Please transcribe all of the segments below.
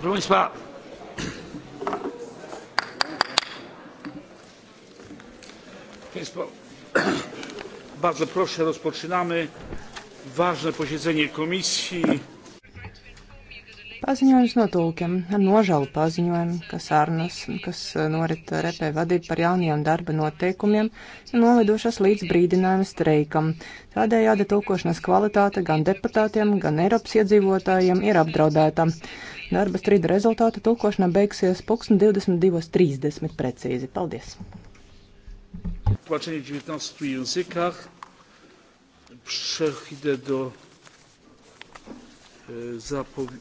Proszę Państwa, bardzo proszę, rozpoczynamy ważne posiedzenie komisji. Paziņojums no tulkiem ar nožēlu paziņojumu, ka sarunas, kas eh, norit repē vadību par jaunajiem darba noteikumiem, ir novedušas līdz brīdinājuma streikam. Tādējādi tulkošanas kvalitāte gan deputātiem, gan Eiropas iedzīvotājiem ir apdraudēta. Darba strīda rezultāta tulkošana beigsies 22.30 precīzi. Paldies! Tłumaczenie w 19 językach. Przejdę do E,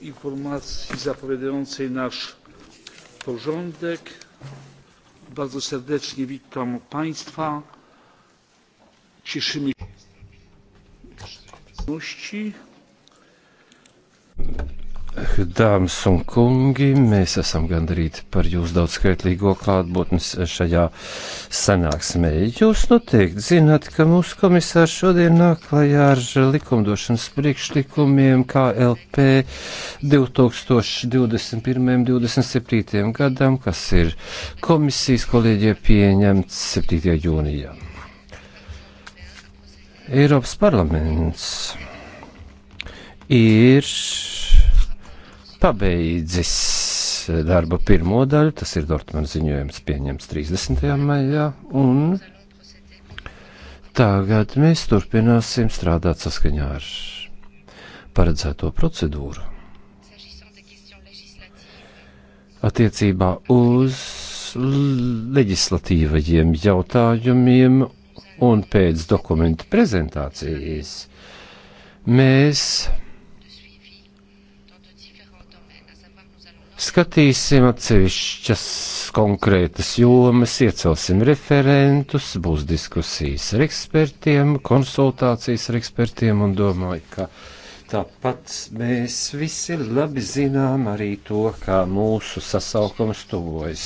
informacji zapowiadającej nasz porządek. bardzo serdecznie witam państwa. cieszymy się z obecności. Dāmas un kungi, mēs esam gandrīz par jūsu daudzskaitlīgo klātbūtnes šajā sanāksmē. Jūs noteikti nu zināt, ka mūsu komisārs šodien nāk klajā ar likumdošanas priekšlikumiem KLP 2021-2027 gadam, kas ir komisijas kolēģie pieņemts 7. jūnijā. Eiropas parlaments ir pabeidzis darba pirmo daļu, tas ir Dortmana ziņojums pieņems 30. maijā, un tagad mēs turpināsim strādāt saskaņā ar paredzēto procedūru. Attiecībā uz leģislatīvajiem jautājumiem un pēc dokumentu prezentācijas mēs Skatīsim atsevišķas konkrētas jomas, iecelsim referentus, būs diskusijas ar ekspertiem, konsultācijas ar ekspertiem un domāju, ka Tāpat mēs visi labi zinām arī to, kā mūsu sasaukums tuvojas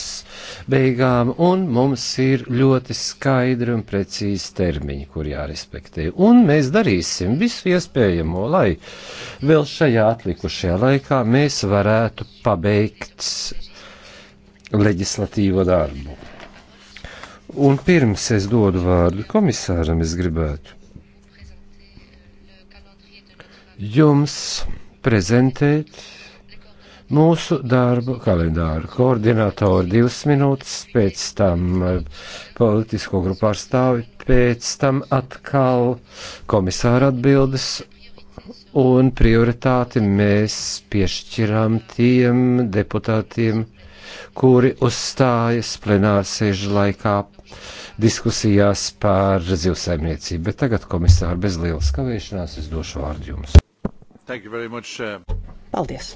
beigām, un mums ir ļoti skaidri un precīzi termiņi, kur jārespektē. Un mēs darīsim visu iespējamo, lai vēl šajā atlikušajā laikā mēs varētu pabeigt leģislatīvo darbu. Un pirms es dodu vārdu komisāram, es gribētu jums prezentēt mūsu darbu kalendāru. Koordinātori divas minūtes, pēc tam eh, politisko grupu pārstāvi, pēc tam atkal komisāra atbildes un prioritāti mēs piešķiram tiem deputātiem, kuri uzstājas plenārsēžu laikā diskusijās par zivsaimniecību. Bet tagad komisāri bez lielas kavēšanās es došu vārdu jums. Thank you very much. Uh, Paldies,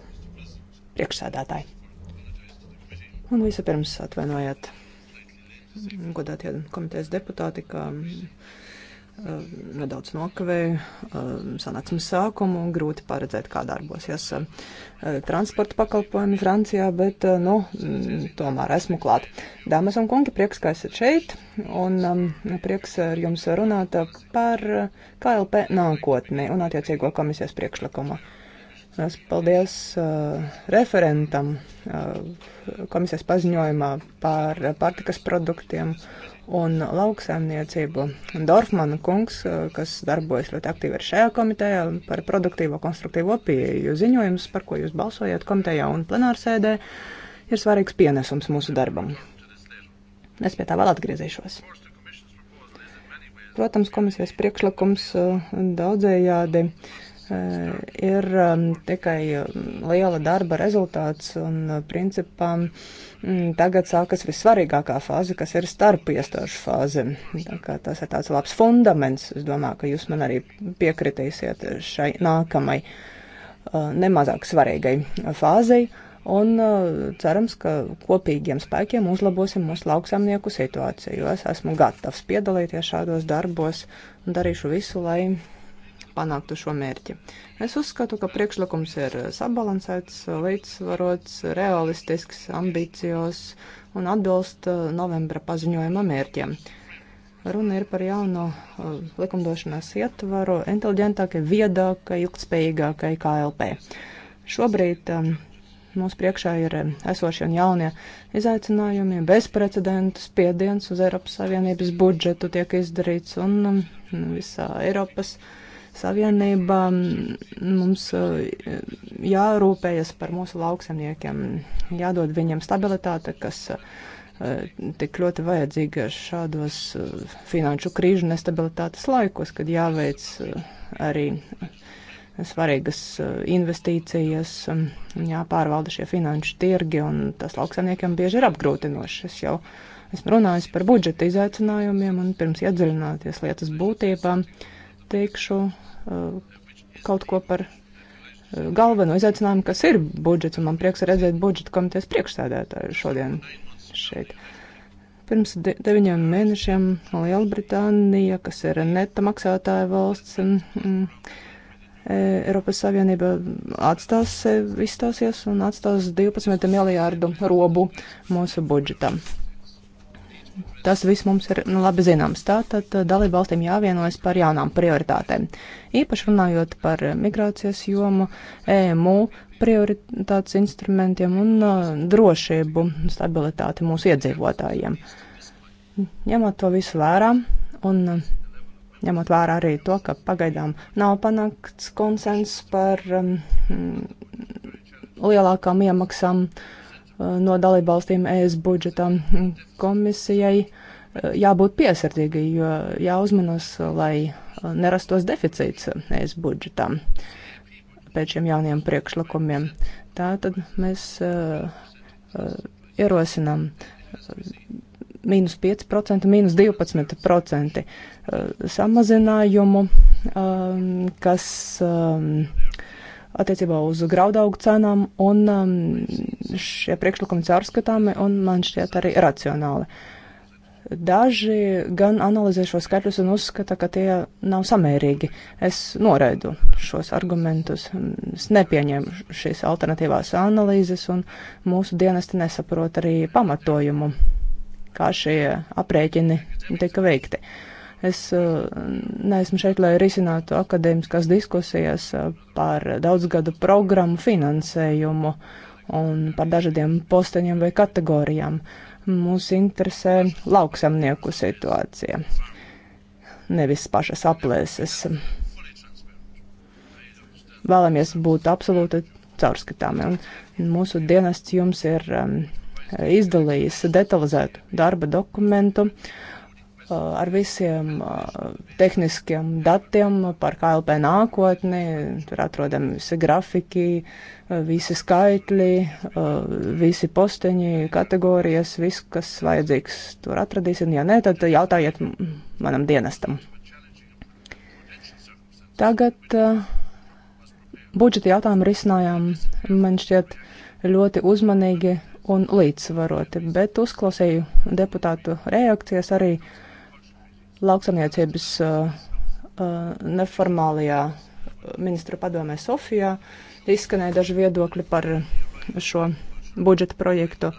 priekšsēdētāji. Un vispirms atvainojiet, godātie komitejas deputāti, ka Eh, nedaudz nokavēju eh, sanāksmes sākumu un grūti paredzēt, kā darbosies eh, transporta pakalpojumi Francijā, bet, nu, mm, tomēr esmu klāt. Dāmas un kungi, prieks, ka esat šeit un mm, nu, prieks ar jums runāt par KLP nākotni un attiecīgo komisijas priekšlikumu. Es paldies uh, referentam uh, komisijas paziņojumā par pārtikas produktiem un lauksaimniecību. Dorfmana kungs, eh, kas darbojas ļoti aktīvi ar šajā komitejā par produktīvo konstruktīvo pieeju ziņojums, par ko jūs balsojat komitejā un plenārsēdē, ir svarīgs pienesums mūsu darbam. Es pie tā vēl atgriezīšos. Protams, komisijas priekšlikums eh, daudzējādi uh, Eh, ir um, tikai um, liela darba rezultāts un uh, principā mm, tagad sākas vissvarīgākā fāze, kas ir starp iestāžu fāze. Tā kā tas ir tāds labs fundaments, es domāju, ka jūs man arī piekritīsiet šai nākamai uh, nemazāk svarīgai fāzei. Un uh, cerams, ka kopīgiem spēkiem uzlabosim mūsu lauksamnieku situāciju, jo es esmu gatavs piedalīties šādos darbos un darīšu visu, lai panāktu šo mērķi. Es uzskatu, ka priekšlikums ir sabalansēts, līdzsvarots, realistisks, ambicios un atbilst uh, novembra paziņojuma mērķiem. Runa ir par jauno uh, likumdošanas ietvaru, inteliģentākai, viedākai, ilgspējīgākai KLP. Šobrīd um, mūsu priekšā ir esošie un jaunie izaicinājumi, bezprecedenta spiediens uz Eiropas Savienības budžetu tiek izdarīts un um, visā Eiropas uh, Savienībā mums e, jārūpējas par mūsu lauksemniekiem, jādod viņiem stabilitāte, kas e, tik ļoti vajadzīga šādos e, finanšu krīžu nestabilitātes laikos, kad jāveic arī svarīgas investīcijas, jāpārvalda šie finanšu tirgi, un tas lauksaimniekiem bieži ir apgrūtinoši. Es jau esmu runājis par budžeta izaicinājumiem, un pirms iedziļināties lietas būtībā, uh, teikšu eh, kaut ko par eh, galveno izaicinājumu, kas ir budžets, un man prieks redzēt budžeta komitejas priekšsēdētāju šodien šeit. Pirms de deviņiem mēnešiem Lielbritānija, kas ir neta maksātāja valsts, mm, e, Eiropas Savienība atstās, izstāsies un atstās 12 miljārdu robu mūsu budžetam. Tas viss mums ir nu, labi zināms. Tātad dalību valstīm jāvienojas par jaunām prioritātēm. Īpaši runājot par eh, migrācijas jomu, EMU prioritātes instrumentiem un uh, drošību, stabilitāti mūsu iedzīvotājiem. Ņemot to visu vērā un uh, ņemot vērā arī to, ka pagaidām nav panākts konsens par um, lielākām iemaksām. Uh, Eh, no dalībvalstīm ES budžeta komisijai eh, jābūt piesardzīgai, jo jāuzmanas, lai eh, nerastos deficīts ES budžetā pēc šiem jauniem priekšlikumiem. Tātad mēs uh, uh, ierosinām mīnus 5%, mīnus 12% samazinājumu, kas attiecībā uz graudaugu cenām, un um, šie priekšlikumi caurskatāmi un man šķiet arī racionāli. Daži gan analizē šo skaitļus un uzskata, ka tie nav samērīgi. Es noraidu šos argumentus, es nepieņemu šīs alternatīvās analīzes, un mūsu dienesti nesaprot arī pamatojumu, kā šie aprēķini tika veikti. Uh, Es eh, neesmu šeit, lai risinātu akadēmiskās diskusijas eh, par daudzgadu programmu finansējumu un par dažādiem posteņiem vai kategorijām. Mūs interesē lauksamnieku situācija, nevis pašas aplēses. Vēlamies būt absolūti caurskatāmi, un mūsu dienests jums ir um, izdalījis detalizētu darba dokumentu. Uh, ar visiem tehniskiem datiem par KLP nākotni. Tur atrodam visi grafiki, visi skaitļi, visi posteņi, kategorijas, viss, kas vajadzīgs tur atradīsim. Ja nē, tad jautājiet manam dienestam. Tagad budžeta jautājumu risinājām, man šķiet, ļoti uzmanīgi un līdzsvaroti, bet uzklausīju deputātu reakcijas arī uh, lauksamniecības uh, uh, neformālajā uh, ministru padomē Sofijā izskanēja daži viedokļi par šo budžeta projektu.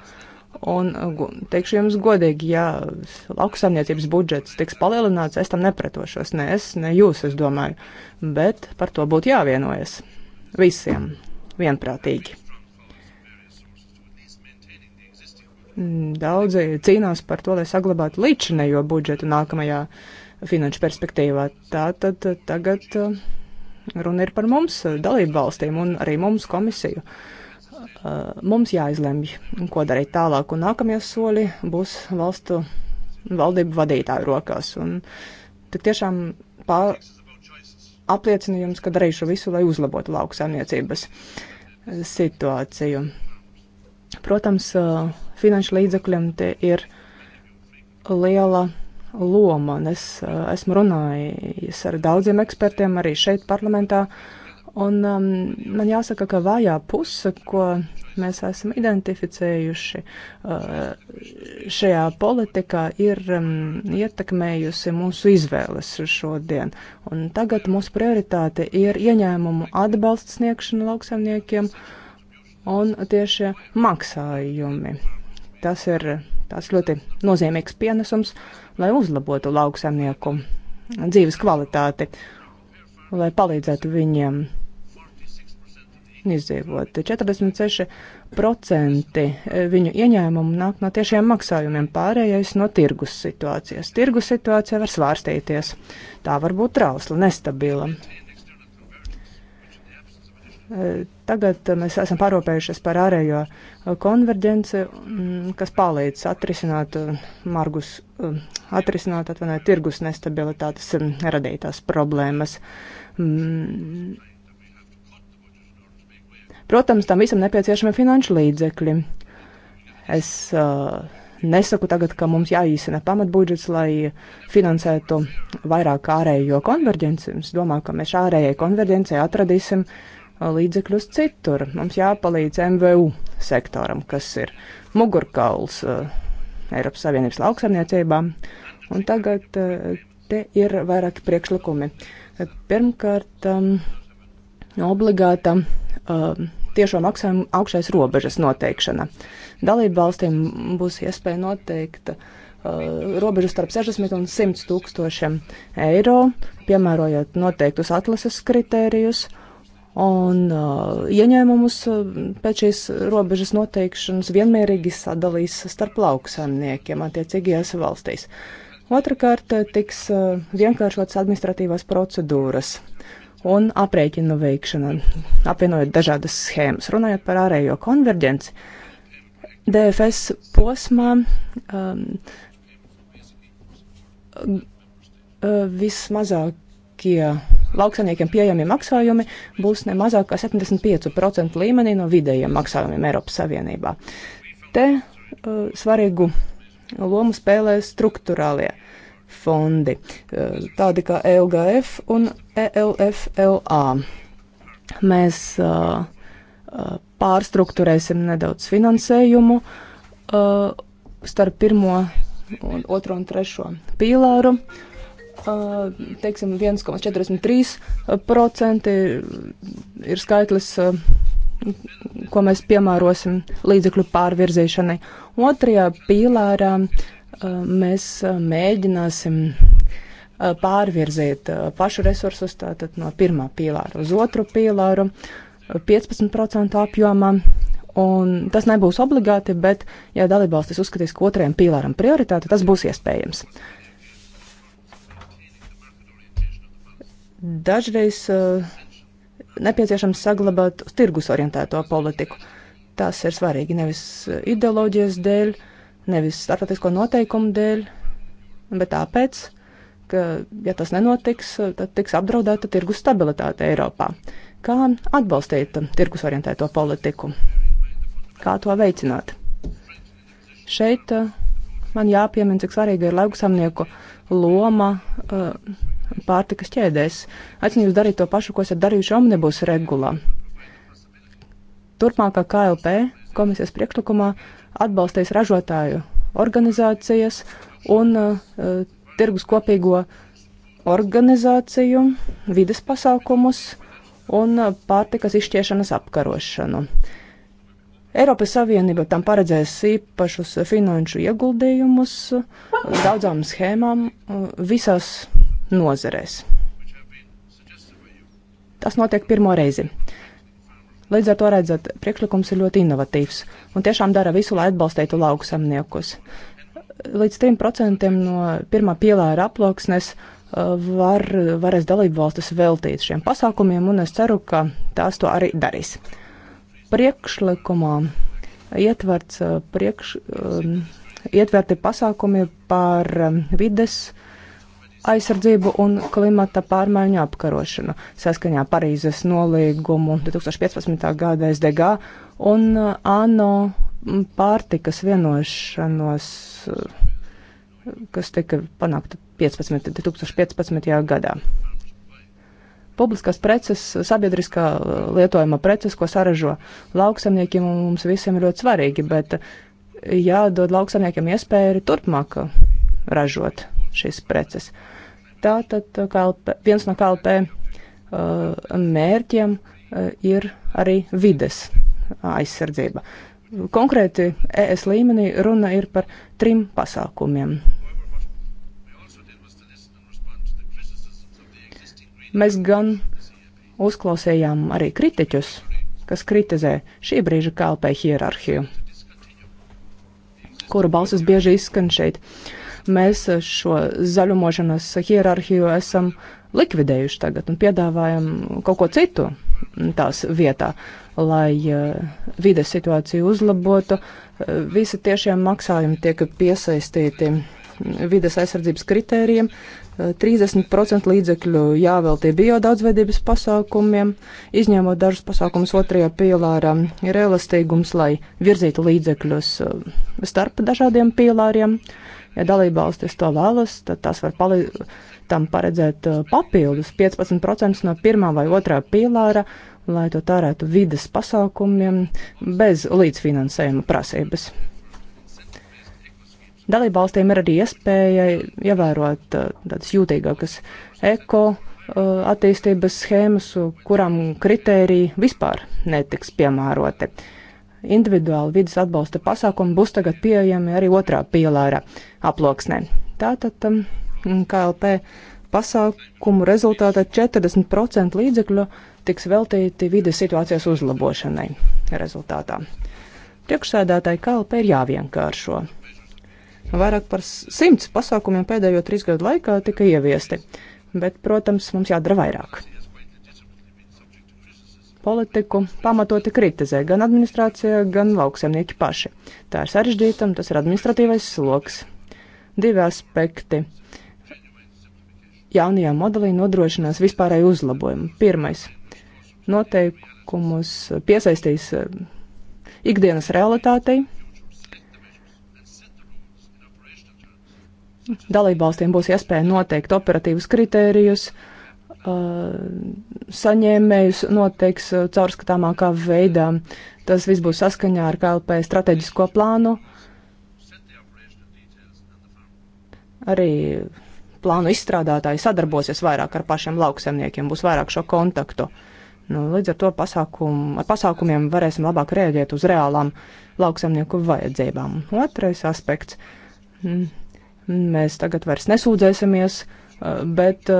Un uh, teikšu jums godīgi, ja lauksaimniecības budžets tiks palielināts, es tam nepretošos. Ne es, ne jūs, es domāju. Bet par to būtu jāvienojas visiem vienprātīgi. Daudzi cīnās par to, lai saglabātu līdzinējo budžetu nākamajā finanšu perspektīvā. Tātad tagad uh, runa ir par mums, dalību valstīm un arī mums komisiju. Uh, mums jāizlemj, ko darīt tālāk, un nākamie soļi būs valstu valdību vadītāju rokās. Un tik tiešām pār, apliecinājums, ka darīšu visu, lai uzlabotu lauksaimniecības situāciju. Protams, finanšu līdzekļiem tie ir liela loma, un es esmu runājis ar daudziem ekspertiem arī šeit parlamentā, un um, man jāsaka, ka vājā puse, ko mēs esam identificējuši šajā politikā, ir ietekmējusi mūsu izvēles šodien. Un tagad mūsu prioritāte ir ieņēmumu atbalsts sniegšana lauksaimniekiem. Uh, un tieši maksājumi. Tas ir tas ļoti nozīmīgs pienesums, lai uzlabotu lauksaimnieku dzīves kvalitāti, lai palīdzētu viņiem izdzīvot. 46% viņu ieņēmumu nāk no tiešiem maksājumiem, pārējais no tirgus situācijas. Tirgus situācija var svārstīties. Tā var būt trausla, nestabila. Tagad mēs esam parūpējušies par ārējo konverģenci, mm, kas palīdz atrisināt mm, margus, mm, atrisināt, atvainojiet, tirgus nestabilitātes radītās problēmas. Protams, tam visam nepieciešami finanšu līdzekļi. Es uh, nesaku tagad, ka mums jāīsina pamatbudžets, lai finansētu vairāk ārējo konverģenci. Es domāju, ka mēs ārējai konverģencijai atradīsim uh, līdzekļus citur. Mums jāpalīdz MVU sektoram, kas ir mugurkauls eh, Eiropas Savienības lauksaimniecībā. Un tagad eh, te ir vairāki priekšlikumi. Pirmkārt, um, obligāta um, tiešo maksājumu augšais robežas noteikšana. Dalību valstīm būs iespēja noteikt uh, robežu starp 60 un 100 tūkstošiem eiro, piemērojot noteiktus atlases kritērijus un uh, ieņēmumus uh, pēc šīs robežas noteikšanas vienmērīgi sadalīs starp lauksaimniekiem attiecīgajās valstīs. Otrakārt uh, tiks uh, vienkāršotas administratīvās procedūras un aprēķinu veikšana, apvienojot dažādas schēmas. Runājot par ārējo konverģenci, DFS posmā um, uh, vismazākie lauksaimniekiem pieejamie maksājumi būs ne mazāk kā 75% līmenī no vidējiem maksājumiem Eiropas Savienībā. Te uh, svarīgu lomu spēlē struktūrālie fondi, uh, tādi kā ELGF un ELFLA. Mēs uh, uh, pārstruktūrēsim nedaudz finansējumu uh, starp pirmo un otro un trešo pīlāru. Uh, Eh, teiksim, 1,43% ir skaitlis, eh, ko mēs piemērosim līdzekļu pārvirzīšanai. Otrajā pīlārā eh, mēs mēģināsim pārvirzīt pašu resursus tātad no pirmā pīlāra uz otru pīlāru 15% apjomā. Un tas nebūs obligāti, bet, ja dalībvalstis uzskatīs, ka otrajam pīlāram prioritāte, tas būs iespējams. Uh, dažreiz uh, nepieciešams saglabāt tirgus orientēto politiku. Tas ir svarīgi nevis ideoloģijas dēļ, nevis starptautisko noteikumu dēļ, bet tāpēc, ka, ja tas nenotiks, tad tiks apdraudēta tirgus stabilitāte Eiropā. Kā atbalstīt tirgus orientēto politiku? Kā to veicināt? Šeit eh, man jāpiemina, cik svarīga ir lauksamnieku loma. Uh, pārtikas ķēdēs. Aicinu jūs darīt to pašu, ko esat darījuši omnibus regulā. Turpmākā KLP komisijas priekšlikumā atbalstīs ražotāju organizācijas un uh, tirgus kopīgo organizāciju, vides pasākumus un eh, pārtikas izšķiešanas apkarošanu. Eiropas Savienība tam paredzēs īpašus finanšu ieguldījumus daudzām schēmām eh, visās nozerēs. Tas notiek pirmo reizi. Līdz ar to redzat, priekšlikums ir ļoti inovatīvs un tiešām dara visu, lai atbalstītu lauksamniekus. Līdz 3% no pirmā pielāra aploksnes uh, var, varēs dalību valstis veltīt šiem pasākumiem, un es ceru, ka tās to arī darīs. Priekšlikumā ietverts uh, priekš, um, ietverti pasākumi par um, vides, uh, aizsardzību un klimata pārmaiņu apkarošanu saskaņā Parīzes nolīgumu 2015. gada SDG un uh, ANO pārtikas vienošanos, uh, kas tika panākta 15, 2015. gadā. Publiskās preces, sabiedriskā uh, lietojuma preces, ko saražo lauksamniekiem, mums visiem ir ļoti svarīgi, bet jādod lauksamniekiem iespēja arī turpmāk ražot šīs preces. Uh, Tātad uh, kalpe, viens no KLP uh, mērķiem uh, ir arī vides aizsardzība. Konkrēti ES līmenī runa ir par trim pasākumiem. Mēs gan uzklausījām arī kritiķus, kas kritizē šī brīža KLP hierarhiju, kuru balsis bieži izskan šeit. Uh, Mēs šo zaļumošanas hierarhiju esam likvidējuši tagad un piedāvājam kaut ko citu tās vietā, lai eh, vides situāciju uzlabotu. Eh, visi tiešie maksājumi tiek piesaistīti vides aizsardzības kritērijiem, 30% eh, līdzekļu jāveltīja biodaudzveidības pasākumiem, izņemot dažus pasākumus otrajā pīlārā, ir elastīgums, lai virzītu līdzekļus starp dažādiem pīlāriem. Uh, Ja dalībvalstis to vēlas, tad tas var tam paredzēt uh, papildus 15% no pirmā vai otrā pīlāra, lai to tērētu vides pasākumiem bez līdzfinansējuma prasības. Dalībvalstīm ir arī iespēja ievērot uh, tādas jūtīgākas eko uh, attīstības schēmas, kurām kritēriji vispār netiks piemēroti. Uh, individuāli vidas atbalsta pasākumi būs tagad pieejami arī otrā pielāra aploksnē. Tātad um, KLP pasākumu rezultātā 40% līdzekļu tiks veltīti vides situācijas uzlabošanai rezultātā. Priekšsēdētāji KLP ir jāvienkāršo. Vairāk par simts pasākumiem pēdējo trīs gadu laikā tika ieviesti, bet, protams, mums jādara vairāk politiku pamatoti kritizē gan administrācija, gan lauksemnieki paši. Tā ir sarežģīta un tas ir administratīvais sloks. Divi aspekti. Jaunajā modelī nodrošinās vispārēju uzlabojumu. Pirmais - noteikumus piesaistīs eh, ikdienas realitātei. Dalībvalstīm būs iespēja noteikt operatīvus kritērijus, uh, Uh, saņēmējus noteiks uh, caurskatāmākā veidā. Tas viss būs saskaņā ar KLP strateģisko plānu, arī plānu izstrādātāji sadarbosies vairāk ar pašiem lauksemniekiem, būs vairāk šo kontaktu. Nu, līdz ar to pasākum, ar pasākumiem varēsim labāk rēģēt uz reālām lauksemnieku vajadzībām. Otrais aspekts. Mm, mēs tagad vairs nesūdzēsimies, uh, bet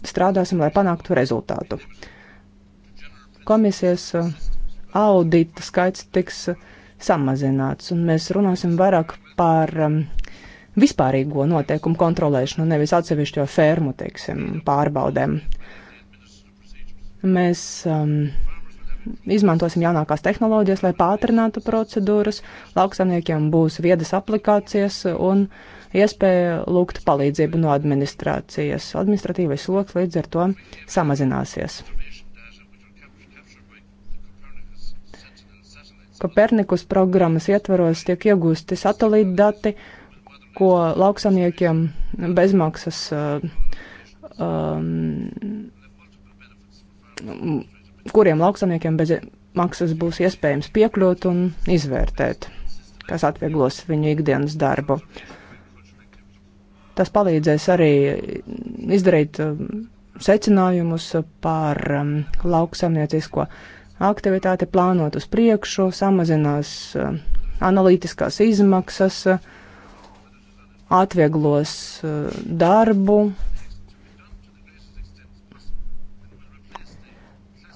strādāsim, lai panāktu rezultātu. Komisijas uh, audita skaits tiks uh, samazināts, un mēs runāsim vairāk par um, vispārīgo noteikumu kontrolēšanu, nevis atsevišķo fermu, teiksim, pārbaudēm. Mēs um, izmantosim jaunākās tehnoloģijas, lai pātrinātu procedūras, lauksaimniekiem būs viedas aplikācijas un uh, iespēja lūgt palīdzību no administrācijas. Administratīvais sloks līdz ar to samazināsies. Kopernikus programmas ietvaros tiek iegūsti satelīta dati, ko lauksaimniekiem bezmaksas uh, um, kuriem lauksaimniekiem bez maksas būs iespējams piekļūt un izvērtēt, kas atvieglos viņu ikdienas darbu. Uh, Tas palīdzēs arī izdarīt um, secinājumus par um, lauksamniecisko aktivitāti, plānot uz priekšu, samazinās um, analītiskās izmaksas, atvieglos uh, darbu,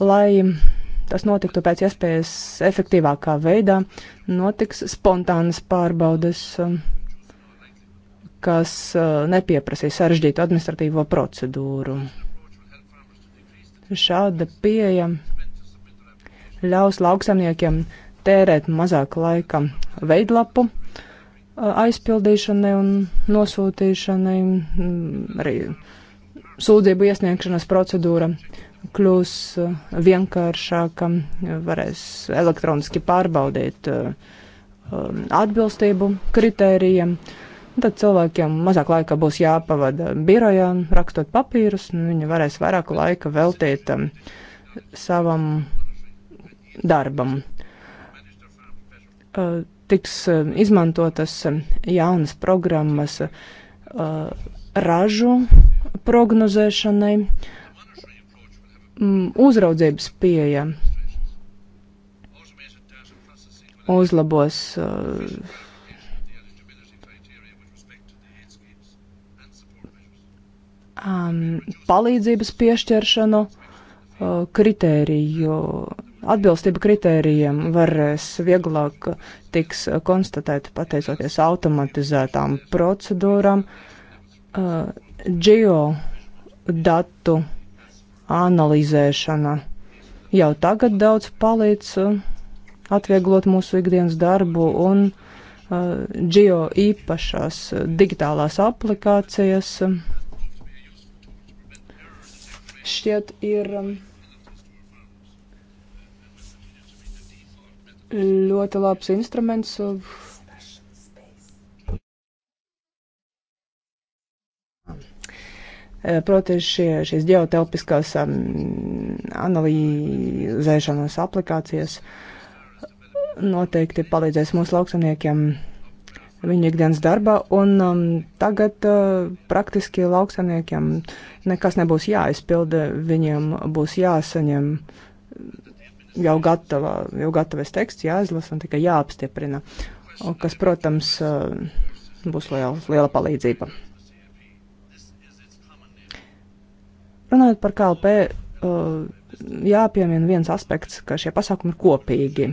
lai tas notiktu pēc iespējas efektīvākā veidā, notiks spontānas pārbaudes. Um, kas uh, nepieprasīs sarežģītu administratīvo procedūru. Šāda pieeja ļaus lauksamniekiem tērēt mazāk laika veidlapu uh, aizpildīšanai un nosūtīšanai, mm, arī sūdzību iesniegšanas procedūra kļūs uh, vienkāršāka, varēs elektroniski pārbaudīt um, atbilstību kritērijiem. Uh, Tad cilvēkiem mazāk laika būs jāpavada birojā, rakstot papīrus, un viņi varēs vairāk laika veltīt um, savam darbam. Uh, tiks uh, izmantotas uh, jaunas programmas uh, ražu prognozēšanai, um, uzraudzības pieeja uzlabos. Uh, um, palīdzības piešķiršanu, uh, kritēriju, atbilstību kritērijiem varēs vieglāk tiks konstatēt pateicoties automatizētām procedūram, uh, geo datu analizēšana. Jau tagad daudz palīdz uh, atvieglot mūsu ikdienas darbu un uh, geo īpašās uh, digitālās aplikācijas. Uh, šķiet ir um, ļoti labs instruments. Uh, proti šie, šīs geotelpiskās um, analīzēšanas aplikācijas noteikti palīdzēs mūsu lauksaimniekiem viņu ikdienas darbā, un um, tagad uh, praktiski lauksaimniekiem nekas nebūs jāizpilda, viņiem būs jāsaņem jau, gatava, jau gatavs teksts, jāizlasa un tikai jāapstiprina, un kas, protams, uh, būs liela, liela palīdzība. Runājot par KLP, uh, jāpiemina viens aspekts, ka šie pasākumi ir kopīgi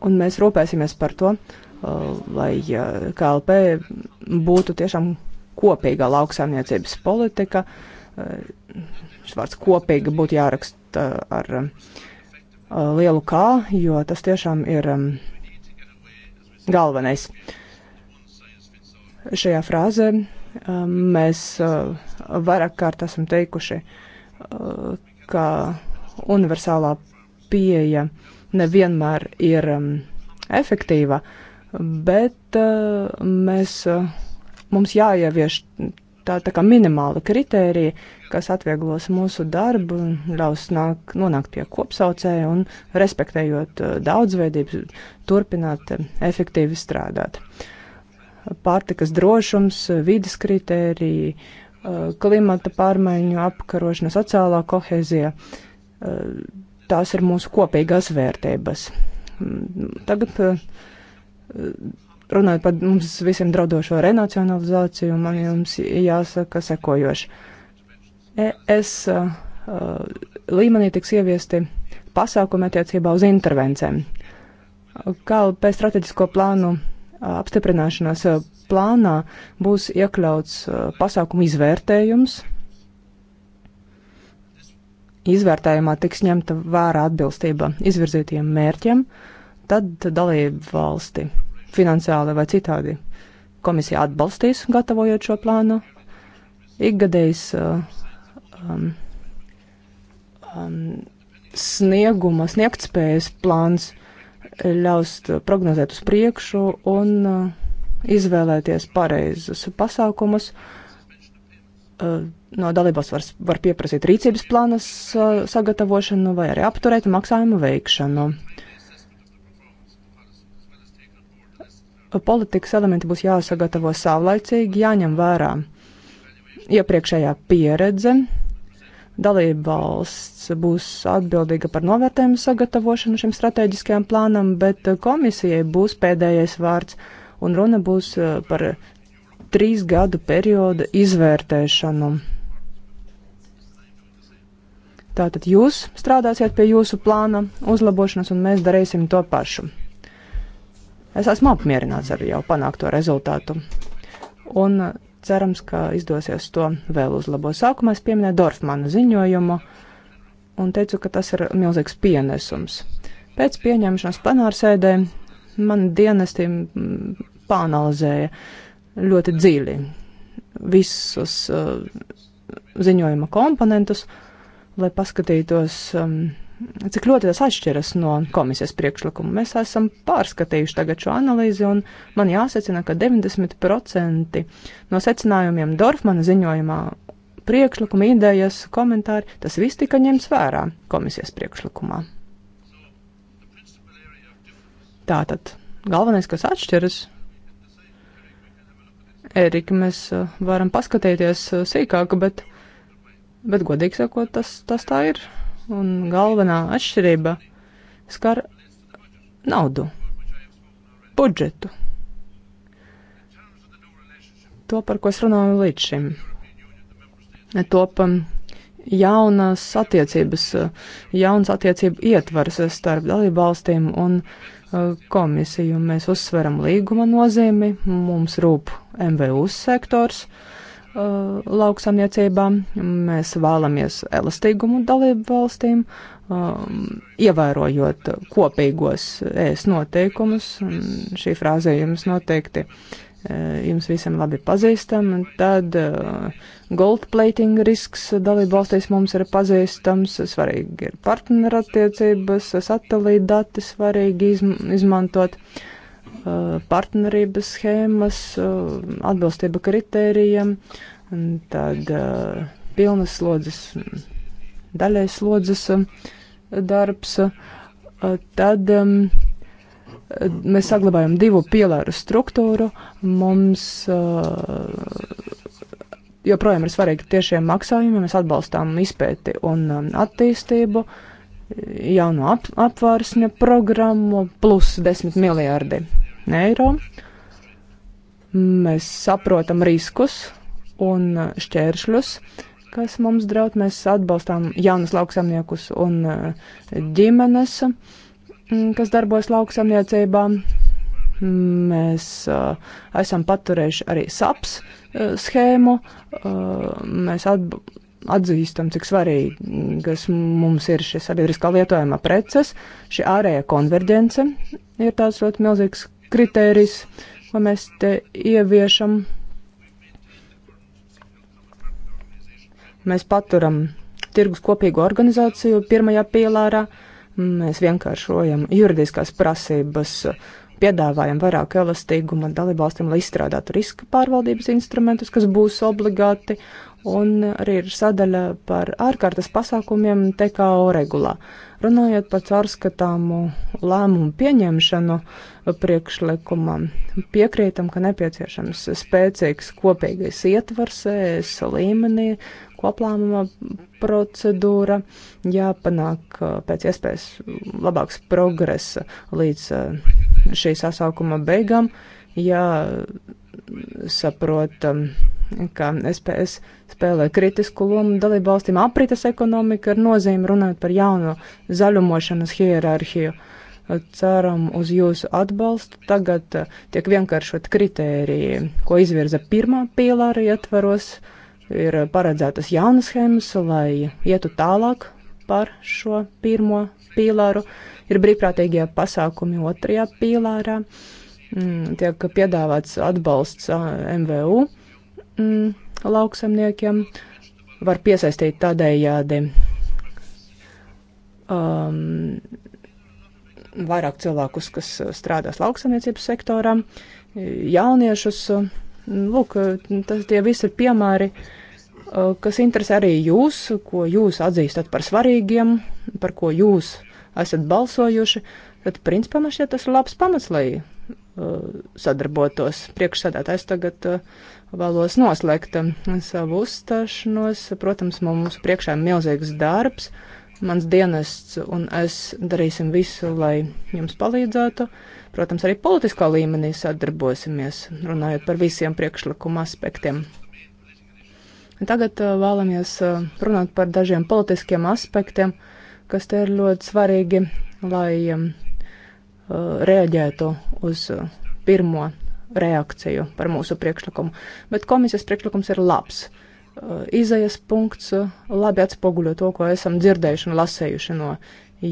Un mēs rūpēsimies par to, uh, lai KLP būtu tiešām kopīga lauksaimniecības politika. Uh, šis vārds kopīga būtu jāraksta ar uh, lielu kā, jo tas tiešām ir um, galvenais. Šajā frāzē um, mēs vairāk kārt esam teikuši, ka universālā pieeja uh, nevienmēr ir um, efektīva, bet uh, mēs, uh, mums jāievieš tā, tā kā minimāla kritērija, kas atvieglos mūsu darbu, ļaus nāk, nonākt pie kopsaucēja un respektējot uh, daudzveidību, turpināt uh, efektīvi strādāt. Pārtikas drošums, vidas kritērija, uh, klimata pārmaiņu apkarošana, sociālā kohēzija. Uh, tās ir mūsu kopīgās vērtības. Mm, tagad eh, runājot par mums visiem draudošo renacionalizāciju, man jums jāsaka sekojoši. Es eh, līmenī tiks ieviesti pasākumi attiecībā uz intervencēm. KLP strateģisko plānu eh, apstiprināšanās plānā būs iekļauts pasākumu izvērtējums izvērtējumā tiks ņemta vērā atbilstība izvirzītiem mērķiem, tad dalību valsti finansiāli vai citādi komisija atbalstīs, gatavojot šo plānu. Ikgadējs uh, um, um, snieguma, sniegtspējas plāns ļaus prognozēt uz priekšu un uh, izvēlēties pareizus pasākumus. Uh, no dalībās var, var pieprasīt rīcības plānas uh, sagatavošanu vai arī apturēt maksājumu veikšanu. Politikas elementi būs jāsagatavo savlaicīgi, jāņem vērā iepriekšējā pieredze. Dalība valsts būs atbildīga par novērtējumu sagatavošanu šim strateģiskajam plānam, bet uh, komisijai būs pēdējais vārds un runa būs uh, par trīs gadu perioda izvērtēšanu. Tātad jūs strādāsiet pie jūsu plāna uzlabošanas, un mēs darīsim to pašu. Es esmu apmierināts ar jau panākto rezultātu. Un uh, cerams, ka izdosies to vēl uzlabot. Sākumā es pieminēju Dorfmana ziņojumu un teicu, ka tas ir milzīgs pienesums. Pēc pieņemšanas plenārsēdē man dienesti mm, pāanalizēja ļoti dziļi visus uh, ziņojuma komponentus. Uh, lai paskatītos, um, cik ļoti tas atšķiras no komisijas priekšlikuma. Mēs esam pārskatījuši tagad šo analīzi, un man jāsacina, ka 90% no secinājumiem Dorfmana ziņojumā priekšlikuma idejas, komentāri, tas viss tika ņemts vērā komisijas priekšlikumā. Tātad galvenais, kas atšķiras, Erika, mēs uh, varam paskatīties uh, sīkāk, bet Bet, godīgi sakot, tas, tas tā ir. Un galvenā atšķirība skar naudu, budžetu. To, par ko es runāju līdz šim. Top jaunas attiecības, jauns attiecību ietvars starp dalībvalstīm un uh, komisiju. Mēs uzsveram līguma nozīmi, mums rūp MVU sektors. Uh, Uh, lauksaimniecībā. Mēs vēlamies elastīgumu dalību valstīm, um, ievērojot kopīgos ēs noteikumus. Šī frāze jums noteikti uh, jums visiem labi pazīstama. Tad uh, gold plating risks dalību valstīs mums ir pazīstams, svarīgi ir partnerattiecības, satelīta dati svarīgi izmantot. Uh, Uh, partnerības schēmas, uh, atbilstība kritērijiem, tad uh, pilnas slodzes, daļai slodzes darbs. Tad um, mēs saglabājam divu pielāru struktūru. Mums joprojām ir svarīgi tiešie maksājumi, mēs atbalstām izpēti un um, attīstību. Uh, jaunu ap, apvārsņa programmu plus 10 miljārdi eiro. Mēs saprotam riskus un šķēršļus, kas mums draud. Mēs atbalstām jaunus lauksamniekus un eh, ģimenes, mm, kas darbojas lauksamniecībā. Mēs uh, esam paturējuši arī SAPS uh, schēmu. Uh, mēs atbalstām atzīstam, cik svarīgas mums ir šis sabiedriskā lietojumā preces. Šī ārējā konverģence ir tāds ļoti milzīgs kritērijs, ko mēs te ieviešam. Mēs paturam tirgus kopīgu organizāciju pirmajā pielārā, mēs vienkāršojam juridiskās prasības, piedāvājam vairāk elastīguma dalībvalstīm, lai izstrādātu riska pārvaldības instrumentus, kas būs obligāti, un arī ir sadaļa par ārkārtas pasākumiem TKO regulā. Runājot par caurskatāmu lēmumu pieņemšanu priekšlikumam, piekrītam, ka nepieciešams spēcīgs kopīgais ietvars, es līmenī, koplāmuma procedūra, jāpanāk uh, pēc iespējas labāks progress līdz uh, šī sasaukuma beigām, ja jāsaprot, ka SPS spēlē kritisku lomu dalību valstīm. Aprites ekonomika ir nozīme runājot par jauno zaļumošanas hierarhiju. Ceram uz jūsu atbalstu. Tagad uh, tiek vienkāršot kritēriji, ko izvirza pirmā pīlāra ietvaros. Ir paredzētas jaunas schēmas, lai ietu tālāk par šo pirmo pīlāru. Ir brīvprātīgie pasākumi otrajā pīlārā. Uh, Mm, tiek piedāvāts atbalsts MVU mm, lauksemniekiem, var piesaistīt tādējādi um, vairāk cilvēkus, kas strādās lauksemniecības sektorā, jauniešus. Mm, lūk, tas tie visi ir piemēri, kas interesē arī jūs, ko jūs atzīstat par svarīgiem, par ko jūs esat balsojuši. Tad, principā, man šķiet, tas ir labs pamats, lai Uh, sadarbotos. Priekšsēdētājs tagad uh, vēlos noslēgt um, savu uzstāšanos. Protams, mums priekšā ir milzīgs darbs. Mans dienests un es darīsim visu, lai jums palīdzētu. Protams, arī politiskā līmenī sadarbosimies, runājot par visiem priekšlikuma aspektiem. Tagad uh, vēlamies runāt par dažiem politiskiem aspektiem, kas te ir ļoti svarīgi, lai um, Eh, reaģētu uz eh, pirmo reakciju par mūsu priekšlikumu. Bet komisijas priekšlikums ir labs. Eh, izejas punkts labi atspoguļo to, ko esam dzirdējuši un lasējuši no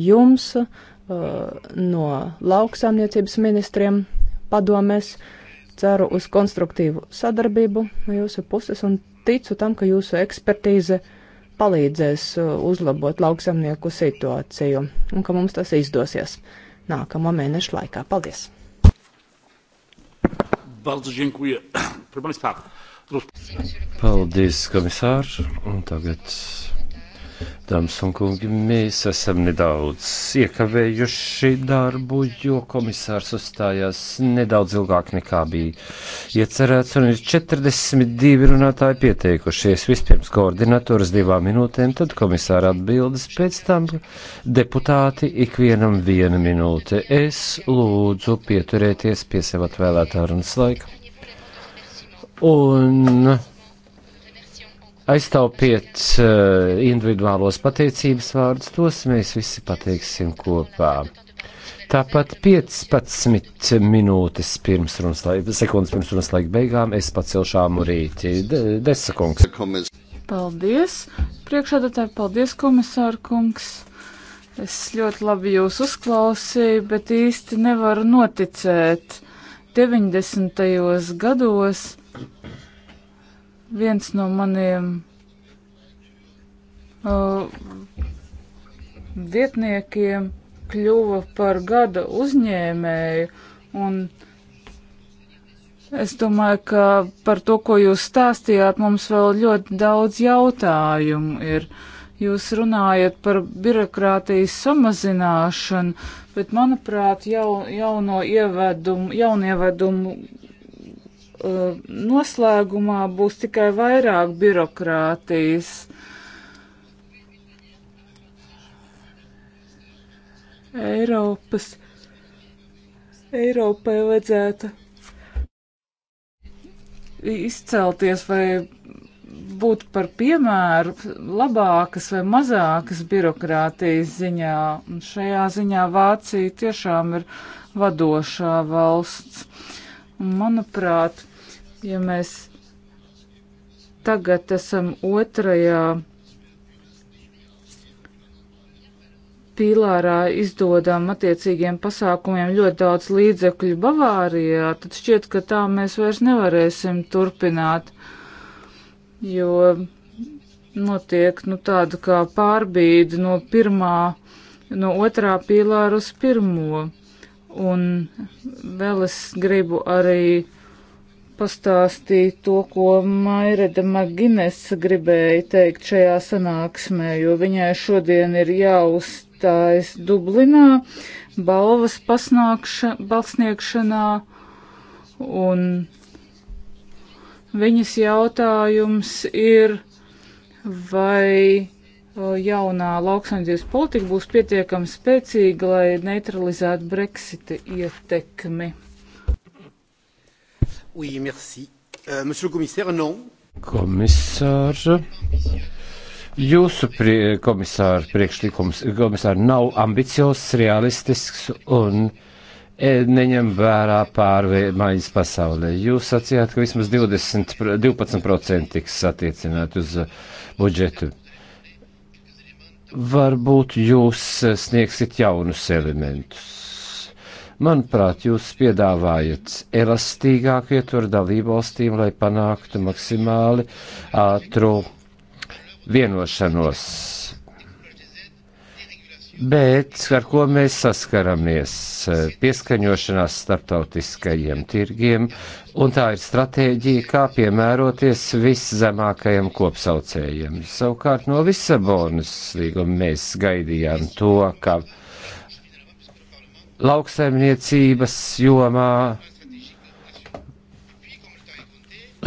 jums, no lauksaimniecības ministriem, padomēs. Ceru uz konstruktīvu sadarbību no jūsu puses un ticu tam, ka jūsu ekspertīze palīdzēs uzlabot lauksaimnieku situāciju un ka mums tas izdosies nākamo mēnešu laikā. Paldies! Paldies, komisārs! Un tagad Dāmas un kungi, mēs esam nedaudz iekavējuši darbu, jo komisārs uzstājās nedaudz ilgāk nekā bija iecerēts, un ir 42 runātāji pieteikušies. Vispirms koordinators divām minūtēm, tad komisāra atbildes, pēc tam deputāti ikvienam viena minūte. Es lūdzu pieturēties pie sev atvēlētā runas laika. Un aiztaupiet eh, individuālos pateicības vārdus, tos mēs visi pateiksim kopā. Tāpat 15 minūtes pirms runas laika, sekundes pirms runas laika beigām, es pacelšu āmurīti. De, Desakungs. Paldies, priekšādatāji, paldies, komisāra kungs. Es ļoti labi jūs uzklausīju, bet īsti nevaru noticēt. 90. gados viens no maniem uh, vietniekiem kļuva par gada uzņēmēju, un es domāju, ka par to, ko jūs stāstījāt, mums vēl ļoti daudz jautājumu ir. Jūs runājat par birokrātijas samazināšanu, bet, manuprāt, jau, jauno ievedumu, jaunievedumu Uh, noslēgumā būs tikai vairāk birokrātijas. Eiropas, Eiropai vajadzētu izcelties vai būt par piemēru labākas vai mazākas birokrātijas ziņā. Un šajā ziņā Vācija tiešām ir vadošā valsts. Manuprāt, ja mēs tagad esam otrajā pīlārā izdodam attiecīgiem pasākumiem ļoti daudz līdzekļu Bavārijā, tad šķiet, ka tā mēs vairs nevarēsim turpināt, jo notiek nu, tāda kā pārbīde no pirmā, no otrā pīlāra uz pirmo. Un vēl es gribu arī pastāstīt to, ko Maireda Magines gribēja teikt šajā sanāksmē, jo viņai šodien ir jāuzstājas Dublinā balvas pasniegšanā. Un viņas jautājums ir, vai jaunā lauksaimniecības politika būs pietiekami spēcīga, lai neutralizētu Brexita ietekmi. Oui, merci. Uh, monsieur le commissaire, non. Komisāra. Jūsu prie, komisāra priekšlikums komisāra nav ambiciozs, realistisks un e, neņem vērā pārmaiņas pasaulē. Jūs sacījāt, ka vismaz 20, 12% tiks attiecināt uz budžetu varbūt jūs eh, sniegsit jaunus elementus. Manuprāt, jūs piedāvājat elastīgāku ietvaru dalībvalstīm, lai panāktu maksimāli ātru vienošanos. Bet ar ko mēs saskaramies? Pieskaņošanās starptautiskajiem tirgiem, un tā ir stratēģija, kā piemēroties viszemākajiem kopsaucējiem. Savukārt no Lisabonas līguma mēs gaidījām to, ka lauksaimniecības jomā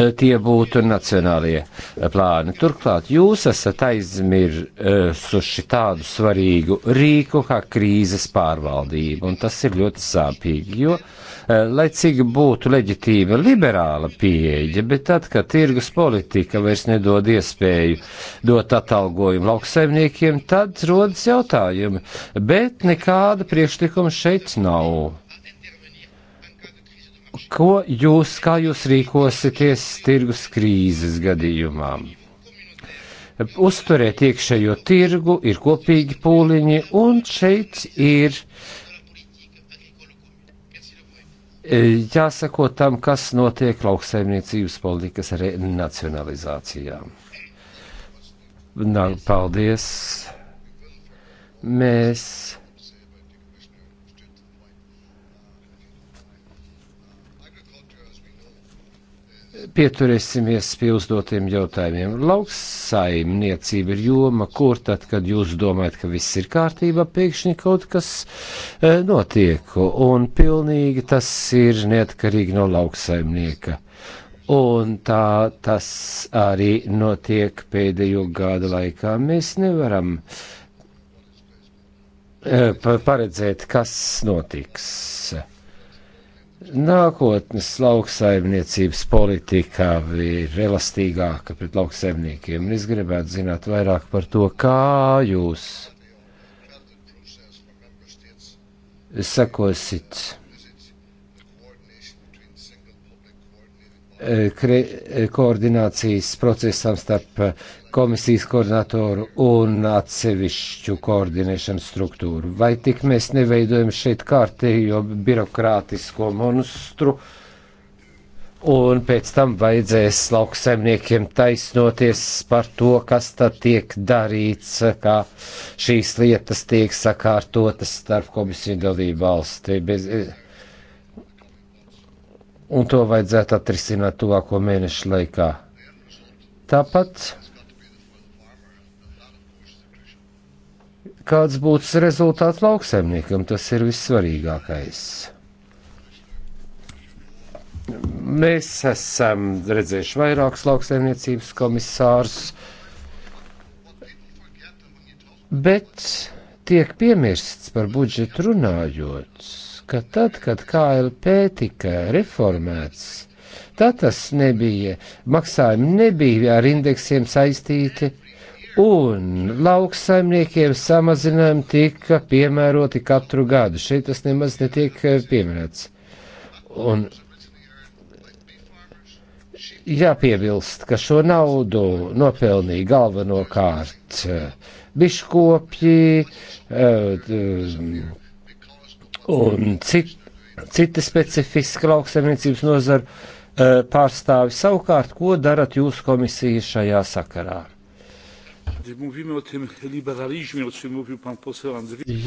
Eh, tie būtu nacionālie eh, plāni. Turklāt jūs esat aizmirsuši tādu svarīgu rīku kā krīzes pārvaldība, un tas ir ļoti sāpīgi, jo, eh, lai cik būtu leģitīva liberāla pieeja, bet tad, kad tirgus politika vairs nedod iespēju dot atalgojumu lauksaimniekiem, tad rodas jautājumi, bet nekāda priekšlikuma šeit nav. Ko jūs, kā jūs rīkosieties tirgus krīzes gadījumā? Uzturēt iekšējo tirgu ir kopīgi pūliņi, un šeit ir e, jāsako tam, kas notiek lauksaimniecības politikas renacionalizācijā. Paldies! Mēs pieturēsimies pie uzdotiem jautājumiem. Lauksaimniecība ir joma, kur tad, kad jūs domājat, ka viss ir kārtībā, pēkšņi kaut kas e, notiek, un pilnīgi tas ir neatkarīgi no lauksaimnieka. Un tā tas arī notiek pēdējo gada laikā. Mēs nevaram e, paredzēt, kas notiks. Nākotnes lauksaimniecības politikā ir elastīgāka pret lauksaimniekiem, un es gribētu zināt vairāk par to, kā jūs sekosit koordinācijas procesam starp komisijas koordinatoru un atsevišķu koordinēšanas struktūru. Vai tik mēs neveidojam šeit kārtējo birokrātisko monstru, un pēc tam vajadzēs lauksaimniekiem taisnoties par to, kas tad tiek darīts, kā šīs lietas tiek sakārtotas starp komisiju dalību valsti. Bez, un to vajadzētu atrisināt tuvāko mēnešu laikā. Tāpat kāds būs rezultāts lauksaimniekam, tas ir vissvarīgākais. Mēs esam redzējuši vairākus lauksaimniecības komisārus, bet tiek piemirsts par budžetu runājot ka tad, kad KLP tika reformēts, tad tas nebija, maksājumi nebija ar indeksiem saistīti, un lauksaimniekiem samazinājumi tika piemēroti katru gadu. Šeit tas nemaz netiek eh, pieminēts. Un jāpiebilst, ka šo naudu nopelnīja galvenokārt eh, biškopji, eh, un cit, citi specifiski lauksaimniecības nozara e, pārstāvi savukārt, ko darat jūsu komisija šajā sakarā?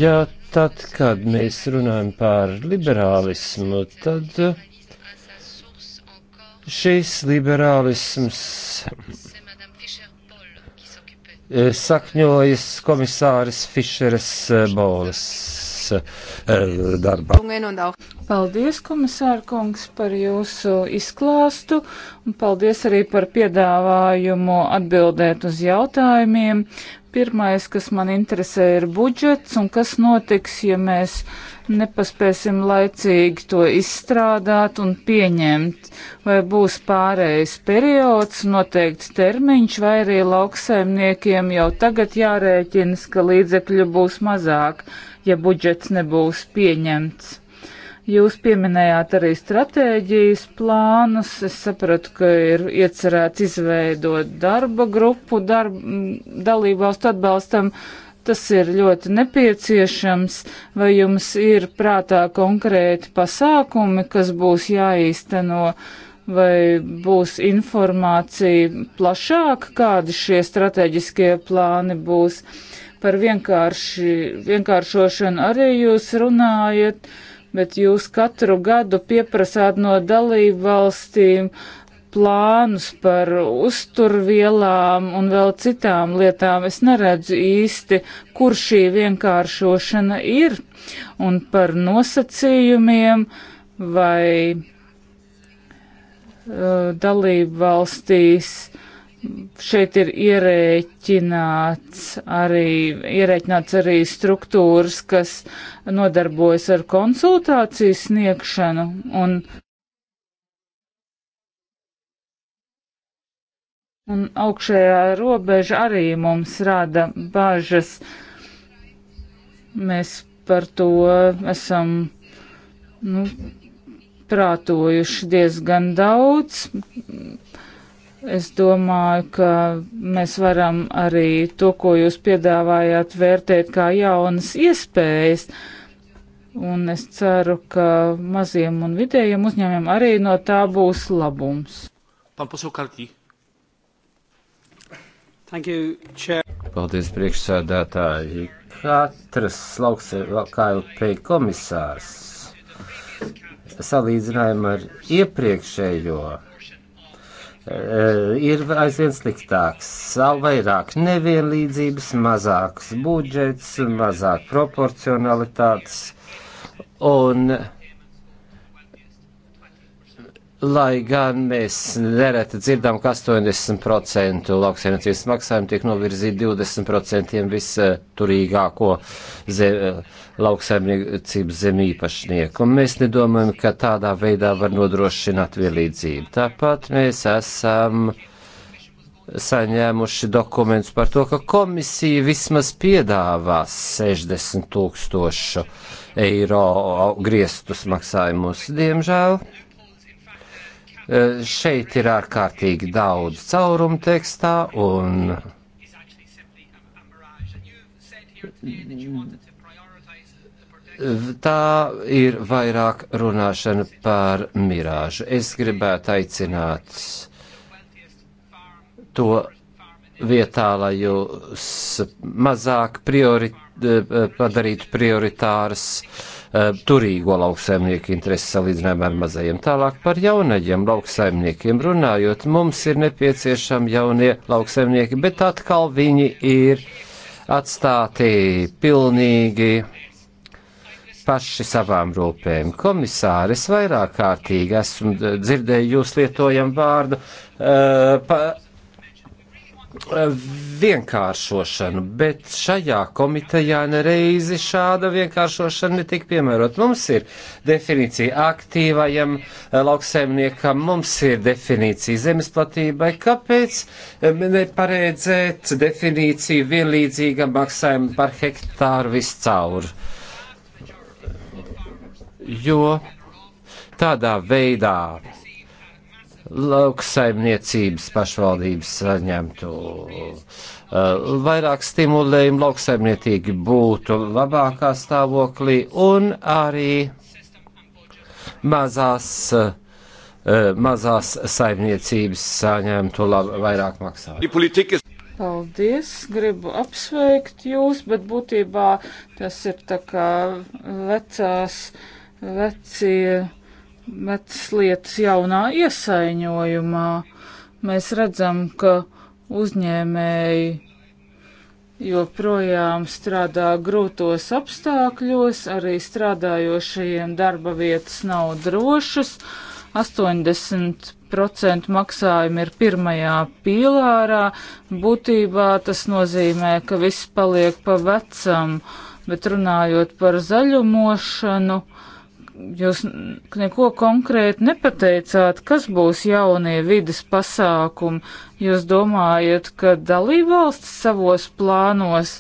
Ja tad, kad mēs runājam par liberālismu, tad šis liberālisms sakņojas komisāris Fišeres Bolas Eh, darbā. Paldies, komisāra kungs, par jūsu izklāstu un paldies arī par piedāvājumu atbildēt uz jautājumiem. Pirmais, kas man interesē, ir budžets un kas notiks, ja mēs nepaspēsim laicīgi to izstrādāt un pieņemt, vai būs pārējais periods, noteikts termiņš, vai arī lauksaimniekiem jau tagad jārēķinas, ka līdzekļu būs mazāk ja budžets nebūs pieņemts. Jūs pieminējāt arī stratēģijas plānus. Es sapratu, ka ir iecerēts izveidot darba grupu darb, dalībvalstu atbalstam. Tas ir ļoti nepieciešams. Vai jums ir prātā konkrēti pasākumi, kas būs jāīsteno, vai būs informācija plašāk, kādi šie strateģiskie plāni būs? Uh, Par vienkārši, vienkāršošanu arī jūs runājat, bet jūs katru gadu pieprasāt no dalību valstīm plānus par uzturvielām un vēl citām lietām. Es neredzu īsti, kur šī vienkāršošana ir un par nosacījumiem vai uh, dalību valstīs šeit ir ierēķināts arī, ierēķināts arī struktūras, kas nodarbojas ar konsultāciju sniegšanu un, un augšējā robeža arī mums rada bažas. Mēs par to esam, nu, prātojuši diezgan daudz Es domāju, ka mēs varam arī to, ko jūs piedāvājāt, vērtēt kā jaunas iespējas. Un es ceru, ka maziem un vidējiem uzņēmiem arī no tā būs labums. You, Paldies, priekšsēdētāji. Katrs lauksaimniecības komisārs salīdzinājumā ar iepriekšējo Eh, ir aizvien sliktāks, vairāk nevienlīdzības, mazāks budžets, mazāk proporcionalitātes un Lai gan mēs nereti dzirdam, ka 80% lauksaimniecības maksājumi tiek novirzīti 20% visturīgāko zemi lauksaimniecības zem īpašnieku, un mēs nedomājam, ka tādā veidā var nodrošināt vienlīdzību. Tāpat mēs esam saņēmuši dokumentus par to, ka komisija vismaz piedāvās 60 tūkstošu eiro griestus maksājumus. Diemžēl e, šeit ir ārkārtīgi daudz caurumu tekstā un tā ir vairāk runāšana par mirāžu. Es gribētu aicināt to vietā, lai jūs mazāk priori, padarītu prioritāras e, turīgo lauksaimnieku interesi salīdzinājumā ar mazajiem. Tālāk par jaunajiem lauksaimniekiem runājot, mums ir nepieciešami jaunie lauksaimnieki, bet atkal viņi ir atstāti pilnīgi paši savām rūpēm. Komisāris vairāk kārtīgi esmu eh, dzirdēju jūs lietojam vārdu uh, pa, eh, vienkāršošanu, bet šajā komitejā nereizi šāda vienkāršošana netika piemērot. Mums ir definīcija aktīvajam lauksaimniekam, mums ir definīcija zemesplatībai. Kāpēc neparedzēt definīciju vienlīdzīgam maksājumam par hektāru viscaur? Uh, jo tādā veidā lauksaimniecības pašvaldības saņemtu uh, vairāk stimulējumu, lauksaimniecīgi būtu labākā stāvoklī un arī mazās, uh, mazās saimniecības saņemtu lab, vairāk maksājumu. Paldies, gribu apsveikt jūs, bet būtībā tas ir tā kā vecās uh, vecie met lietas jaunā iesaiņojumā. Mēs redzam, ka uzņēmēji joprojām strādā grūtos apstākļos, arī strādājošajiem darba vietas nav drošas. 80% maksājumi ir pirmajā pīlārā. Būtībā tas nozīmē, ka viss paliek pa vecam, bet runājot par zaļumošanu, uh, jūs neko konkrēti nepateicāt, kas būs jaunie vidas pasākumi. Jūs domājat, ka dalībvalsts savos plānos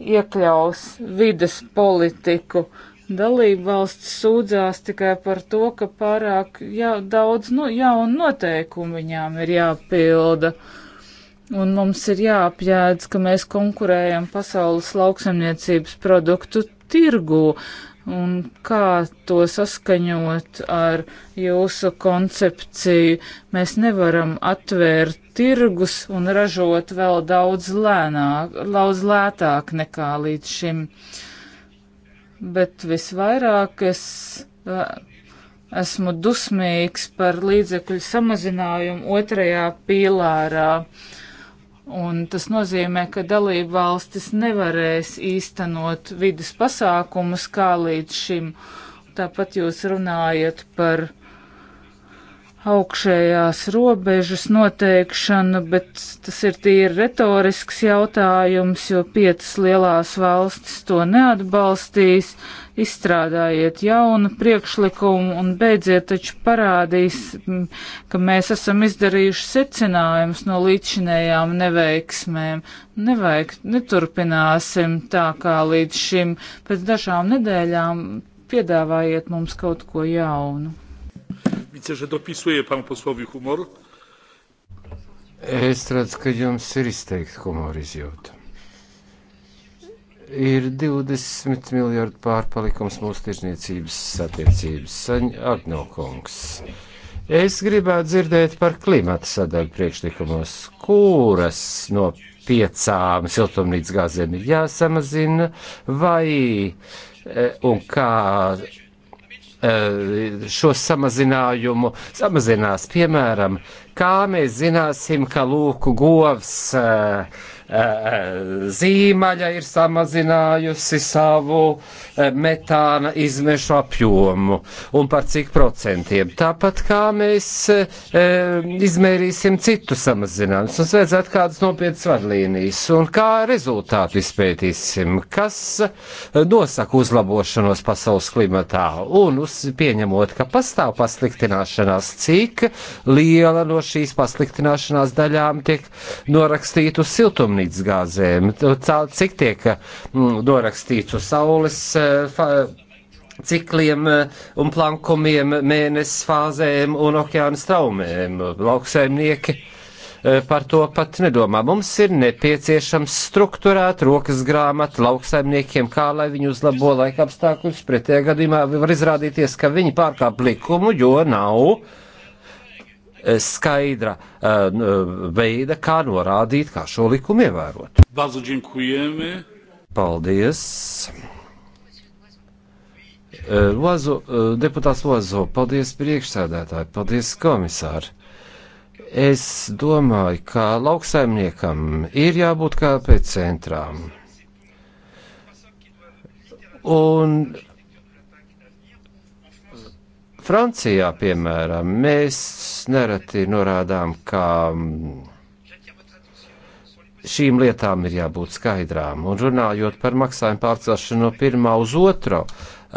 iekļaus vidas politiku. Dalībvalsts sūdzās tikai par to, ka pārāk jā, daudz nu, jaunu noteikumu viņām ir jāpilda. Un mums ir jāapjēdz, ka mēs konkurējam pasaules lauksamniecības produktu tirgū un kā to saskaņot ar jūsu koncepciju. Mēs nevaram atvērt tirgus un ražot vēl daudz, lēnāk, daudz lētāk nekā līdz šim. Bet visvairāk es esmu dusmīgs par līdzekļu samazinājumu otrajā pīlārā. Uh, Un tas nozīmē, ka dalība valstis nevarēs īstenot vidas pasākumus kā līdz šim. Tāpat jūs runājat par augšējās robežas noteikšanu, bet tas ir tīri retorisks jautājums, jo piecas lielās valstis to neatbalstīs izstrādājiet jaunu priekšlikumu un beidziet taču parādīs, ka mēs esam izdarījuši secinājumus no līdzinējām neveiksmēm. Nevajag, neturpināsim tā kā līdz šim. Pēc dažām nedēļām piedāvājiet mums kaut ko jaunu. Widzę, że dopisuje pan posłowi humor. Es redzu, ka jums ir izteikti humora izjūta ir 20 miljardu pārpalikums mūsu tirzniecības satiecības. Agnokungs. Es gribētu dzirdēt par klimata sadaļu priekšlikumos, kuras no piecām siltumnīcas gāzēm ir jāsamazina, vai e, un kā e, šo samazinājumu samazinās, piemēram, kā mēs zināsim, ka lūku govs uh, Eh, zīmaļa ir samazinājusi savu eh, metāna izmešu apjomu un par cik procentiem. Tāpat kā mēs eh, izmērīsim citu samazinājumus, mums vajadzētu kādas nopietnas vadlīnijas un kā rezultātu izpētīsim, kas nosaka uzlabošanos pasaules klimatā un uz, pieņemot, ka pastāv pasliktināšanās, cik liela no šīs pasliktināšanās daļām tiek norakstīta uz siltumnīcu ugunsgrēknīcgāzēm, cik tiek mm, dorakstīts uz saules eh, cikliem eh, un plankumiem, mēnesis fāzēm un okeāna straumēm. Lauksaimnieki eh, par to pat nedomā. Mums ir nepieciešams struktūrēt rokas grāmatu lauksaimniekiem, kā lai viņi uzlabo laika apstākļus. Pretējā gadījumā var izrādīties, ka viņi pārkāp likumu, jo nav Eh, skaidra eh, eh, veida, kā norādīt, kā šo likumu ievērot. Paldies! Lozo, deputāts Lozo, paldies priekšsēdētāji, paldies komisāri. Es domāju, ka lauksaimniekam ir jābūt kā pēc centrām. Un Francijā, piemēram, mēs nereti norādām, ka šīm lietām ir jābūt skaidrām. Un runājot par maksājumu pārcelšanu no pirmā uz otro uh,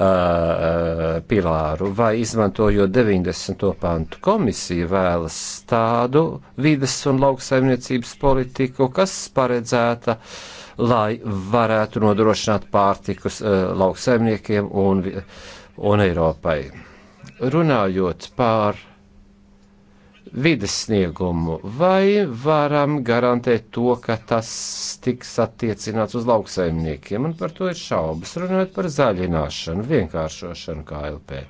uh pilāru vai izmantojot 90. pantu komisiju vēlas tādu vides un lauksaimniecības politiku, kas paredzēta, lai varētu nodrošināt pārtikus uh, lauksaimniekiem un, un Eiropai runājot pār vides sniegumu, vai varam garantēt to, ka tas tiks attiecināts uz lauksaimniekiem, un par to ir šaubas, runājot par zaļināšanu, vienkāršošanu KLP.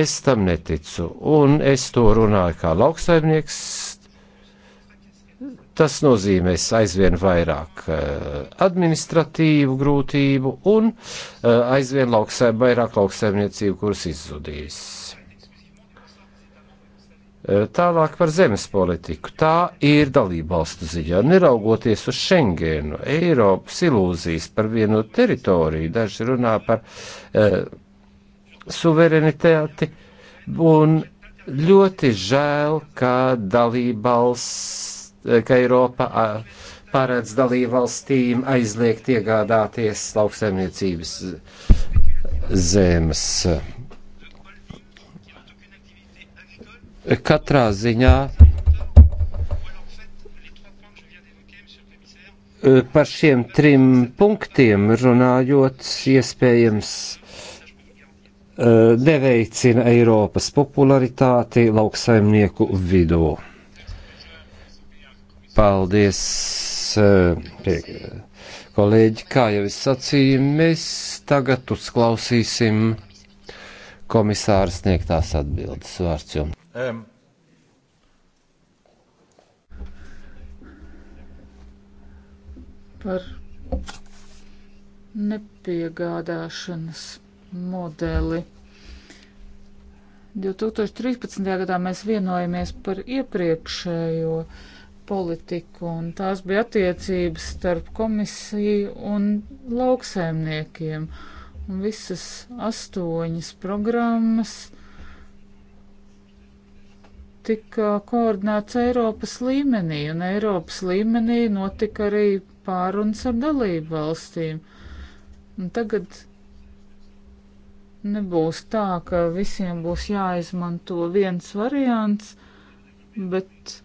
Es tam neticu, un es to runāju kā lauksaimnieks, Tas nozīmēs aizvien vairāk eh, administratīvu grūtību un eh, aizvien lauksē, vairāk lauksaimniecību, kuras izzudīs. Eh, tālāk par zemes politiku. Tā ir dalībvalstu ziņā. Neraugoties uz Schengenu, Eiropas ilūzijas par vienu teritoriju, daži runā par uh, suverenitāti, un ļoti žēl, ka dalībvalsts ka Eiropa paredz dalību valstīm aizliegt iegādāties lauksaimniecības zemes. Katrā ziņā e, par šiem trim punktiem runājot, iespējams, e, neveicina Eiropas popularitāti lauksaimnieku vidū. Paldies, eh, kolēģi. Kā jau es sacīju, mēs tagad uzklausīsim komisāra sniegtās atbildes vārds jums. Um. Par nepiegādāšanas modeli. 2013. gadā mēs vienojamies par iepriekšējo uh, politiku, un tās bija attiecības starp komisiju un lauksaimniekiem. Un visas astoņas programmas tika koordinēts Eiropas līmenī, un Eiropas līmenī notika arī pārunas ar dalību valstīm. Un tagad nebūs tā, ka visiem būs jāizmanto viens variants, bet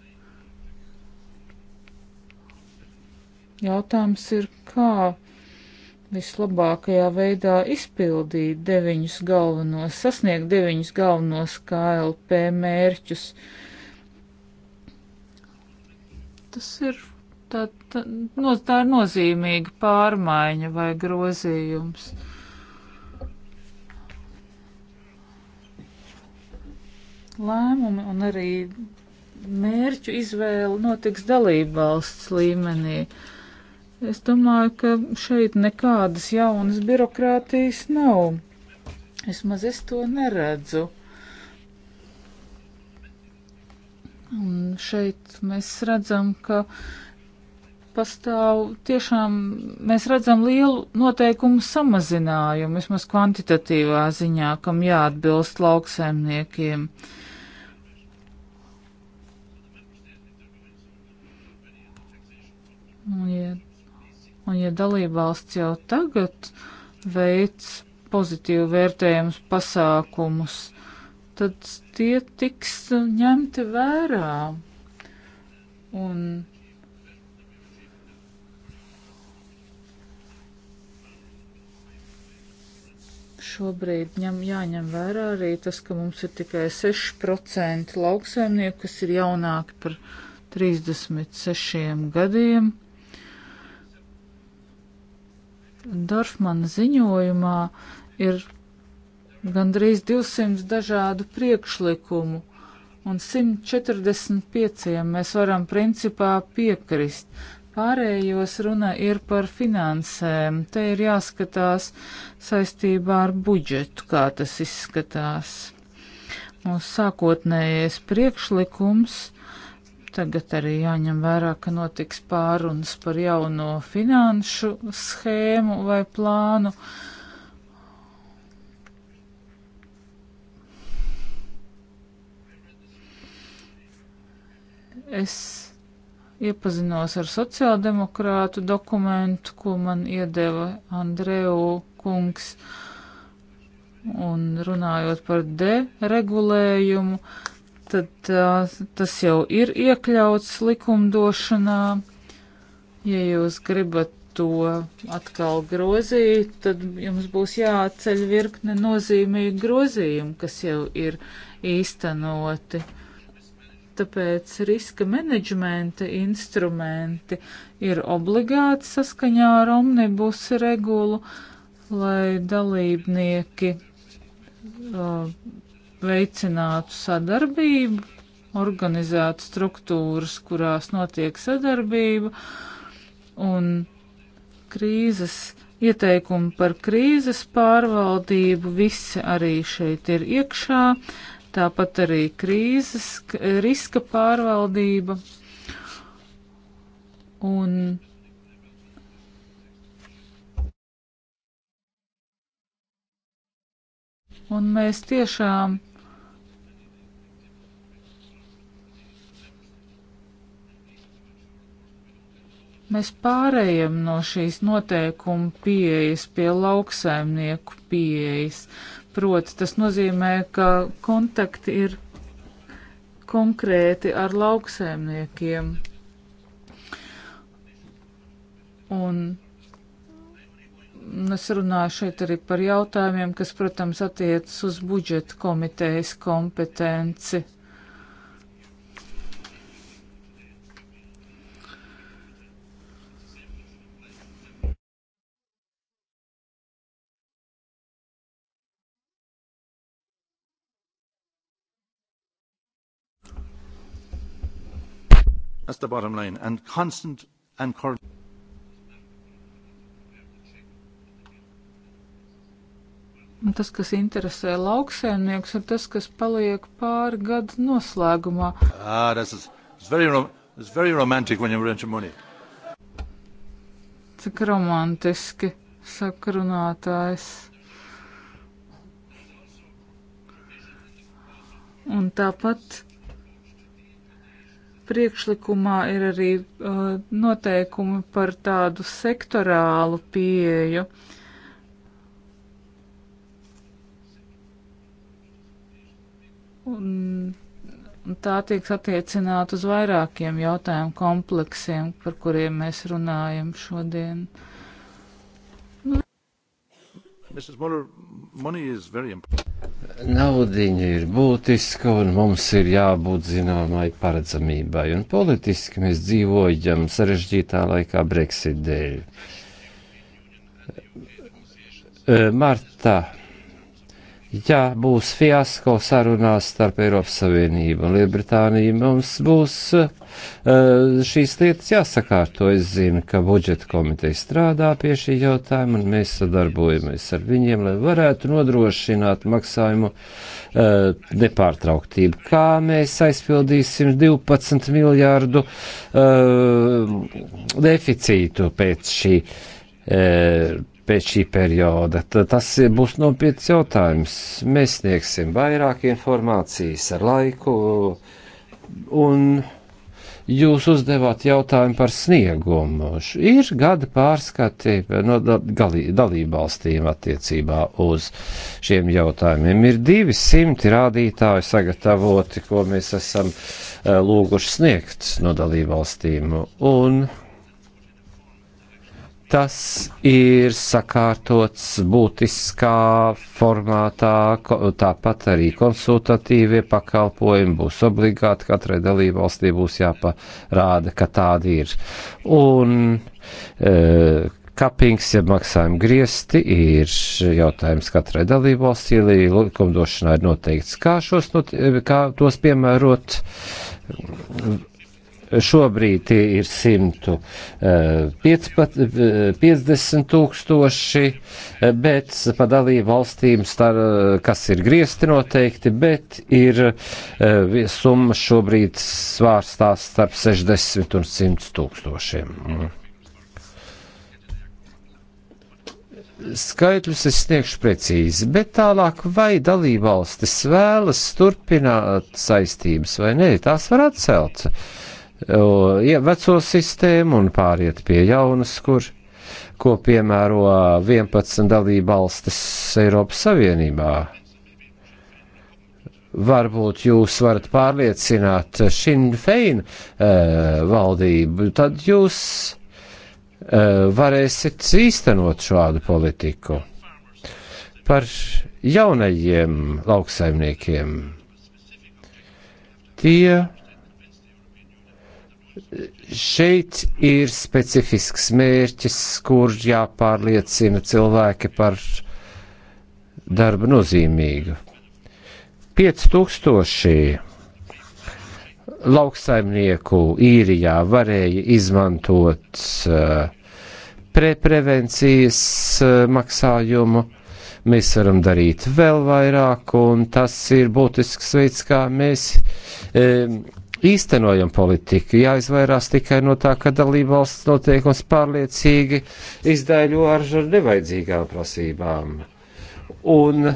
Jautājums ir, kā vislabākajā veidā izpildīt deviņus galvenos, sasniegt deviņus galvenos KLP mērķus. Tas ir, tā, tā, no, tā ir nozīmīga pārmaiņa vai grozījums. Lēmumi un arī mērķu izvēle notiks dalībvalsts līmenī. Uh, Es domāju, ka šeit nekādas jaunas birokrātijas nav. Vismaz es to neredzu. Un šeit mēs redzam, ka pastāv tiešām, mēs redzam lielu noteikumu samazinājumu, vismaz kvantitatīvā ziņā, kam jāatbilst lauksaimniekiem. Un, ja Un ja dalībvalsts jau tagad veids pozitīvu vērtējumus pasākumus, tad tie tiks ņemti vērā. Un šobrīd ņem, jāņem vērā arī tas, ka mums ir tikai 6% lauksaimnieku, kas ir jaunāki par 36 gadiem. Dorfmana ziņojumā ir gandrīz 200 dažādu priekšlikumu, un 145 mēs varam principā piekrist. Pārējos runa ir par finansēm. Te ir jāskatās saistībā ar budžetu, kā tas izskatās. Mūsu sākotnējais priekšlikums Tagad arī jāņem vērā, ka notiks pārunas par jauno finanšu schēmu vai plānu. Es iepazinos ar sociāldemokrātu dokumentu, ko man iedeva Andreu kungs, un runājot par deregulējumu tad uh, tas jau ir iekļauts likumdošanā. Ja jūs gribat to atkal grozīt, tad jums būs jāceļ virkne nozīmīgi grozījumi, kas jau ir īstenoti. Tāpēc riska menedžmenta instrumenti ir obligāti saskaņā ar omnibus regulu, lai dalībnieki uh, veicinātu sadarbību, organizētu struktūras, kurās notiek sadarbība un krīzes ieteikumi par krīzes pārvaldību visi arī šeit ir iekšā, tāpat arī krīzes riska pārvaldība un Un mēs tiešām Mēs pārējām no šīs noteikuma pieejas pie lauksaimnieku pieejas. Proti, tas nozīmē, ka kontakti ir konkrēti ar lauksaimniekiem. Un es runāju šeit arī par jautājumiem, kas, protams, attiecas uz budžeta komitejas kompetenci. That's the bottom line. And constant and current. Tas, kas interesē lauksēmnieks, ir tas, kas paliek pāri gada noslēgumā. Ah, that's, it's very, it's very romantic when you rent money. Cik romantiski sakrunātājs. Un tāpat priekšlikumā ir arī uh, noteikumi par tādu sektorālu pieeju. Un tā tiek attiecināta uz vairākiem jautājumu kompleksiem, par kuriem mēs runājam šodien. Mrs. Muller, money is very important naudiņa ir būtiska un mums ir jābūt zināmai paredzamībai. Un politiski mēs dzīvojam sarežģītā laikā Brexit dēļ. Eh, Marta ja būs fiasko sarunās starp Eiropas Savienību un Lielbritāniju, mums būs uh, šīs lietas jāsakārto. Es zinu, ka budžeta komiteja strādā pie šī jautājuma, un mēs sadarbojamies ar viņiem, lai varētu nodrošināt maksājumu uh, nepārtrauktību. Kā mēs aizpildīsim 12 miljārdu uh, deficītu pēc šī. Uh, pēc šī perioda? Tas būs nopietns jautājums. Mēs sniegsim vairāk informācijas ar laiku, un jūs uzdevāt jautājumu par sniegumu. Ir gada pārskati no dalībvalstīm attiecībā uz šiem jautājumiem. Ir 200 rādītāji sagatavoti, ko mēs esam e, lūguši sniegt no dalībvalstīm. Un tas ir sakārtots būtiskā formātā, tāpat arī konsultatīvie pakalpojumi būs obligāti, katrai dalībvalstī būs jāparāda, ka tādi ir. Un, e, Kapings, ja maksājumi griezti, ir jautājums katrai dalībvalstī. Likumdošanā ir noteikts, kā, šos, e, kā tos piemērot Šobrīd tie ir 150 eh, eh, tūkstoši, eh, bet padalīja valstīm, star, kas ir griezti noteikti, bet ir summa šobrīd svārstās starp 60 un 100 tūkstošiem. Mm. skaitļus es sniegšu precīzi, bet tālāk vai dalībvalstis vēlas turpināt saistības vai nē, tās var atcelt. Uh, veco sistēmu un pāriet pie jaunas, kur, ko piemēro 11 dalība valstis Eiropas Savienībā. Varbūt jūs varat pārliecināt Šinfeina e, valdību, tad jūs e, varēsiet īstenot šādu politiku. Par jaunajiem lauksaimniekiem. Tie Šeit ir specifisks mērķis, kur jāpārliecina cilvēki par darba nozīmīgu. 5000 lauksaimnieku īrijā varēja izmantot eh, preprevencijas eh, maksājumu. Mēs varam darīt vēl vairāk, un tas ir būtisks veids, kā mēs e, īstenojam politiku. Jāizvairās tikai no tā, ka dalība valsts noteikums pārliecīgi izdaļo ar nevajadzīgām prasībām. Un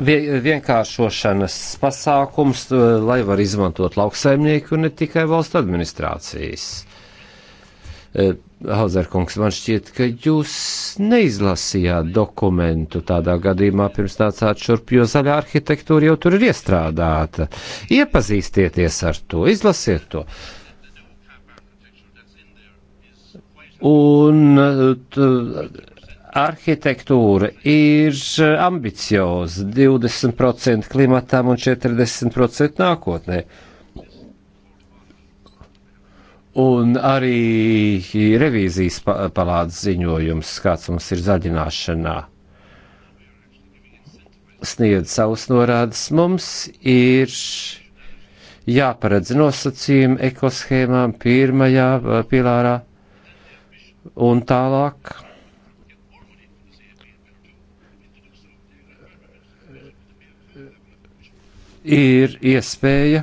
vienkāršošanas pasākums, eh, lai var izmantot lauksaimnieku un ne tikai valsts administrācijas eh, Hauzerkungs, man šķiet, ka jūs neizlasījāt dokumentu tādā gadījumā pirms nācāt šurp, jo zaļā arhitektūra jau tur ir iestrādāta. Iepazīstieties ar to, izlasiet to. Un arhitektūra ir ambicioza 20% klimatam un 40% nākotnē. Uh, Un arī revīzijas palādes ziņojums, kāds mums ir zaļināšanā, sniedz savus norādes. Mums ir jāparedz nosacījumi ekoshēmām pirmajā pilārā un tālāk. Ir iespēja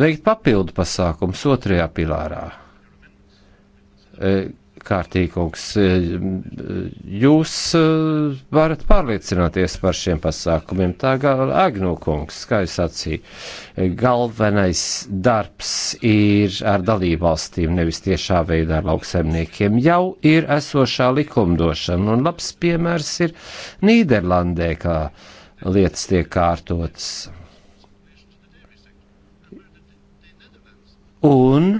veikt papildu pasākums otrajā pilārā. E, Kārtīkungs, e, jūs e, varat pārliecināties par šiem pasākumiem. Tā kā Agnokungs, kā es sacīju, galvenais darbs ir ar dalībvalstīm, nevis tiešā veidā ar lauksaimniekiem. Jau ir esošā likumdošana, un labs piemērs ir Nīderlandē, kā lietas tiek kārtotas Un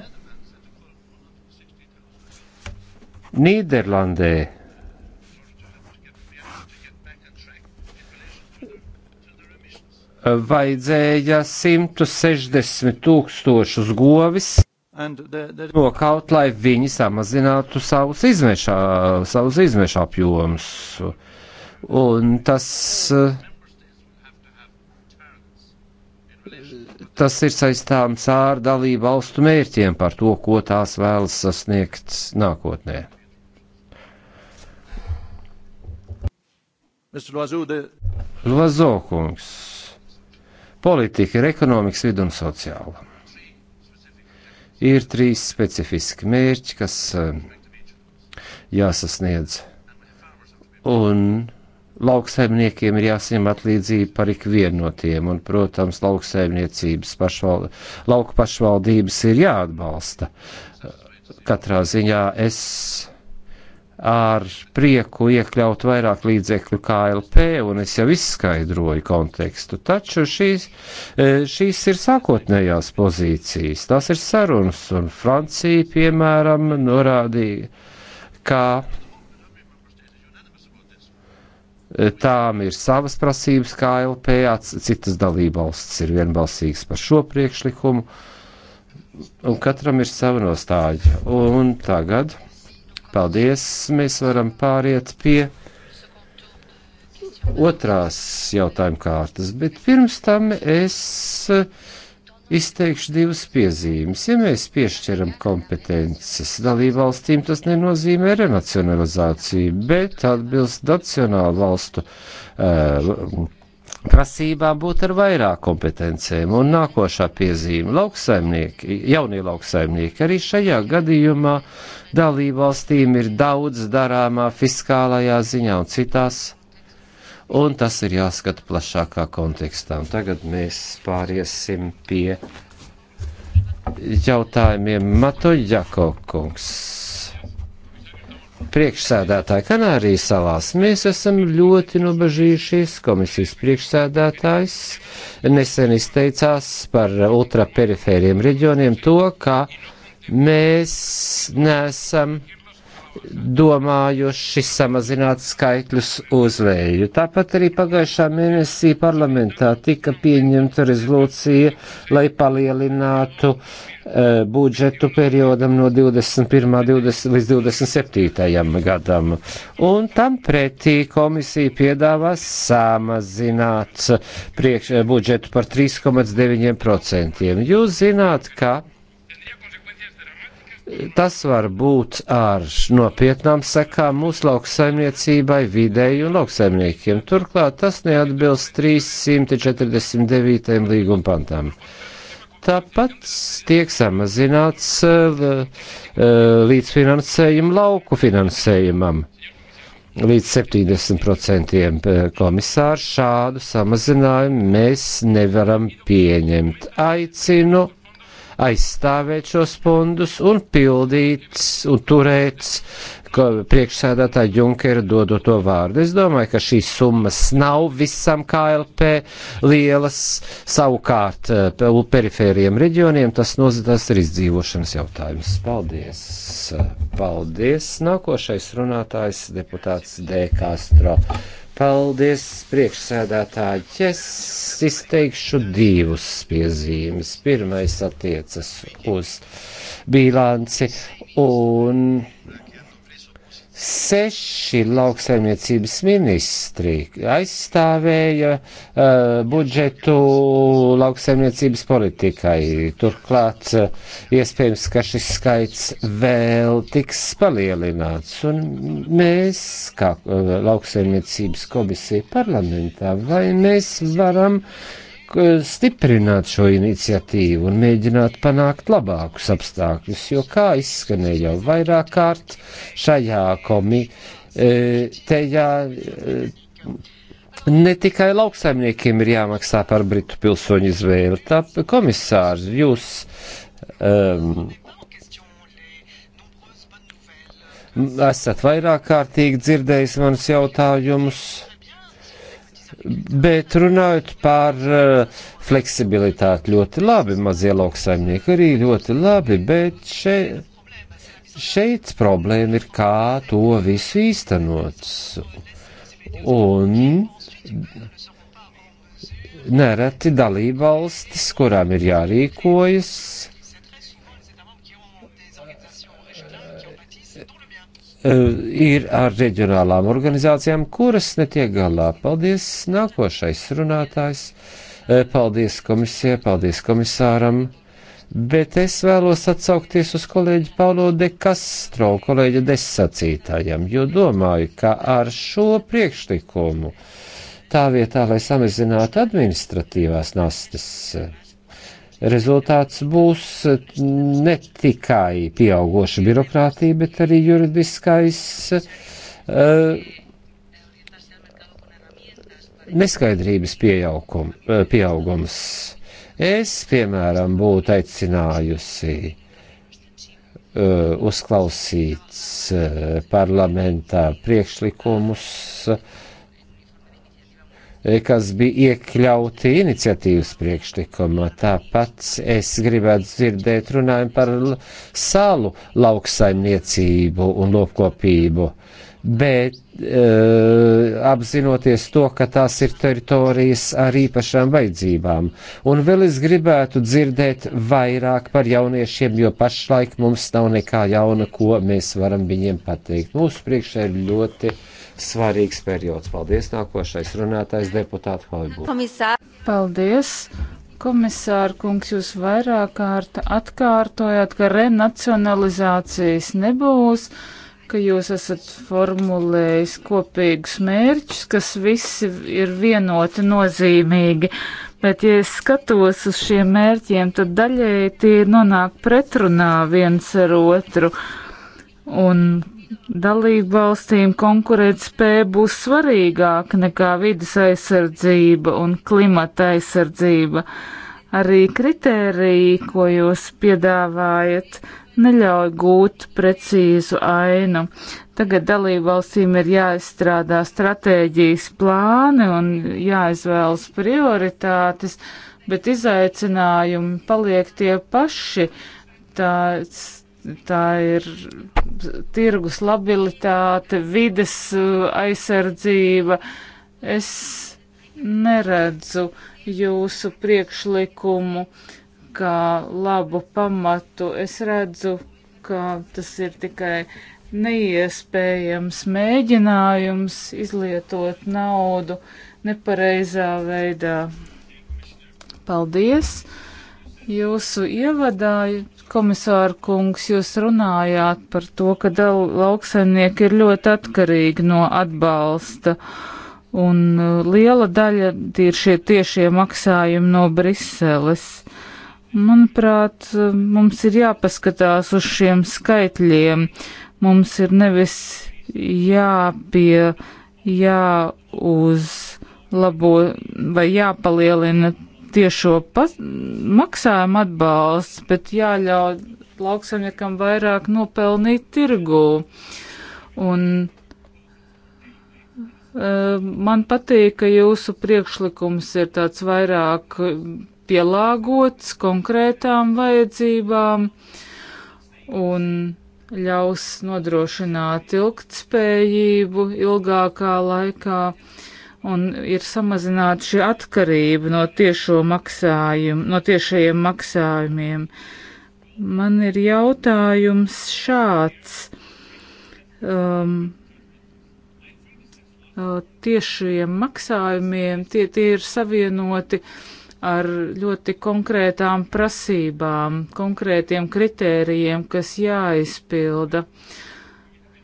Nīderlandē vajadzēja 160 tūkstošus govis nokaut, lai viņi samazinātu savus izmešā, savus izmešā apjomus. Un tas uh, tas ir saistāms ar dalību valstu mērķiem par to, ko tās vēlas sasniegt nākotnē. Lozokungs. Politika ir ekonomikas vidu un sociāla. Ir trīs specifiski mērķi, kas eh, jāsasniedz. Un lauksaimniekiem ir jāsaņem atlīdzība par ikvienu no tiem, un, protams, lauksaimniecības pašval, lauku pašvaldības ir jāatbalsta. Katrā ziņā es ar prieku iekļaut vairāk līdzekļu KLP, un es jau izskaidroju kontekstu. Taču šīs, e, šīs ir sākotnējās pozīcijas, tās ir sarunas, un Francija, piemēram, norādīja, kā Eh, tām ir savas prasības kā LP, citas dalībvalstis ir vienbalsīgas par šo priekšlikumu, un katram ir sava nostāja. Un tagad, paldies, mēs varam pāriet pie otrās jautājuma kārtas, bet pirms tam es. Uh, izteikšu divas piezīmes. Ja mēs piešķiram kompetences dalībvalstīm, tas nenozīmē renacionalizāciju, bet atbilst nacionālu valstu uh, prasībām būt ar vairāk kompetencēm. Un nākošā piezīme - lauksaimnieki, jaunie lauksaimnieki. Arī šajā gadījumā dalībvalstīm ir daudz darāmā fiskālajā ziņā un citās un tas ir jāskata plašākā kontekstā. Un tagad mēs pāriesim pie jautājumiem Matoļako kungs. Priekšsēdētāji Kanārijas salās mēs esam ļoti nobežījušies. Komisijas priekšsēdētājs nesen izteicās par ultraperifēriem reģioniem to, ka mēs nesam domājuši samazināt skaitļus uz vēju. Tāpat arī pagājušā mēnesī parlamentā tika pieņemta rezolūcija, lai palielinātu uh, budžetu periodam no 21. 20, līdz 27. gadam. Un tam pretī komisija piedāvā samazināt priekš, e, budžetu par 3,9%. Jūs zināt, ka Tas var būt ar nopietnām sekām mūsu lauksaimniecībai, vidēji un lauksaimniekiem. Turklāt tas neatbilst 349. līguma pantām. Tāpat tiek samazināts eh, eh, līdzfinansējumu lauku finansējumam līdz 70% eh, komisāru šādu samazinājumu mēs nevaram pieņemt. Aicinu aizstāvēt šos fondus un pildīt un turēt ka priekšsēdētāja Junkera dodu to vārdu. Es domāju, ka šīs summas nav visam KLP lielas, savukārt eh, perifēriem reģioniem tas, noz, tas ir izdzīvošanas jautājums. Paldies! Paldies! Nākošais runātājs deputāts D. Kastro. Paldies, priekšsēdētāji. Es izteikšu divus piezīmes. Pirmais attiecas uz bilanci un seši lauksaimniecības ministri aizstāvēja uh, budžetu lauksaimniecības politikai. Turklāt uh, iespējams, ka šis skaits vēl tiks palielināts. Un mēs, kā uh, lauksaimniecības komisija parlamentā, vai mēs varam uh, Eh, stiprināt šo iniciatīvu un mēģināt panākt labākus apstākļus, jo, kā izskanēja jau vairāk kārt, šajā komi eh, tejā eh, ne tikai lauksaimniekiem ir jāmaksā par Britu pilsoņu izvēli, tā komisārs, jūs. Um, Esat vairāk kārtīgi dzirdējis manus jautājumus. Bet runājot par uh, fleksibilitāti, ļoti labi, mazie lauksaimnieki arī ļoti labi, bet šeit, šeit problēma ir, kā to visu īstenot. Un nereti dalībvalstis, kurām ir jārīkojas, Eh, ir ar reģionālām organizācijām, kuras netiek galā. Paldies nākošais runātājs, eh, paldies komisijai, paldies komisāram, bet es vēlos atsaukties uz kolēģi Paulo de Castro, kolēģi desacītājam, jo domāju, ka ar šo priekšlikumu tā vietā, lai samazinātu administratīvās nastas, eh, rezultāts būs ne tikai pieaugoša birokrātija, bet arī juridiskais uh, neskaidrības pieaugum, eh, pieaugums. Es, piemēram, būtu aicinājusi uh, uzklausīt uh, parlamentā priekšlikumus uh, E, kas bija iekļauti iniciatīvas priekšlikumā. Tāpat es gribētu dzirdēt runājumu par salu lauksaimniecību un lopkopību, bet e, apzinoties to, ka tās ir teritorijas ar īpašām vajadzībām. Un vēl es gribētu dzirdēt vairāk par jauniešiem, jo pašlaik mums nav nekā jauna, ko mēs varam viņiem pateikt. Mūsu priekšā ir ļoti svarīgs periods. Paldies, nākošais runātais deputāta Hoibu. Komisār. Paldies! Komisāra kungs, jūs vairāk kārt atkārtojāt, ka renacionalizācijas nebūs, ka jūs esat formulējis kopīgus mērķus, kas visi ir vienoti nozīmīgi. Bet, ja es skatos uz šiem mērķiem, tad daļēji tie nonāk pretrunā viens ar otru. Un dalību valstīm konkurētspēja būs svarīgāka nekā vidas aizsardzība un klimata aizsardzība. Arī kritēriji, ko jūs piedāvājat, neļauj gūt precīzu ainu. Tagad dalību valstīm ir jāizstrādā stratēģijas plāni un jāizvēlas prioritātes, bet izaicinājumi paliek tie paši. Tāds tā ir tirgus labilitāte, vides uh, aizsardzība. Es neredzu jūsu priekšlikumu kā labu pamatu. Es redzu, ka tas ir tikai neiespējams mēģinājums izlietot naudu nepareizā veidā. Paldies! Jūsu ievadāju Komisāra kungs, jūs runājāt par to, ka lauksaimnieki ir ļoti atkarīgi no atbalsta, un uh, liela daļa ir šie tiešie maksājumi no Briseles. Manuprāt, uh, mums ir jāpaskatās uz šiem skaitļiem. Mums ir nevis jāpie, jāuzlabo vai jāpalielina tiešo maksājumu atbalsts, bet jāļauj lauksaimniekam vairāk nopelnīt tirgū. Un e, Man patīk, ka jūsu priekšlikums ir tāds vairāk pielāgots konkrētām vajadzībām un ļaus nodrošināt ilgtspējību ilgākā laikā. Uh, un ir samazināta šī atkarība no tiešo maksājumu, no tiešajiem maksājumiem. Man ir jautājums šāds. Um, uh, tiešiem maksājumiem tie, tie ir savienoti ar ļoti konkrētām prasībām, konkrētiem kritērijiem, kas jāizpilda. Uh,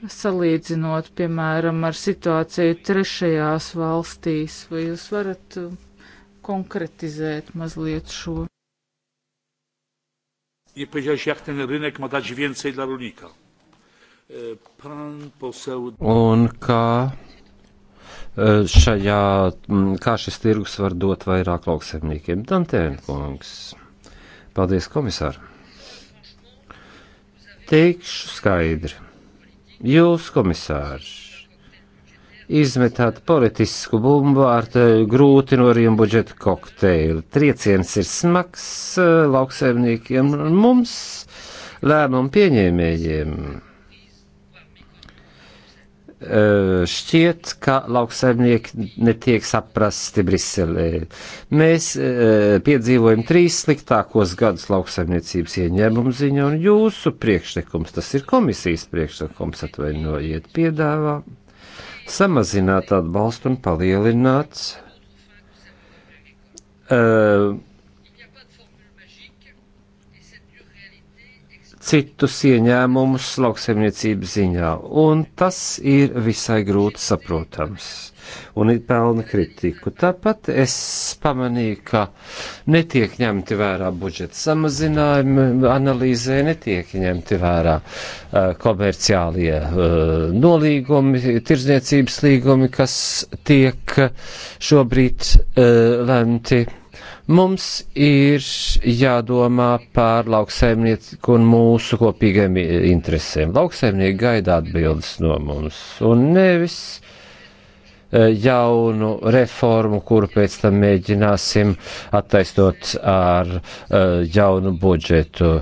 salīdzinot, piemēram, ar situāciju trešajās valstīs? Vai jūs varat um, konkretizēt mazliet šo? Nie powiedziałeś, jak ten rynek ma dać więcej dla rolnika. E, pan poseł. Un kā e, šajā, kā šis tirgus var dot vairāk lauksaimniekiem? Dantēna kungs. Paldies, komisār. Teikšu skaidri Jūs, komisārs, izmetāt politisku bumbu ar grūti noriem budžeta kokteili. Trieciens ir smags eh, lauksaimniekiem un mums, lēmumu pieņēmējiem. Eh, šķiet, ka lauksaimnieki netiek saprasti Briselē. Mēs eh, piedzīvojam trīs sliktākos gadus lauksaimniecības ieņēmumu ziņā, un jūsu priekšlikums, tas ir komisijas priekšlikums, atvainojiet, piedāvā samazināt atbalstu un palielināt uh, citus ieņēmumus lauksaimniecības ziņā, un tas ir visai grūti saprotams un ir pelna kritiku. Tāpat es pamanīju, ka netiek ņemti vērā budžeta samazinājumi, analīzē netiek ņemti vērā uh, komerciālie uh, nolīgumi, tirzniecības līgumi, kas tiek šobrīd uh, lemti Mums ir jādomā par lauksaimnieku un mūsu kopīgiem interesēm. Lauksaimnieki gaida atbildes no mums un nevis e, jaunu reformu, kuru pēc tam mēģināsim attaisnot ar e, jaunu budžetu.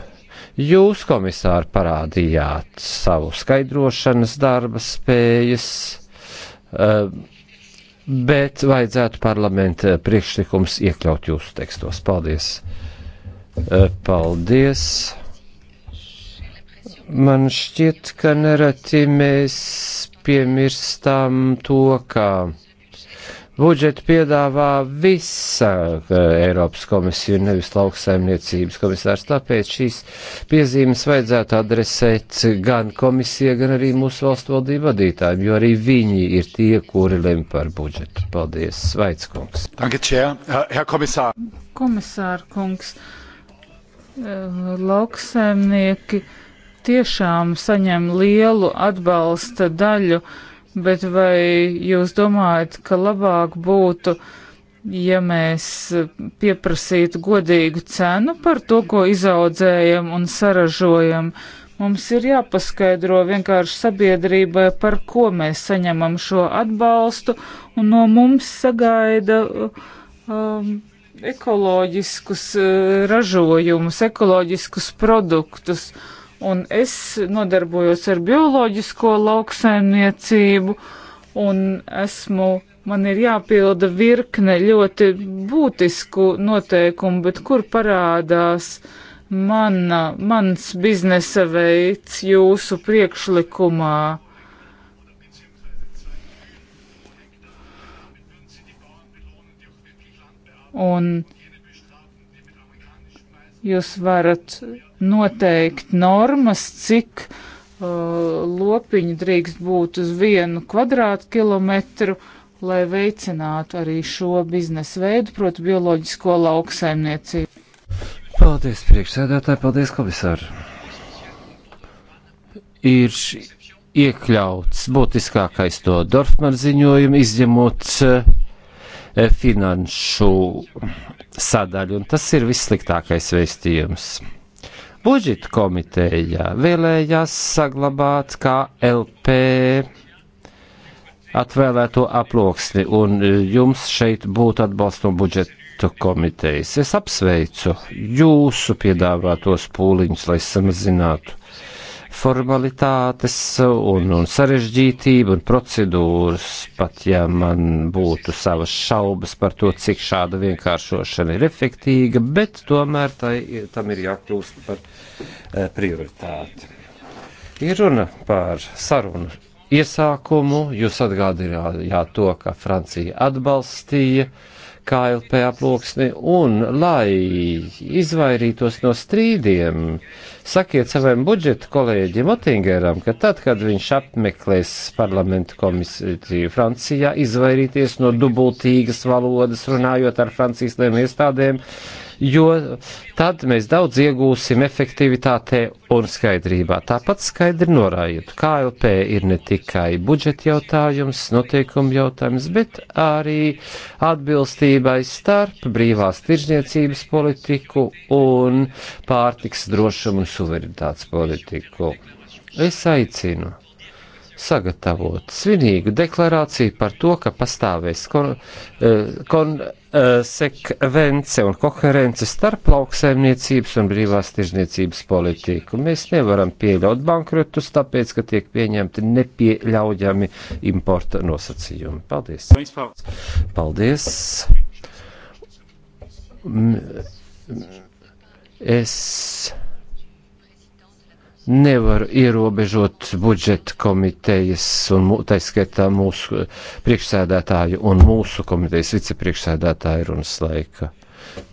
Jūs, komisāri, parādījāt savu skaidrošanas darba spējas. Uh, bet vajadzētu parlamenta priekšlikums iekļaut jūsu tekstos. Paldies! Eh, paldies! Man šķiet, ka nereti mēs piemirstām to, ka. Kā Budžetu piedāvā visa eh, Eiropas komisija, nevis lauksaimniecības komisārs. Tāpēc šīs piezīmes vajadzētu adresēt gan komisija, gan arī mūsu valstu valdību vadītājiem, jo arī viņi ir tie, kuri lem par budžetu. Paldies, Svaitskungs. Komisār kungs, eh, lauksaimnieki tiešām saņem lielu atbalsta daļu bet vai jūs domājat, ka labāk būtu, ja mēs pieprasītu godīgu cenu par to, ko izaudzējam un saražojam? Mums ir jāpaskaidro vienkārši sabiedrībai, par ko mēs saņemam šo atbalstu, un no mums sagaida um, ekoloģiskus uh, ražojumus, ekoloģiskus produktus. Uh, un es nodarbojos ar bioloģisko lauksaimniecību, un esmu, man ir jāpilda virkne ļoti būtisku noteikumu, bet kur parādās mana, mans biznesa veids jūsu priekšlikumā? Un jūs varat noteikt normas, cik uh, lopiņu drīkst būt uz vienu kvadrātkilometru, lai veicinātu arī šo biznesa veidu, proti bioloģisko lauksaimniecību. Paldies, priekšsēdētāji, paldies, komisāri. Ir iekļauts būtiskākais to Dorfman ziņojumu, izņemot uh, finanšu sadaļu, un tas ir vissliktākais veistījums budžeta komiteja vēlējās saglabāt kā LP atvēlēto aploksni, un e, jums šeit būtu atbalsta no budžeta komitejas. Es apsveicu jūsu piedāvātos pūliņus, lai samazinātu formalitātes un, un sarežģītību un procedūras, pat ja man būtu savas šaubas par to, cik šāda vienkāršošana ir efektīga, bet tomēr tai, tam ir jākļūst par e, prioritāti. Ir runa par sarunu iesākumu, jūs atgādinājāt to, ka Francija atbalstīja uh, KLP aploksni un, lai izvairītos no strīdiem, sakiet saviem budžeta kolēģiem Otingeram, ka tad, kad viņš apmeklēs parlamentu komisiju Francijā, izvairīties no dubultīgas valodas runājot ar Francijas lēmu iestādēm, uh, jo tad mēs daudz iegūsim efektivitātē un skaidrībā. Tāpat skaidri norājiet, KLP ir ne tikai budžeta jautājums, noteikumu jautājums, bet arī atbilstībai starp brīvās tirzniecības politiku un pārtiks drošumu un suverenitātes politiku. Es aicinu sagatavot svinīgu deklarāciju par to, ka pastāvēs kon, eh, kon, eh, sekvence un koherence starp lauksaimniecības un brīvās tirzniecības politiku. Mēs nevaram pieļaut bankrotus, tāpēc, ka tiek pieņemti nepieļaujami importa nosacījumi. Paldies! Paldies! Es nevar ierobežot budžeta komitejas un tā skaitā mūsu priekšsēdētāju un mūsu komitejas vicepriekšsēdētāju runas laika.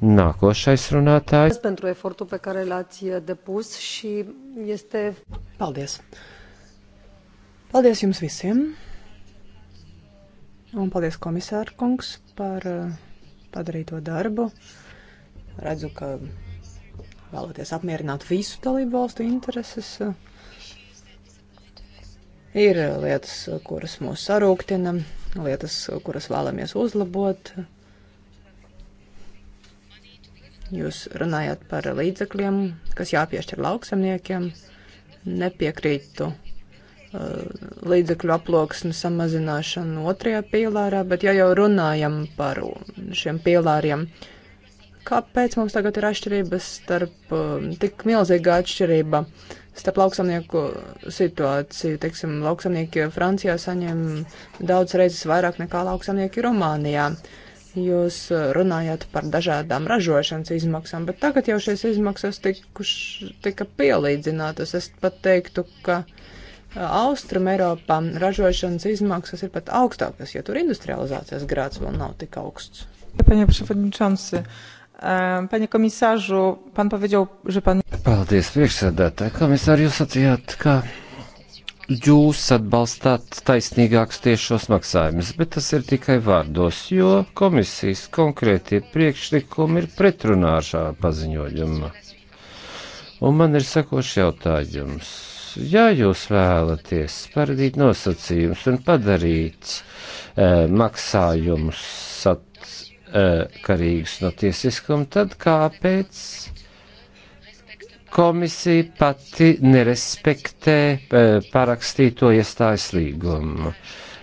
Nākošais runātājs. Pentru efortul pe care l-ați depus și este... Paldies. Paldies jums visiem. Un paldies komisāra kungs par eh, padarīto darbu. Redzu, ka vēlaties apmierināt visu dalību valstu intereses. Ir lietas, kuras mūs sarūktina, lietas, kuras vēlamies uzlabot. Jūs runājat par līdzekļiem, kas jāpiešķir lauksamniekiem. Nepiekrītu uh, līdzekļu aploksni samazināšanu otrajā pīlārā, bet ja jau runājam par šiem pīlāriem, uh, Kāpēc mums tagad ir atšķirības starp, um, tik milzīga atšķirība starp lauksamnieku situāciju? Teiksim, lauksamnieki Francijā saņem daudz reizes vairāk nekā lauksamnieki Rumānijā. Jūs uh, runājāt par dažādām ražošanas izmaksām, bet tagad jau šīs izmaksas tikuš, tika pielīdzinātas. Es pat teiktu, ka uh, Austrum Eiropā ražošanas izmaksas ir pat augstākas, jo tur industrializācijas grāds vēl nav tik augsts. Panie Przewodniczący, Ehm, panie komisarzu, pan powiedział, że pan. Paldies, priekšsēdētāji. Komisār, jūs atsījāt, ka jūs atbalstāt taisnīgākus tiešos maksājumus, bet tas ir tikai vārdos, jo komisijas konkrētie priekšlikumi ir pretrunā ar šā paziņojuma. Un man ir sakošs jautājums. Ja jūs vēlaties paradīt nosacījumus un padarīt e, maksājumus sat Eh, karīgs no tiesiskuma, tad kāpēc komisija pati nerespektē eh, parakstīto iestājas līgumu?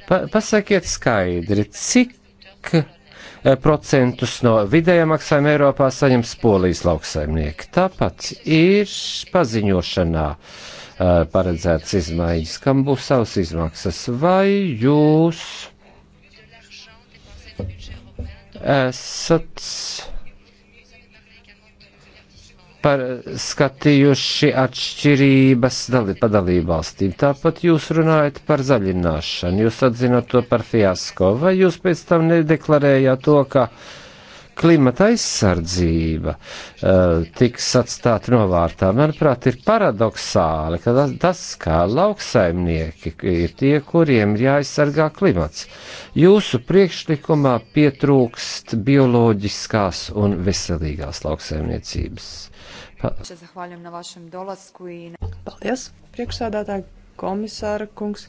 Pa, pasakiet skaidri, cik eh, procentus no vidējā maksājuma Eiropā saņems polijas lauksaimnieki. Tāpat ir paziņošanā paredzēts izmaiņas, kam būs savas izmaksas. Vai jūs esat par skatījuši atšķirības padalību valstīm. Tāpat jūs runājat par zaļināšanu, jūs atzinat to par fiasko, vai jūs pēc tam nedeklarējāt to, ka uh, klimata aizsardzība uh, tiks atstāta novārtā. Manuprāt, ir paradoxāli, ka tas, kā lauksaimnieki ir tie, kuriem ir jāaizsargā klimats. Jūsu priekšlikumā pietrūkst bioloģiskās un veselīgās lauksaimniecības. Pa... Paldies, priekšsādātāji, komisāra kungs.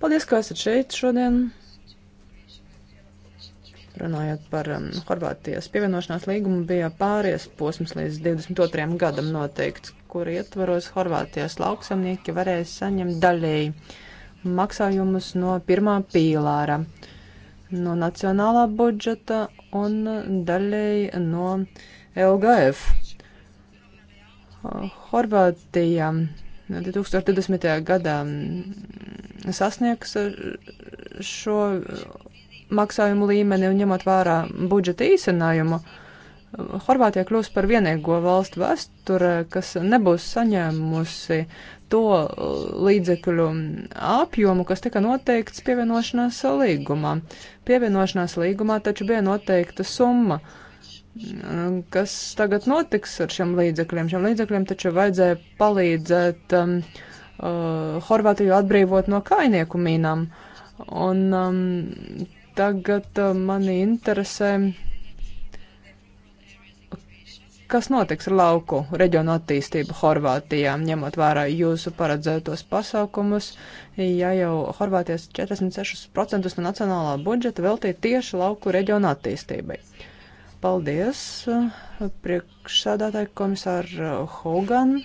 Paldies, ka esat šeit šodien. Runājot par um, Horvātijas pievienošanās līgumu, bija pāries posms līdz 22. gadam noteikts, kur ietvaros Horvātijas lauksamnieki varēs saņemt daļēji maksājumus no pirmā pīlāra, no nacionālā budžeta un daļēji no LGF. Horvātija 2020. gadā mm, sasniegs šo maksājumu līmeni un ņemot vērā budžeta īsinājumu, Horvātija kļūs par vienīgo valstu vēsturē, kas nebūs saņēmusi to uh, līdzekļu apjomu, kas tika noteikts pievienošanās līgumā. Pievienošanās līgumā taču bija noteikta summa. Uh, kas tagad notiks ar šiem līdzekļiem? Šiem līdzekļiem taču vajadzēja palīdzēt um, uh, Horvātiju atbrīvot no kainieku mīnām. Un um, Tagad uh, mani interesē, kas notiks ar lauku reģionu attīstību Horvātijā, ņemot vērā jūsu paredzētos pasākumus, ja jau Horvātijas 46% no nacionālā budžeta veltīja tieši lauku reģionu attīstībai. Paldies, uh, priekšsādātāji komisāri uh, Hogan.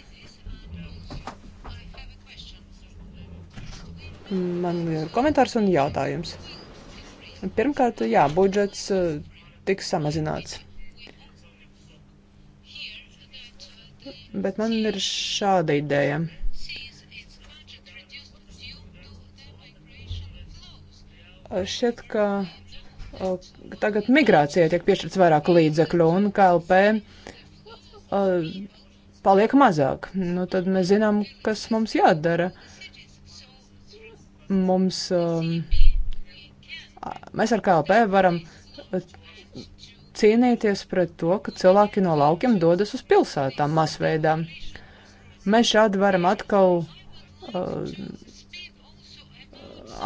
Man ir komentārs un jautājums. Pirmkārt, jā, budžets eh, tiks samazināts. Bet man ir šāda ideja. Šķiet, ka eh, tagad migrācijai tiek piešķirts vairāk līdzekļu un KLP eh, paliek mazāk. Nu, tad mēs zinām, kas mums jādara. Mums um, Mēs ar KLP varam uh, cīnīties pret to, ka cilvēki no laukiem dodas uz pilsētām masveidā. Mēs šādi varam atkal uh,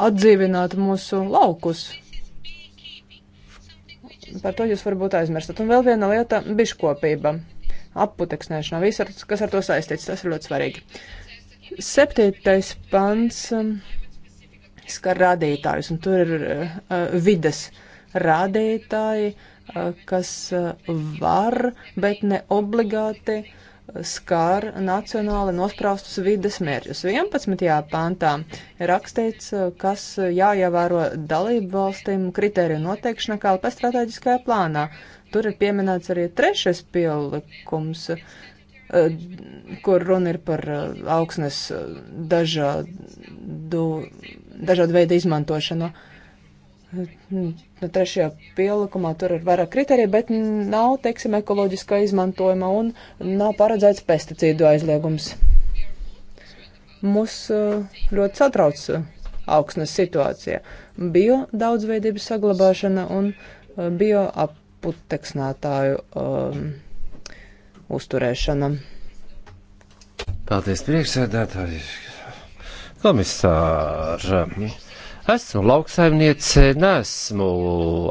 atdzīvināt mūsu laukus. Par to jūs varbūt aizmirstat. Un vēl viena lieta - biškopība, apputeksnēšana, viss, kas ar to saistīts, tas ir ļoti svarīgi. Septītais pants. Um, skar rādītājus, un tur ir uh, vides rādītāji, uh, kas uh, var, bet ne obligāti skar nacionāli nospraustus vides mērķus. 11. pantā ir rakstīts, kas jāievēro dalību valstīm kritēriju noteikšanā kā LP strateģiskajā plānā. Tur ir pieminēts arī trešais pielikums, kur runa ir par augsnes dažādu dažādu veidu izmantošanu. No nu, trešajā pielikumā tur ir vairāk kriteriju, bet nav, teiksim, ekoloģiskā izmantojuma un nav paredzēts pesticīdu aizliegums. Mūs eh, ļoti satrauc eh, augsnes situācija. Bio daudzveidības saglabāšana un eh, bio aputeksnētāju um, uzturēšana. Paldies priekšsēdētāji! komisāra. Esmu lauksaimniece, nesmu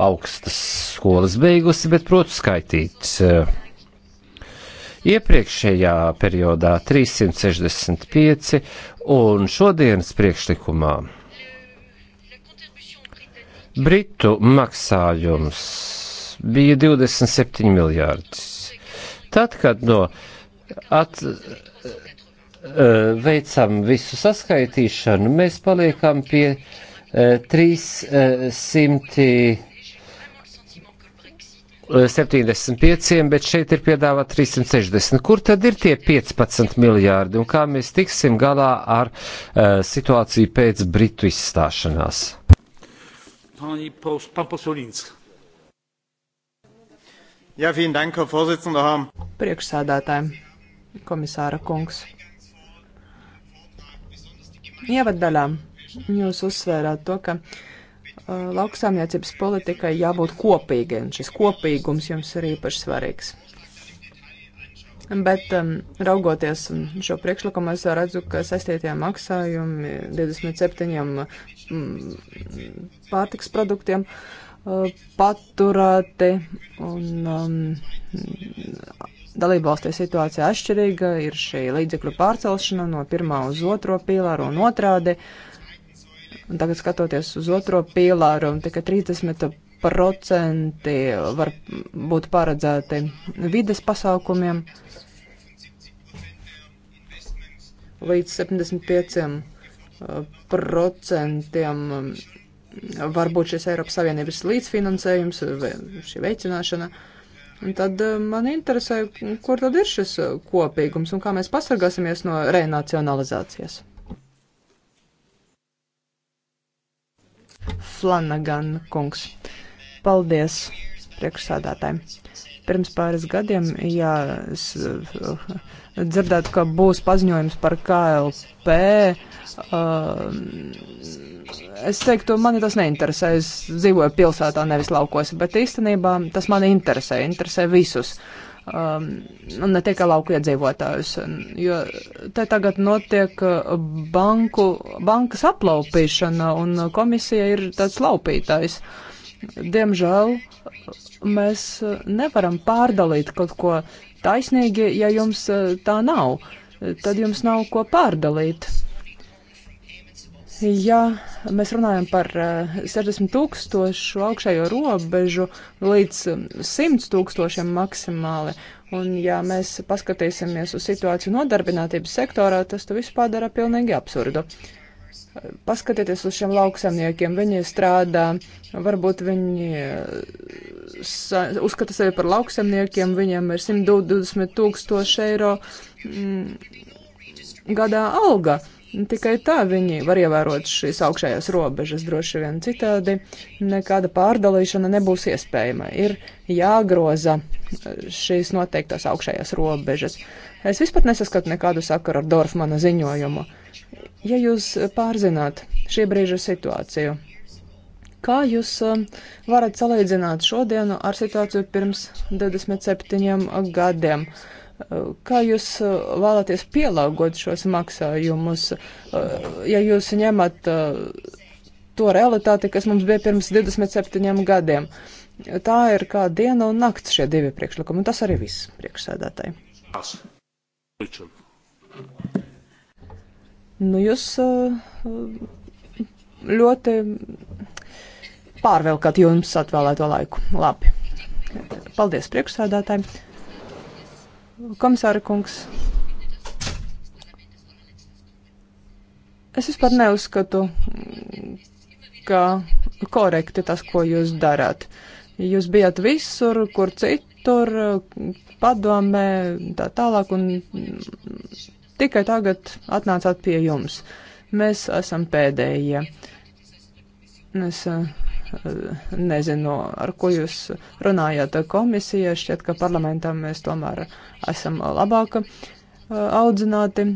augstas skolas beigusi, bet protu skaitīt. Eh, iepriekšējā periodā 365 un šodienas priekšlikumā Britu maksājums bija 27 miljārdus. Tad, kad no at, Eh, veicam visu saskaitīšanu, mēs paliekam pie 300. Eh, 75, eh, bet šeit ir piedāvāt 360. Kur tad ir tie 15 miljārdi un kā mēs tiksim galā ar uh, situāciju pēc Britu izstāšanās? Ja, dank, Priekšsādātājiem, komisāra kungs. Ievaddaļā jūs uzsvērāt to, ka uh, lauksāmniecības politikai jābūt kopīgai, un šis kopīgums jums ir īpaši svarīgs. Bet, um, raugoties šo priekšlikumu, es redzu, ka saistītie maksājumi 27 mm, pārtiks produktiem uh, paturēti un um, dalībvalstī situācija atšķirīga, ir šī līdzekļu pārcelšana no pirmā uz otro pīlāru un otrādi. Un tagad skatoties uz otro pīlāru, tikai 30% var būt paredzēti vides pasākumiem līdz 75% var būt šis Eiropas Savienības līdzfinansējums, šī veicināšana. Uh, Un tad eh, man interesē, kur tad ir šis eh, kopīgums un kā mēs pasargāsimies no renacionalizācijas. Flanagan kungs. Paldies priekšsādātājiem. Pirms pāris gadiem, ja es eh, dzirdētu, ka būs paziņojums par KLP, uh, es teiktu, mani tas neinteresē. Es dzīvoju pilsētā, nevis laukos, bet īstenībā tas mani interesē, interesē visus. Um, nu, ne tikai lauku iedzīvotājus, jo te tagad notiek uh, banku, bankas aplaupīšana un komisija ir tāds laupītājs. Diemžēl mēs uh, nevaram pārdalīt kaut ko taisnīgi, ja jums uh, tā nav. Tad jums nav ko pārdalīt. Ja mēs runājam par 60 eh, tūkstošu augšējo robežu līdz 100 eh, tūkstošiem maksimāli, un ja mēs paskatīsimies uz situāciju nodarbinātības sektorā, tas tu visu padara pilnīgi absurdu. Paskatieties uz šiem lauksamniekiem, viņi strādā, varbūt viņi eh, uzskata sevi par lauksamniekiem, viņiem ir 120 tūkstoši eiro mm, gadā alga Tikai tā viņi var ievērot šīs augšējās robežas droši vien citādi. Nekāda pārdalīšana nebūs iespējama. Ir jāgroza šīs noteiktās augšējās robežas. Es vispār nesaskatu nekādu sakaru ar Dorfmana ziņojumu. Ja jūs pārzināt šī brīža situāciju, kā jūs um, varat salīdzināt šodienu ar situāciju pirms 27 gadiem? Kā jūs uh, vēlaties pielāgot šos maksājumus, uh, ja jūs ņemat uh, to realitāti, kas mums bija pirms 27 gadiem? Tā ir kā diena un nakts šie divi priekšlikumi, un tas arī viss priekšsēdētāji. Nu, jūs ļoti pārvelkat jums atvēlēto laiku. Labi. Paldies priekšsēdētājiem komisāra kungs. Es vispār neuzskatu, ka korekti tas, ko jūs darāt. Jūs bijat visur, kur citur, padomē, tā tālāk, un tikai tagad atnācāt pie jums. Mēs esam pēdējie. Es uh, nezinu, ar ko jūs runājat komisija, šķiet, ka parlamentā mēs tomēr esam labāk uh, audzināti.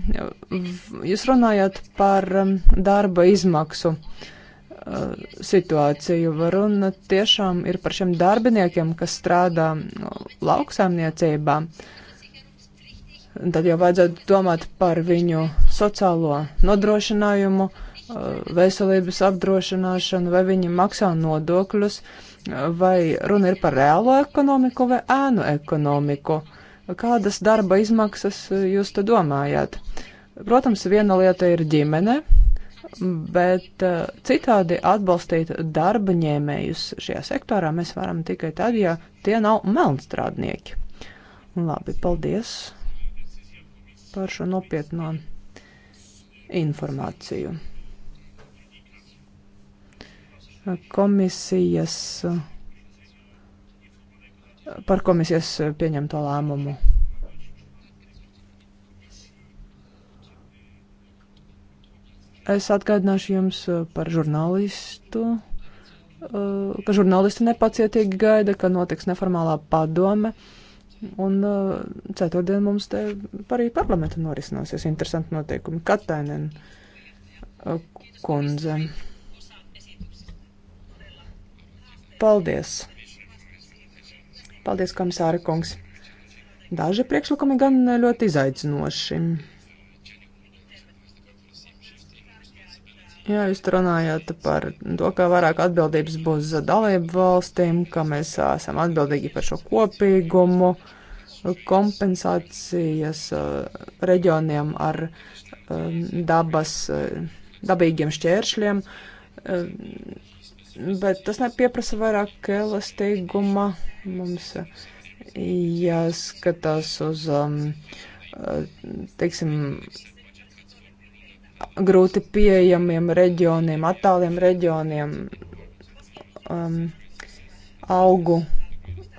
Jūs runājat par um, darba izmaksu uh, situāciju. Runa tiešām ir par šiem darbiniekiem, kas strādā lauksaimniecībā. Tad jau vajadzētu domāt par viņu sociālo nodrošinājumu. Uh, Uh, veselības apdrošināšanu, vai viņi maksā nodokļus, uh, vai runa ir par reālo ekonomiku vai ēnu ekonomiku. Kādas darba izmaksas uh, jūs te domājat? Protams, viena lieta ir ģimene, bet citādi atbalstīt darba ņēmējus šajā sektorā mēs varam tikai tad, ja tie nav melnstrādnieki. Labi, paldies par šo nopietno informāciju komisijas, par komisijas pieņemto lēmumu. Es atgādināšu jums par žurnālistu, ka žurnālisti nepacietīgi gaida, ka notiks neformālā padome. Un uh, ceturtdien mums te arī parlamenta norisināsies interesanti noteikumi. Katainen uh, kundze. Paldies! Paldies, komisāra kungs! Daži priekšlikumi gan ļoti izaicinoši. Jā, jūs runājāt par to, ka vairāk atbildības būs dalību valstīm, ka mēs esam atbildīgi par šo kopīgumu, kompensācijas uh, reģioniem ar um, dabas, uh, dabīgiem šķēršļiem. Uh, bet tas nepieprasa vairāk elastīguma. Mums jāskatās uz, um, teiksim, grūti pieejamiem reģioniem, attāliem reģioniem um, augu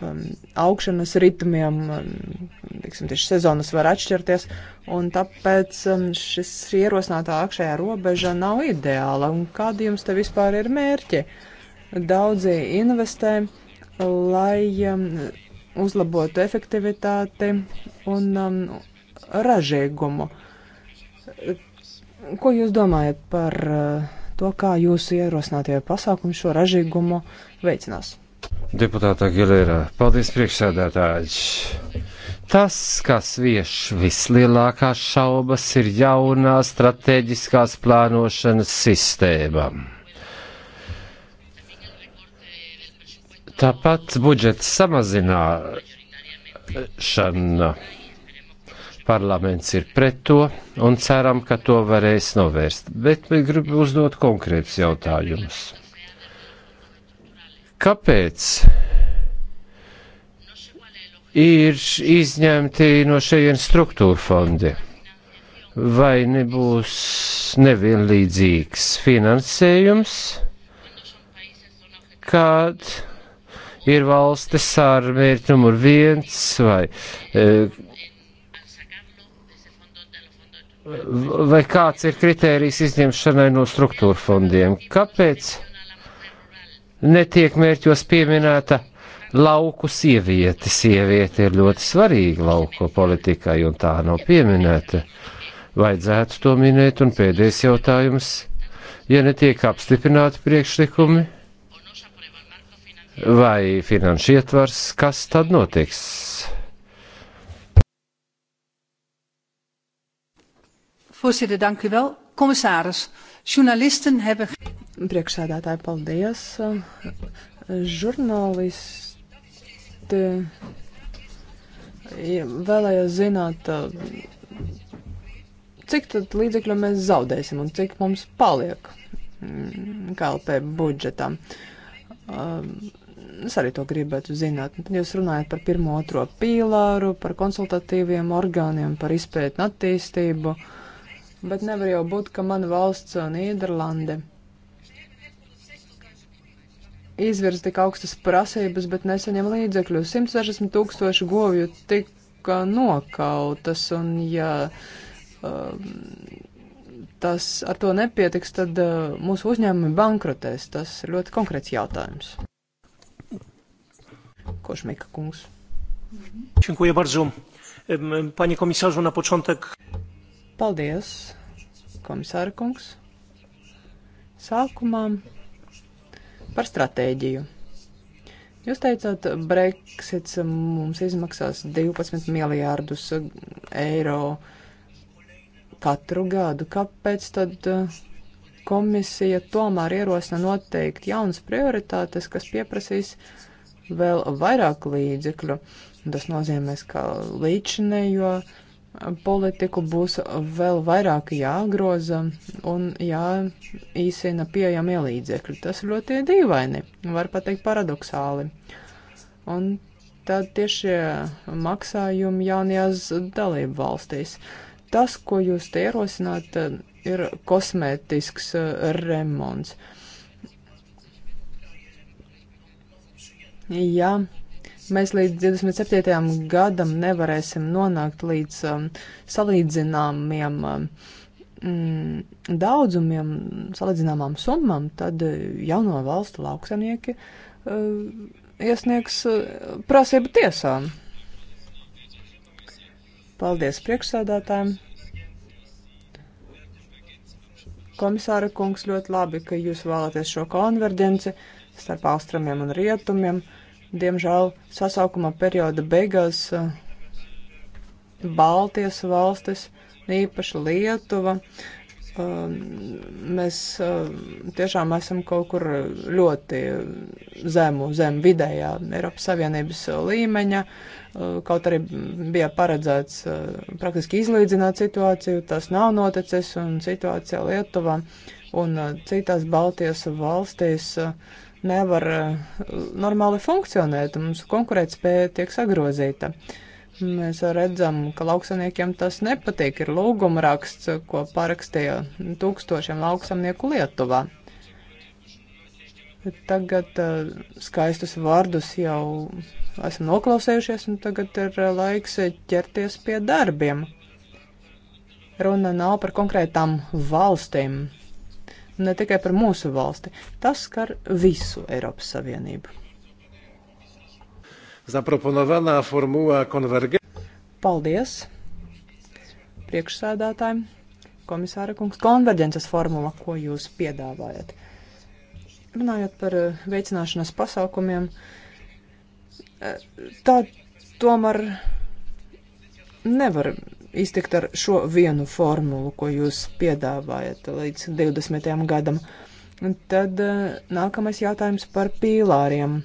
um, augšanas ritmiem, um, tiksim, tieši sezonas var atšķirties, un tāpēc um, šis ierosinātā akšējā robeža nav ideāla. Un kādi jums te vispār ir mērķi? Daudzi investē, lai um, uzlabotu efektivitāti un um, ražīgumu. Ko jūs domājat par uh, to, kā jūsu ierosinātie pasākumi šo ražīgumu veicinās? Deputāta Gilera, paldies priekšsēdētāji. Tas, kas vieš vislielākās šaubas, ir jaunā strateģiskās plānošanas sistēma. Tāpat budžeta samazināšana parlaments ir pret to un ceram, ka to varēs novērst. Bet mēs gribam uzdot konkrētus jautājumus. Kāpēc ir izņemti no šejienes struktūra fondi? Vai nebūs nevienlīdzīgs finansējums, kad ir valstis ar mērķi numur viens vai, e, vai kāds ir kritērijs izņemšanai no struktūra fondiem? Kāpēc? netiek mērķos pieminēta lauku sieviete. Sieviete ir ļoti svarīga lauku politikai, un tā nav pieminēta. Vajadzētu to minēt, un pēdējais jautājums - ja netiek apstiprināti priekšlikumi vai finanšu ietvars, kas tad notiks? Voorzitter, dank u wel. Commissaris, journalisten hebben. Priekšsēdētāji, paldies. Žurnālisti vēlējās zināt, cik tad līdzekļu mēs zaudēsim un cik mums paliek KLP budžetā. Um, es arī to gribētu zināt. Jūs runājat par pirmo, otro pīlāru, par konsultatīviem orgāniem, par izpētnu attīstību, bet nevar jau būt, ka mana valsts Nīderlande. No izvirza tik augstas prasības, bet nesaņem līdzekļus. 160 tūkstoši govju tika nokautas, un ja uh, tas ar to nepietiks, tad uh, mūsu uzņēmumi bankrotēs. Tas ir ļoti konkrēts jautājums. Košmika kungs. Dziękuję bardzo. Panie komisarzu, na początek. Paldies, komisāra kungs. Sākumā par stratēģiju. Jūs teicāt, Brexits mums izmaksās 12 miljārdus eiro katru gadu. Kāpēc tad uh, komisija tomēr ierosina noteikti jaunas prioritātes, kas pieprasīs vēl vairāk līdzekļu? Tas nozīmēs, ka līdšanējo. Jo politiku būs vēl vairāk jāgroza un jāīsina pieejamie līdzekļi. Tas ir ļoti dīvaini, var pateikt paradoxāli. Un tad tieši maksājumi jaunajās dalību valstīs. Tas, ko jūs te ierosināt, ir kosmētisks remonts. Ja Mēs līdz 27. gadam nevarēsim nonākt līdz um, salīdzināmiem um, mm, daudzumiem, salīdzināmām summām, tad uh, jauno valstu lauksaimnieki uh, iesniegs uh, prasību tiesām. Paldies priekšsēdētājiem! Komisāra kungs ļoti labi, ka jūs vēlaties šo konverģenci starp austrumiem un rietumiem. Uh, Diemžēl sasaukuma perioda beigās eh, Baltijas valstis, īpaši Lietuva, eh, mēs eh, tiešām esam kaut kur ļoti zemu, zem vidējā Eiropas Savienības līmeņa. Kaut arī bija paredzēts praktiski izlīdzināt situāciju, tas nav noticis, un situācija Lietuvā un citās Baltijas valstīs uh, nevar eh, normāli funkcionēt, un mūsu konkurētspēja tiek sagrozīta. Mēs redzam, ka lauksaimniekiem tas nepatīk. Ir lūguma raksts, ko parakstīja tūkstošiem lauksaimnieku Lietuvā. Tagad eh, skaistus vārdus jau esam noklausējušies, un tagad ir eh, laiks ķerties pie darbiem. Runa nav par konkrētām valstīm ne tikai par mūsu valsti. Tas skar visu Eiropas Savienību. Zaproponovanā formulā konvergē. Paldies priekšsēdētājiem, komisāra kungs, konverģences formula, ko jūs piedāvājat. Runājot par eh, veicināšanas pasākumiem, eh, tā tomēr nevar iztikt ar šo vienu formulu, ko jūs piedāvājat līdz 20. gadam. Un tad eh, nākamais jautājums par pīlāriem.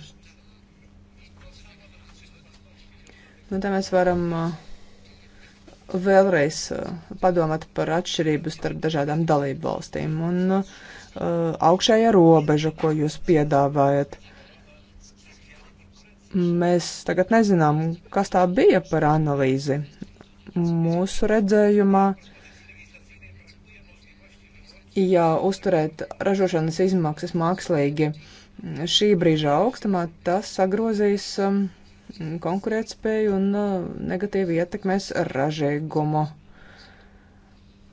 Nu, tā mēs varam eh, vēlreiz eh, padomāt par atšķirību starp dažādām dalību valstīm un uh, augšējā robeža, ko jūs piedāvājat. Mēs tagad nezinām, kas tā bija par analīzi mūsu redzējumā, ja uzturēt ražošanas izmaksas mākslīgi šī brīža augstumā, tas sagrozīs um, konkurētspēju un uh, negatīvi ietekmēs ražīgumu.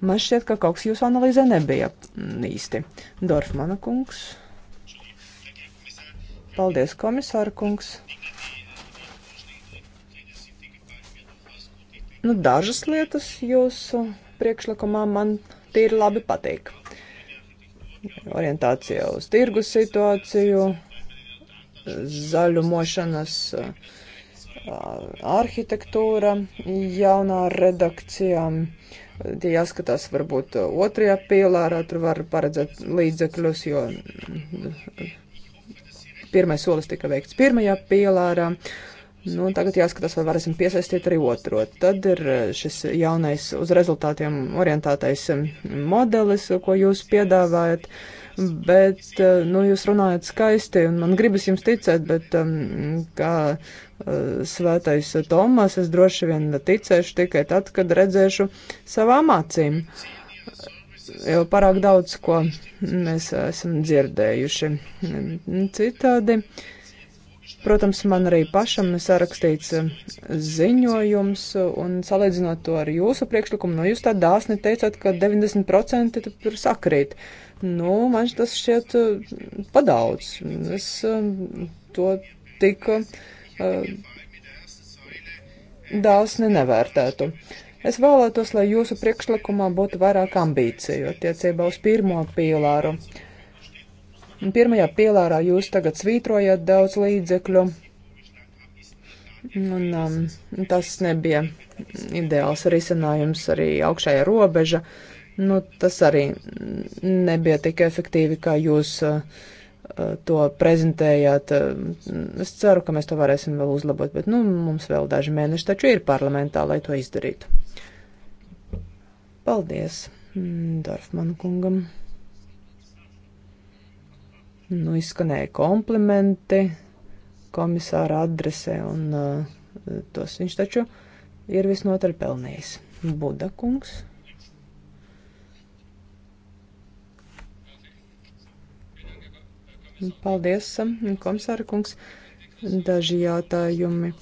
Man šķiet, ka kaut kas jūsu analīzē nebija īsti. Dorfmana kungs. Paldies, komisāra kungs. Nu, dažas lietas jūsu uh, priekšlikumā man tīri labi patīk. Orientācija uz tirgus situāciju, zaļumošanas uh, arhitektūra jaunā redakcijā. Tie jāskatās varbūt otrajā pīlārā, tur var paredzēt līdzekļus, jo mm, pirmais solis tika veikts pirmajā pīlārā. Uh, Nu, tagad jāskatās, vai varēsim piesaistīt arī otro. Tad ir eh, šis jaunais uz rezultātiem orientētais eh, modelis, ko jūs piedāvājat. Bet, eh, nu, jūs runājat skaisti, un man gribas jums ticēt, bet kā svētais Tomas, es droši vien ticēšu tikai tad, kad redzēšu savām acīm. Jau pārāk daudz, ko mēs esam dzirdējuši. Citādi Protams, man arī pašam ir sarakstīts eh, ziņojums, un salīdzinot to ar jūsu priekšlikumu, nu, jūs tā dāsni teicāt, ka 90% tur sakrīt. Nu, man tas šķiet eh, padaudz. Es eh, to tik dāsni nevērtētu. Es vēlētos, lai jūsu priekšlikumā būtu vairāk ambīciju attiecībā uz pirmo pīlāru. Uh, Pirmajā pielārā jūs tagad svītrojat daudz līdzekļu, un um, tas nebija ideāls risinājums arī augšējā robeža. Nu, tas arī nebija tik efektīvi, kā jūs uh, uh to prezentējāt. Uh, es ceru, ka mēs to varēsim vēl uzlabot, bet nu, mums vēl daži mēneši taču ir parlamentā, lai to izdarītu. Paldies, mm, Dārfman kungam! Nu, izskanēja komplimenti komisāra adrese, un uh, tos viņš taču ir visnotaļ pelnījis. Buda kungs. Paldies, um, komisāra kungs. Daži jautājumi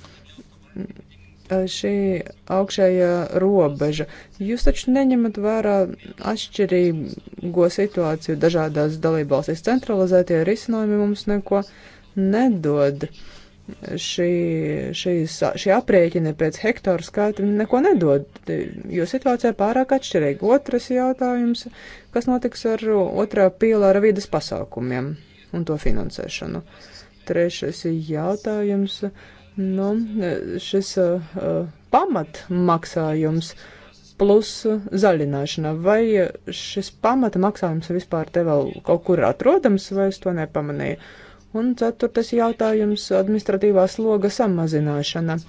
Eh, šī augšējā robeža. Jūs taču neņemat vērā atšķirīgo situāciju dažādās dalībvalstīs. Centralizētie risinājumi mums neko nedod. Šī, šī, šī aprēķina pēc hektāru skaita neko nedod, jo situācija pārāk atšķirīga. Otrs jautājums, kas notiks ar otrā pīlāra vidas pasākumiem un to finansēšanu? Trešais jautājums. Uh, nu, šis uh, uh, pamatmaksājums plus zaļināšana. Vai šis pamatmaksājums vispār te vēl kaut kur atrodams, vai es to nepamanīju? Un ceturtais jautājums - administratīvā sloga samazināšana.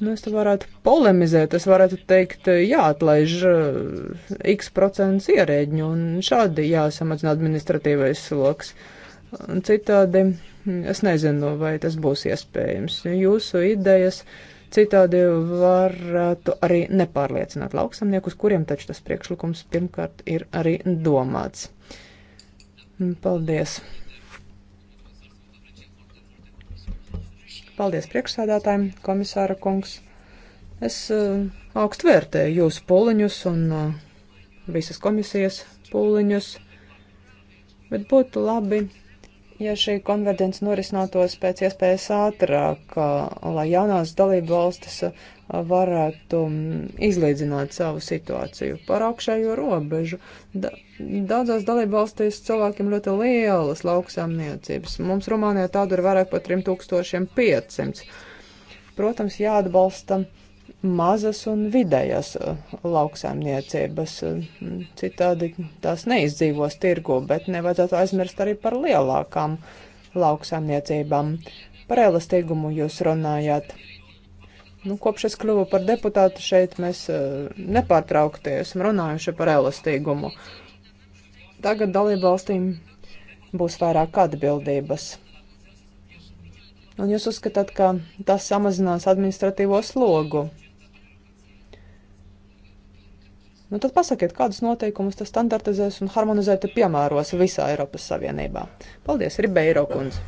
Nu, es te varētu polemizēt, es varētu teikt, jāatlaiž uh, x procents ierēģiņu un šādi jāsamazina administratīvais sloks. Uh, Citādi es nezinu, vai tas būs iespējams. Jūsu idejas citādi varētu arī nepārliecināt lauksamniekus, kuriem taču tas priekšlikums pirmkārt ir arī domāts. Paldies! Paldies priekšsādātājiem, komisāra kungs. Es uh, augstu vērtēju jūsu pūliņus un uh, visas komisijas pūliņus, bet būtu labi ja šī konverģence norisinātos pēc iespējas ātrāk, uh, lai jaunās dalību valstis uh, varētu mm, izlīdzināt savu situāciju par augšējo robežu. Da daudzās dalību valstīs cilvēkiem ļoti lielas lauksaimniecības. Mums Rumānijā tādu ir vairāk par 3500. Protams, jāatbalsta mazas un vidējas uh, lauksaimniecības. Uh, citādi tās neizdzīvos tirgu, bet nevajadzētu aizmirst arī par lielākām lauksaimniecībām. Par elastīgumu jūs runājāt. Nu, kopš es kļuvu par deputātu šeit, mēs uh, nepārtraukti esam runājuši par elastīgumu. Tagad dalībvalstīm būs vairāk atbildības. Un jūs uzskatāt, ka tas samazinās administratīvo slogu? Nu, tad pasakiet, kādus noteikumus tas standartizēs un harmonizēt piemēros visā Eiropas Savienībā. Paldies, Ribeiro kundze!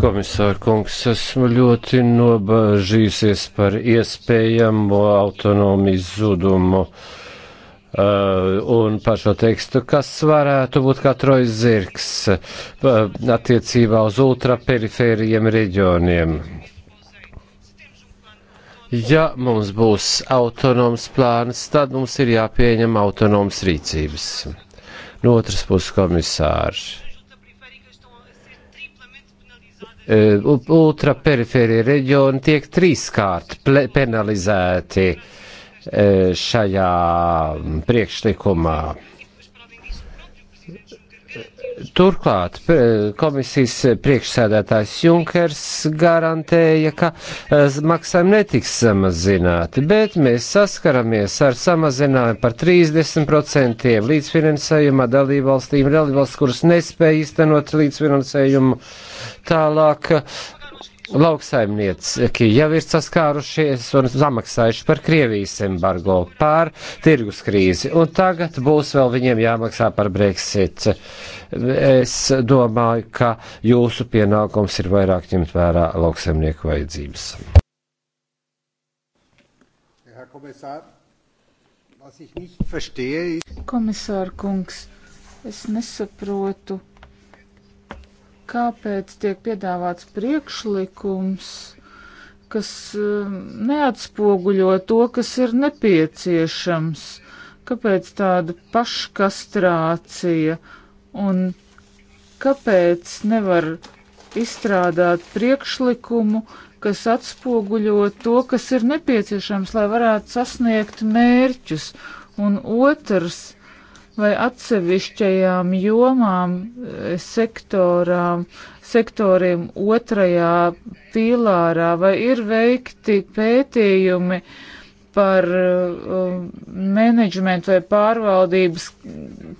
Komisāra kungs, esmu ļoti nobažījusies par iespējamo autonomijas zudumu uh, un par šo tekstu, kas varētu būt kā trojas zirgs uh, attiecībā uz ultraperifēriem reģioniem. Ja mums būs autonoms plāns, tad mums ir jāpieņem autonoms rīcības. No otras puses komisārs. E, ultraperifērie reģioni tiek trīskārt penalizēti e, šajā priekšlikumā. Turklāt komisijas priekšsēdētājs Junkers garantēja, ka e, maksājumi netiks samazināti, bet mēs saskaramies ar samazinājumu par 30% līdzfinansējumā dalībvalstīm, dalībvalsts, kuras nespēja iztenot līdzfinansējumu tālāk lauksaimnieki jau ir saskārušies un samaksājuši par Krievijas embargo, par tirgus krīzi, un tagad būs vēl viņiem jāmaksā par Brexit. Es domāju, ka jūsu pienākums ir vairāk ņemt vērā lauksaimnieku vajadzības. Komisār kungs, es nesaprotu kāpēc tiek piedāvāts priekšlikums, kas um, neatspoguļo to, kas ir nepieciešams, kāpēc tāda paškastrācija un kāpēc nevar izstrādāt priekšlikumu, kas atspoguļo to, kas ir nepieciešams, lai varētu sasniegt mērķus. Un otrs, vai atsevišķajām jomām, eh, sektorām, sektoriem otrajā pīlārā, vai ir veikti pētījumi par uh, menedžmentu vai pārvaldības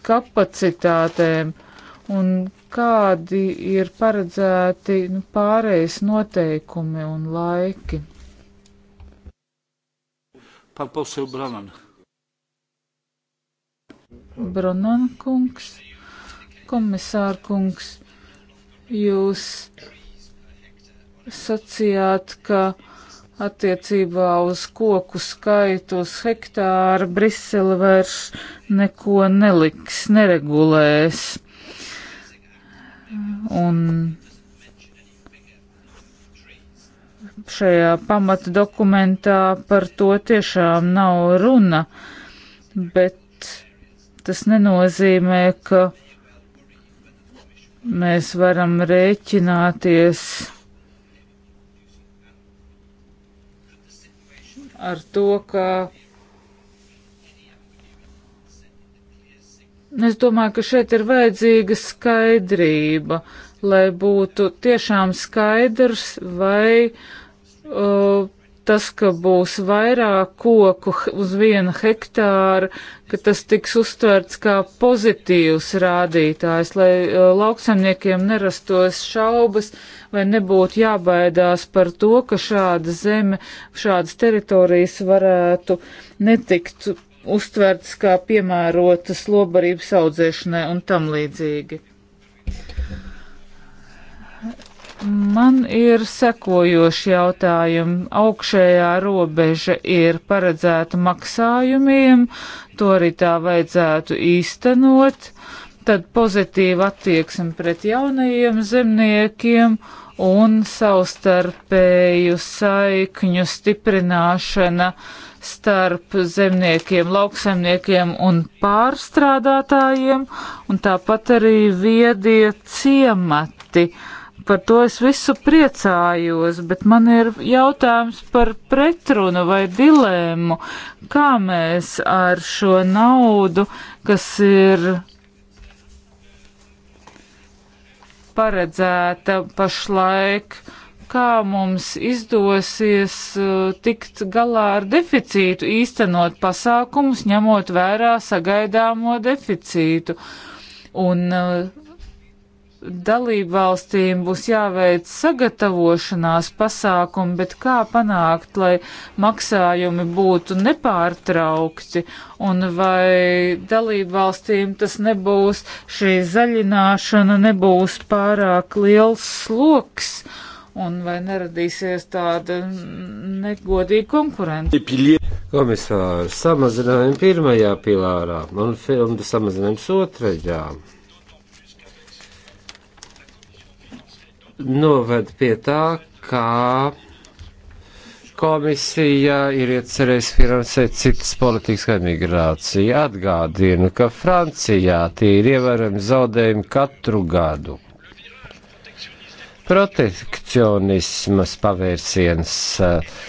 kapacitātēm un kādi ir paredzēti nu, pārējais noteikumi un laiki. Par posēlu Brananu. Bronan kungs, komisār kungs, jūs sacījāt, ka attiecībā uz koku skaitu uz hektāru Brisele vairs neko neliks, neregulēs. Un šajā pamata dokumentā par to tiešām nav runa, bet tas nenozīmē, ka mēs varam rēķināties ar to, ka es domāju, ka šeit ir vajadzīga skaidrība, lai būtu tiešām skaidrs, vai uh, tas, ka būs vairāk koku uz viena hektāra, ka tas tiks uztverts kā pozitīvs rādītājs, lai uh, lauksamniekiem nerastos šaubas vai nebūtu jābaidās par to, ka šāda zeme, šādas teritorijas varētu netikt uztverts kā piemērotas lobarības audzēšanai un tam līdzīgi. Man ir sekojoši jautājumi. Augšējā robeža ir paredzēta maksājumiem, to arī tā vajadzētu īstenot, tad pozitīva attieksme pret jaunajiem zemniekiem un savstarpēju saikņu stiprināšana starp zemniekiem, lauksaimniekiem un pārstrādātājiem, un tāpat arī viedie ciemati. Uh, Par to es visu priecājos, bet man ir jautājums par pretrunu vai dilēmu, kā mēs ar šo naudu, kas ir paredzēta pašlaik, kā mums izdosies uh, tikt galā ar deficītu, īstenot pasākumus, ņemot vērā sagaidāmo deficītu. Un uh, dalību valstīm būs jāveic sagatavošanās pasākumi, bet kā panākt, lai maksājumi būtu nepārtraukti un vai dalību valstīm tas nebūs, šī zaļināšana nebūs pārāk liels sloks un vai neradīsies tāda negodīga konkurence. Komisāri, samazinājumi pirmajā pilārā un, un samazinājums otrajā. noved pie tā, kā komisija ir iecerējusi finansēt citas politikas, kā migrācija. Atgādinu, ka Francijā tie ir ievērojami zaudējumi katru gadu. Protekcionismas pavērsiens uh,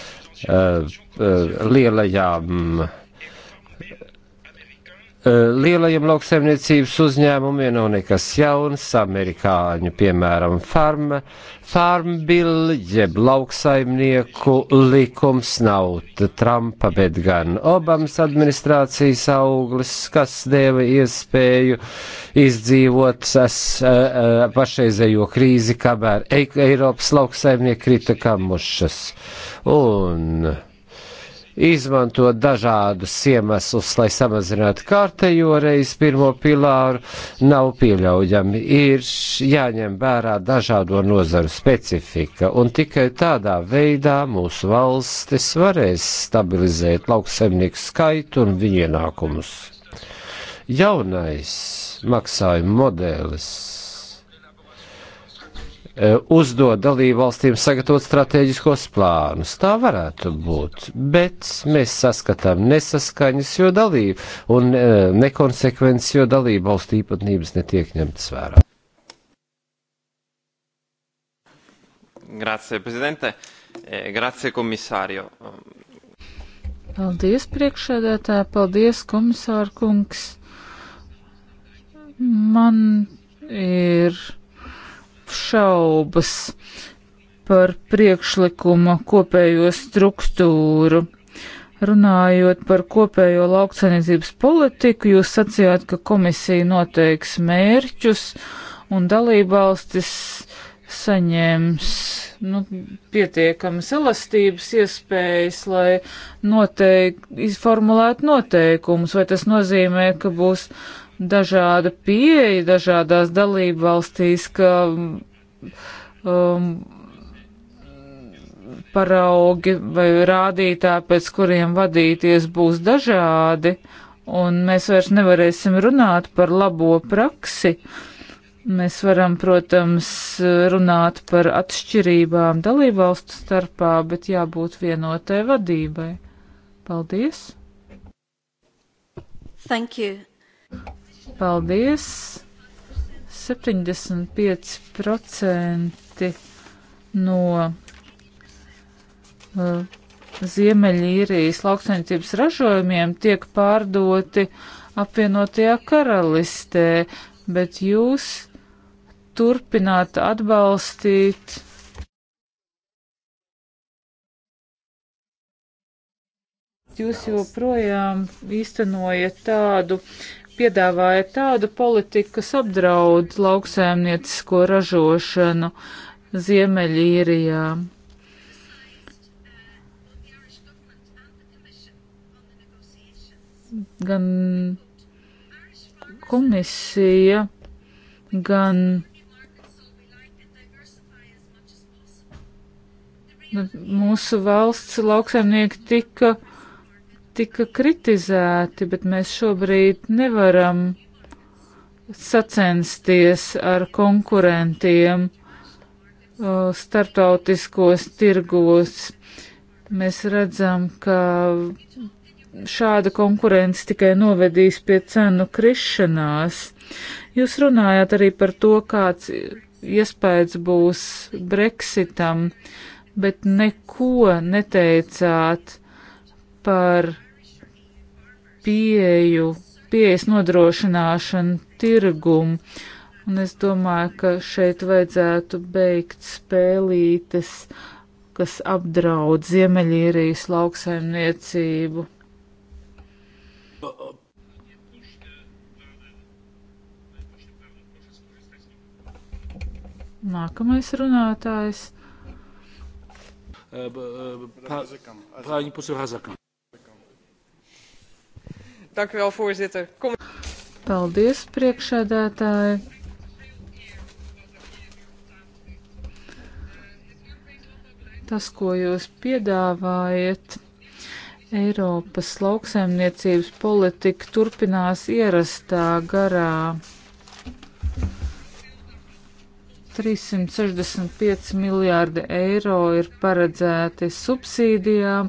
uh, uh, lielajām uh, Eh, lielajiem lauksaimniecības uzņēmumiem nav nekas jauns, amerikāņu, piemēram, farm, farm bill, jeb lauksaimnieku likums nav Trumpa, bet gan Obamas administrācijas auglis, kas deva iespēju izdzīvot es, uh, pašreizējo krīzi, kamēr Eiropas lauksaimnieki krita kamušas. Un izmantot dažādus iemeslus, lai samazinātu kārtējo reizi pirmo pilāru, nav pieļaujami. Ir jāņem vērā dažādo nozaru specifika, un tikai tādā veidā mūsu valstis varēs stabilizēt lauksemnieku skaitu un viņu ienākumus. Jaunais maksājuma modelis Eh, uzdod dalību valstīm sagatavot strateģiskos plānus. Tā varētu būt, bet mēs saskatām nesaskaņas, jo dalību un eh, nekonsekvences, jo dalību valstu īpatnības netiek ņemtas vērā. Grazie, prezidente. Eh, grazie, komisārio. Paldies, priekšsēdētāji. Paldies, komisārkungs. Man ir šaubas par priekšlikuma kopējo struktūru. Runājot par kopējo lauksainizības politiku, jūs sacījāt, ka komisija noteiks mērķus un dalībvalstis saņems nu, pietiekamas elastības iespējas, lai noteik, izformulētu noteikumus, vai tas nozīmē, ka būs dažāda pieeja dažādās dalību valstīs, ka um, paraugi vai rādītāji, pēc kuriem vadīties, būs dažādi, un mēs vairs nevarēsim runāt par labo praksi. Mēs varam, protams, runāt par atšķirībām dalībvalstu starpā, bet jābūt vienotai vadībai. Paldies! Thank you. Paldies! 75% no uh, Ziemeļīrijas lauksaimniecības ražojumiem tiek pārdoti apvienotajā karalistē, bet jūs turpināt atbalstīt. Jūs joprojām īstenojat tādu piedāvāja tādu politiku, kas apdraud lauksēmniecisko ražošanu Ziemeļīrijā. Gan komisija, gan mūsu valsts lauksaimnieki tika tika kritizēti, bet mēs šobrīd nevaram sacensties ar konkurentiem uh, starptautiskos tirgos. Mēs redzam, ka šāda konkurence tikai novedīs pie cenu krišanās. Jūs runājāt arī par to, kāds iespējas būs Brexitam, bet neko neteicāt par pieeju, pieejas nodrošināšanu tirgumu. Un es domāju, ka šeit vajadzētu beigt spēlītes, kas apdraud Ziemeļīrijas lauksaimniecību. Nākamais runātājs. Pani posūdz Hazakam. Dank u wel, voorzitter. Kom... Paldies, priekšēdētāji. Tas, ko jūs piedāvājat, Eiropas lauksaimniecības politika turpinās ierastā garā. 365 miljārdi eiro ir paredzēti subsīdijām,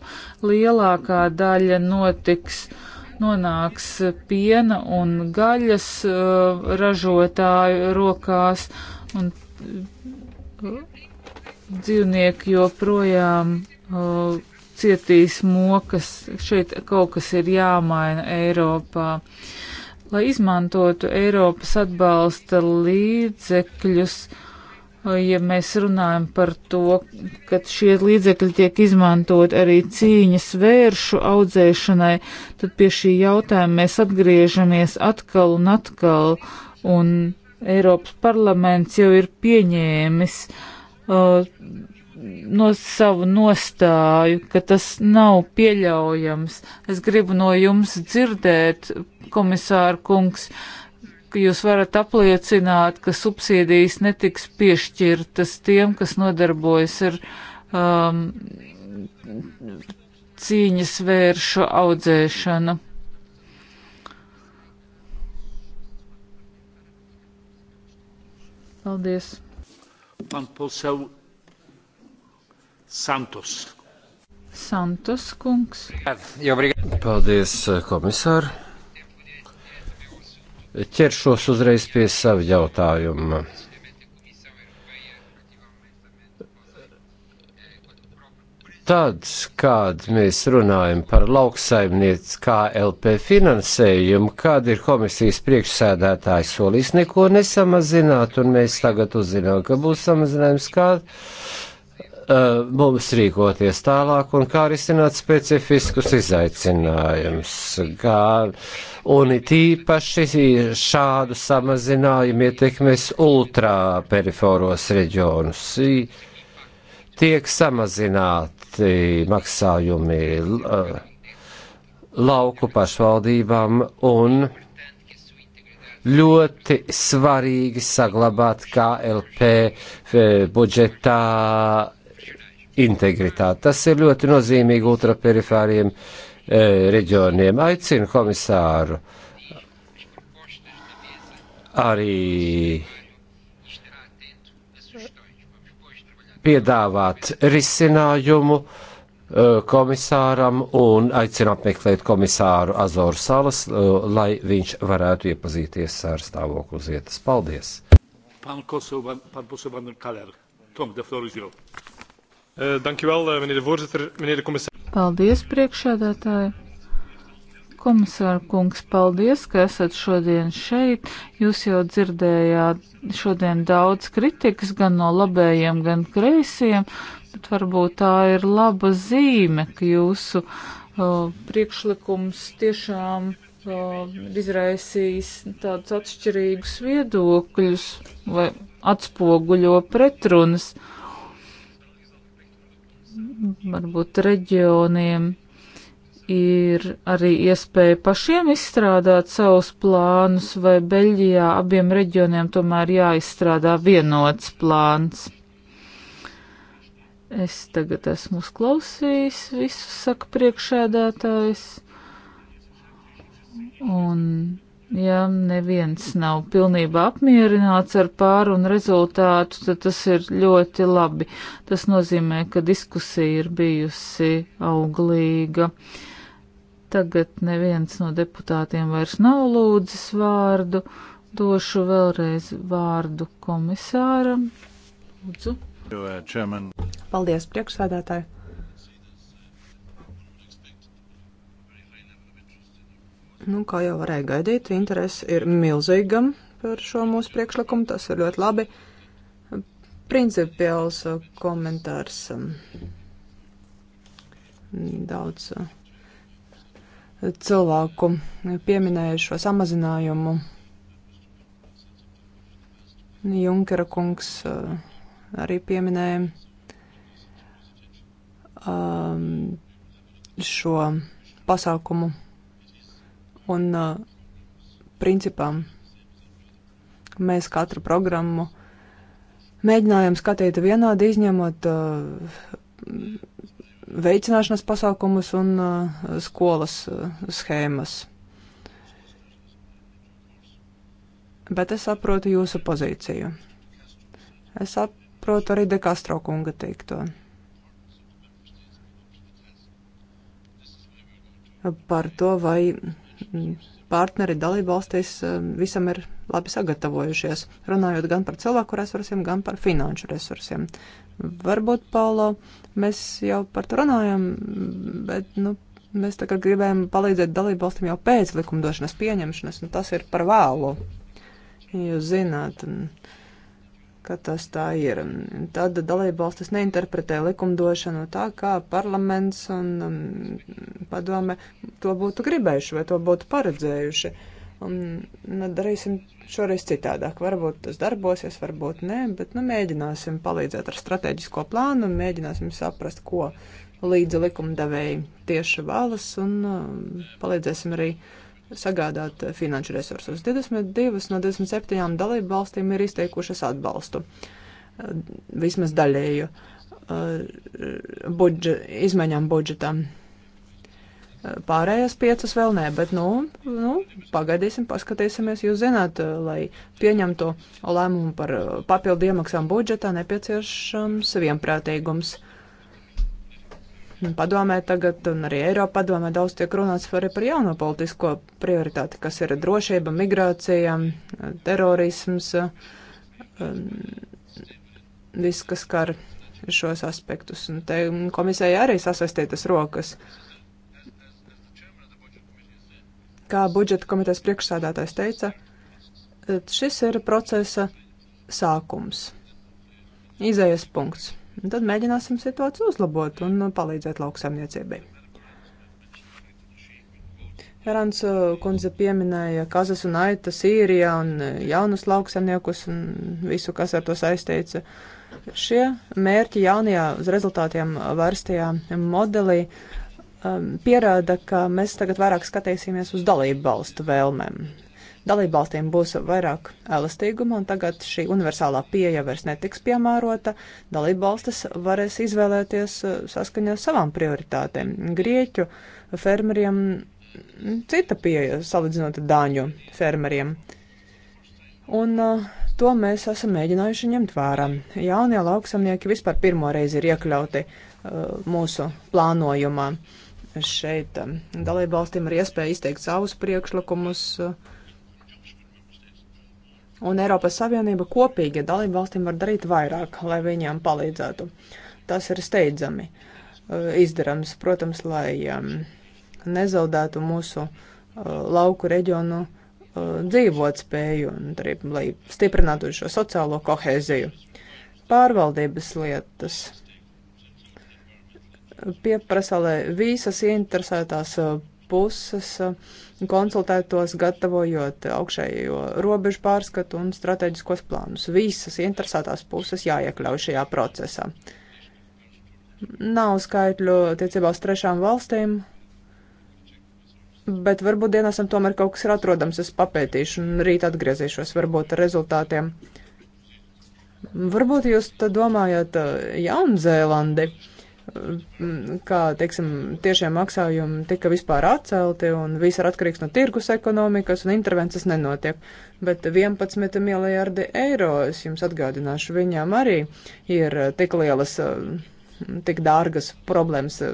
lielākā daļa notiks uh, nonāks piena un gaļas uh, ražotāju rokās, un uh, dzīvnieki joprojām uh, cietīs mokas. Šeit kaut kas ir jāmaina Eiropā. Lai izmantotu Eiropas atbalsta līdzekļus, uh, ja mēs runājam par to, ka šie līdzekļi tiek izmantot arī cīņas vēršu audzēšanai, tad pie šī jautājuma mēs atgriežamies atkal un atkal, un Eiropas parlaments jau ir pieņēmis uh, no savu nostāju, ka tas nav pieļaujams. Es gribu no jums dzirdēt, komisāra kungs, uh, ka jūs varat apliecināt, ka subsīdijas netiks piešķirtas tiem, kas nodarbojas ar um, cīņas vēršu audzēšanu. Paldies. Pan posel Santos. Santos kungs. Paldies, komisāri ķeršos uzreiz pie sava jautājuma. Tad, kad mēs runājam par lauksaimniec KLP finansējumu, kad ir komisijas priekšsēdētājs solījis neko nesamazināt, un mēs tagad uzzinām, ka būs samazinājums kāds uh, mums rīkoties tālāk un kā risināt specifiskus izaicinājumus. Kā, un tīpaši šādu samazinājumu ietekmēs ultrāperiforos reģionus. Tiek samazināti maksājumi uh, lauku pašvaldībām un ļoti svarīgi saglabāt KLP eh, budžetā integritāti. Tas ir ļoti nozīmīgi ultraperifāriem e, reģioniem. Aicinu komisāru arī piedāvāt risinājumu e, komisāram un aicinu apmeklēt komisāru Azoru salas, e, lai viņš varētu iepazīties ar stāvokli uz vietas. Paldies! Pan Kosovo, pan Kosovo, pan Kaler. Tom, the floor is yours. Eh, eh, paldies, priekšādātāji! Komisāra kungs, paldies, ka esat šodien šeit. Jūs jau dzirdējāt šodien daudz kritikas gan no labējiem, gan kreisiem, bet varbūt tā ir laba zīme, ka jūsu uh, priekšlikums tiešām uh, izraisīs tādus atšķirīgus viedokļus vai atspoguļo pretrunas. Uh, varbūt reģioniem ir arī iespēja pašiem izstrādāt savus plānus, vai Beļģijā abiem reģioniem tomēr jāizstrādā vienots plāns. Es tagad esmu klausījis visu, saka priekšēdētājs. Un ja neviens nav pilnībā apmierināts ar pārunu rezultātu, tad tas ir ļoti labi. Tas nozīmē, ka diskusija ir bijusi auglīga. Tagad neviens no deputātiem vairs nav lūdzis vārdu. Došu vēlreiz vārdu komisāram. Lūdzu. Uh, Paldies, priekšsēdētāji. Nu, kā jau varēja gaidīt, interesi ir milzīgam par šo mūsu priekšlikumu. Tas ir ļoti labi. Principiāls uh, komentārs. Um, daudz uh, cilvēku pieminēja šo samazinājumu. Junkera kungs uh, arī pieminēja um, šo pasākumu un uh, principā mēs katru programmu mēģinājām skatīt vienādi, izņemot uh, veicināšanas pasākumus un uh, skolas schēmas. Bet es saprotu jūsu pozīciju. Es saprotu arī Dekastro kunga teikto. Par to, vai partneri dalībvalstīs eh, visam ir labi sagatavojušies, runājot gan par cilvēku resursiem, gan par finanšu resursiem. Varbūt, Paulo, mēs jau par to runājam, bet, nu, mēs tā kā gribējam palīdzēt dalībvalstīm jau pēc likumdošanas pieņemšanas, un tas ir par vēlu. Jūs zināt, un ka tas tā ir. Tad dalībvalstis neinterpretē likumdošanu tā, kā parlaments un um, padome to būtu gribējuši vai to būtu paredzējuši. Un, nu, darīsim šoreiz citādāk. Varbūt tas darbosies, varbūt nē, bet nu, mēģināsim palīdzēt ar strateģisko plānu, mēģināsim saprast, ko līdzi likumdevēji tieši vēlas un um, palīdzēsim arī uh, sagādāt eh, finanšu resursus. 22 no 27 dalību valstīm ir izteikušas atbalstu, eh, vismaz daļēju eh, budža, izmaiņām budžetam. Pārējās piecas vēl nē, bet nu, nu, pagaidīsim, paskatīsimies. Jūs zināt, lai pieņemtu lēmumu par papildu iemaksām budžetā, nepieciešams vienprātīgums. Uh, Padomē tagad un arī Eiropa padomē daudz tiek runāts par, par jauno politisko prioritāti, kas ir drošība, migrācija, terorisms, um, viss, kas skar šos aspektus. Un te komisija arī sasaistītas rokas. Kā budžeta komitejas priekšsādātājs teica, šis ir procesa sākums, izējas punkts. Un tad mēģināsim situāciju uzlabot un palīdzēt lauksaimniecībai. Herāns uh, kundze pieminēja Kazas un Aita Sīrijā un uh, jaunus lauksaimniekus un visu, kas ar to saistīts. Šie mērķi jaunajā uz rezultātiem varstajā modelī um, pierāda, ka mēs tagad vairāk skatīsimies uz dalību valstu vēlmēm. Dalībvalstīm būs vairāk elastīguma, un tagad šī universālā pieeja vairs netiks piemērota. Dalībvalstis varēs izvēlēties eh, saskaņā savām prioritātēm. Grieķu fermeriem mm, cita pieeja salīdzinot ar dāņu fermeriem. Un uh, to mēs esam mēģinājuši ņemt vērā. Jaunie lauksamnieki vispār pirmo reizi ir iekļauti uh, mūsu plānojumā. Šeit uh, dalībvalstīm ir iespēja izteikt savus priekšlikumus. Uh, Un Eiropas Savienība kopīgi ja dalību valstīm var darīt vairāk, lai viņām palīdzētu. Tas ir steidzami uh, izdarams, protams, lai um, nezaudētu mūsu uh, lauku reģionu uh, dzīvot spēju un arī, lai stiprinātu šo sociālo kohēziju. Pārvaldības lietas pieprasa, lai visas ieinteresētās puses eh, konsultētos, gatavojot augšējo robežu pārskatu un strateģiskos plānus. Visas interesētās puses jāiekļauj šajā procesā. Nav skaitļu tiecībā uz trešām valstīm, bet varbūt dienasam tomēr kaut kas ir atrodams. Es papētīšu un rīt atgriezīšos varbūt ar rezultātiem. Varbūt jūs domājat eh, Jaunzēlandi kā, teiksim, tiešie maksājumi tika vispār atcelti un viss ir atkarīgs no tirgus ekonomikas un intervences nenotiek. Bet 11 miljardi eiro, es jums atgādināšu, viņām arī ir eh, tik lielas, eh, tik dārgas problēmas eh,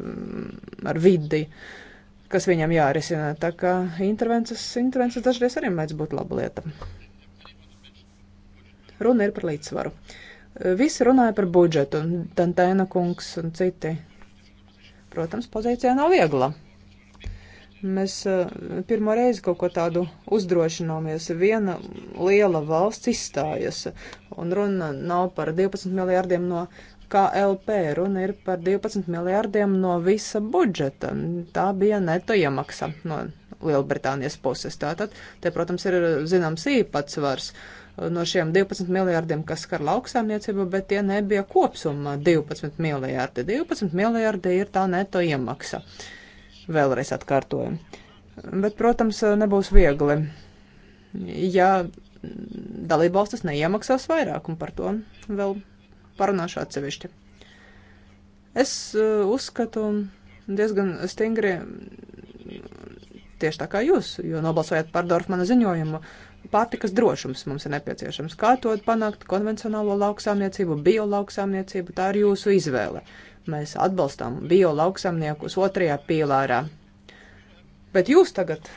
ar vidi, kas viņam jārisina. Tā kā intervences, intervences dažreiz arī mēdz būt laba lieta. Runa ir par līdzsvaru. Uh, Visi runāja par budžetu, un Dantēna kungs un citi. Protams, pozīcija nav viegla. Mēs eh, pirmo reizi kaut ko tādu uzdrošināmies. Viena liela valsts izstājas, un runa nav par 12 miljārdiem no KLP, runa ir par 12 miljārdiem no visa budžeta. Tā bija neto iemaksa no Lielbritānijas puses. Tātad, te, protams, ir zināms īpatsvars. Uh, no šiem 12 miljārdiem, kas skar lauksāmniecību, bet tie nebija kopsumma 12 miljārdi. 12 miljārdi ir tā neto iemaksa. Vēlreiz atkārtoju. Bet, protams, nebūs viegli, ja dalībvalstis neiemaksās vairāk, un par to vēl parunāšu atsevišķi. Es uh, uzskatu diezgan stingri tieši tā kā jūs, jo nobalsojāt par Dorfmana ziņojumu. Uh, pārtikas drošums mums ir nepieciešams. Kā to panākt? Konvencionālo lauksāmniecību, bio lauksāmniecību, tā ir jūsu izvēle. Mēs atbalstām bio lauksāmniekus otrajā pīlārā. Bet jūs tagad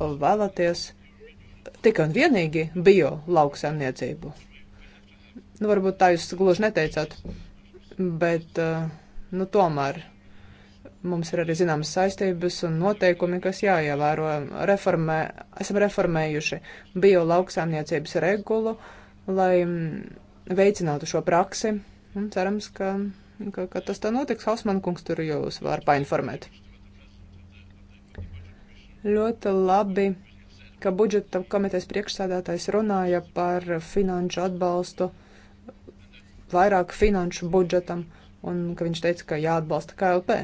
vēlaties tikai un vienīgi bio lauksāmniecību. Nu, varbūt tā jūs gluži neteicāt, bet, eh, nu, tomēr Mums ir arī zināmas saistības un noteikumi, kas jāievēro. Reformē, esam reformējuši bio lauksāmniecības regulu, lai mm, veicinātu šo praksi. Un cerams, ka, ka, ka tas tā notiks. Hausman kungs tur jūs var painformēt. Ļoti labi, ka budžeta komitejas priekšsēdētājs runāja par finanšu atbalstu, vairāk finanšu budžetam, un ka viņš teica, ka jāatbalsta KLP.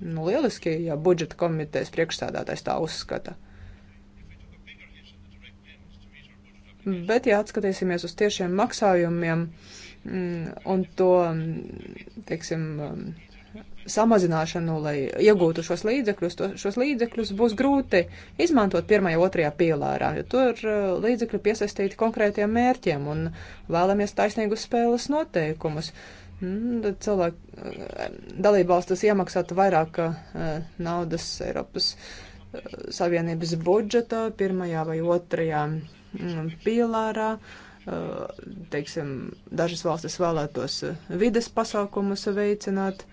Nu, lieliski, ja budžeta komitejas priekšstādātais tā uzskata. Bet, ja atskatīsimies uz tiešiem maksājumiem mm, un to, mm, teiksim, mm, samazināšanu, lai iegūtu šos līdzekļus, to, šos līdzekļus būs grūti izmantot pirmajā, otrajā pielārā, jo tur eh, līdzekļi piesaistīti konkrētiem mērķiem un vēlamies taisnīgus spēles noteikumus. Uh, Mm, cilvēki eh, dalībvalstis iemaksātu vairāk eh, naudas Eiropas eh, Savienības budžeta pirmajā vai otrajā mm, pīlārā. Teiksim, dažas valstis vēlētos vides pasākumus veicināt.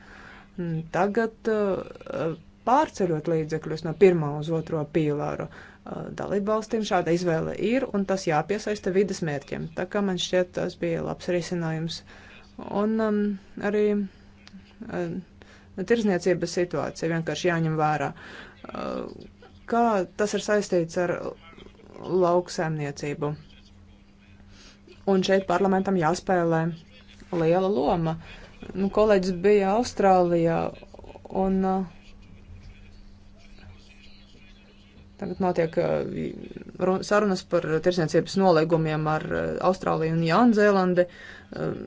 Mm, tagad pārceļot līdzekļus no pirmā uz otro pīlāru dalībvalstīm šāda izvēle ir, un tas jāpiesaista vides mērķiem. Tā kā man šķiet, tas bija labs risinājums. Uh, Un um, arī um, tirzniecības situācija vienkārši jāņem vērā. Uh, kā tas ir saistīts ar lauksaimniecību? Un šeit parlamentam jāspēlē liela loma. Nu, kolēģis bija Austrālijā un uh, Tagad notiek uh, sarunas par tirsniecības nolīgumiem ar uh, Austrāliju un Jaunzēlandi. Um,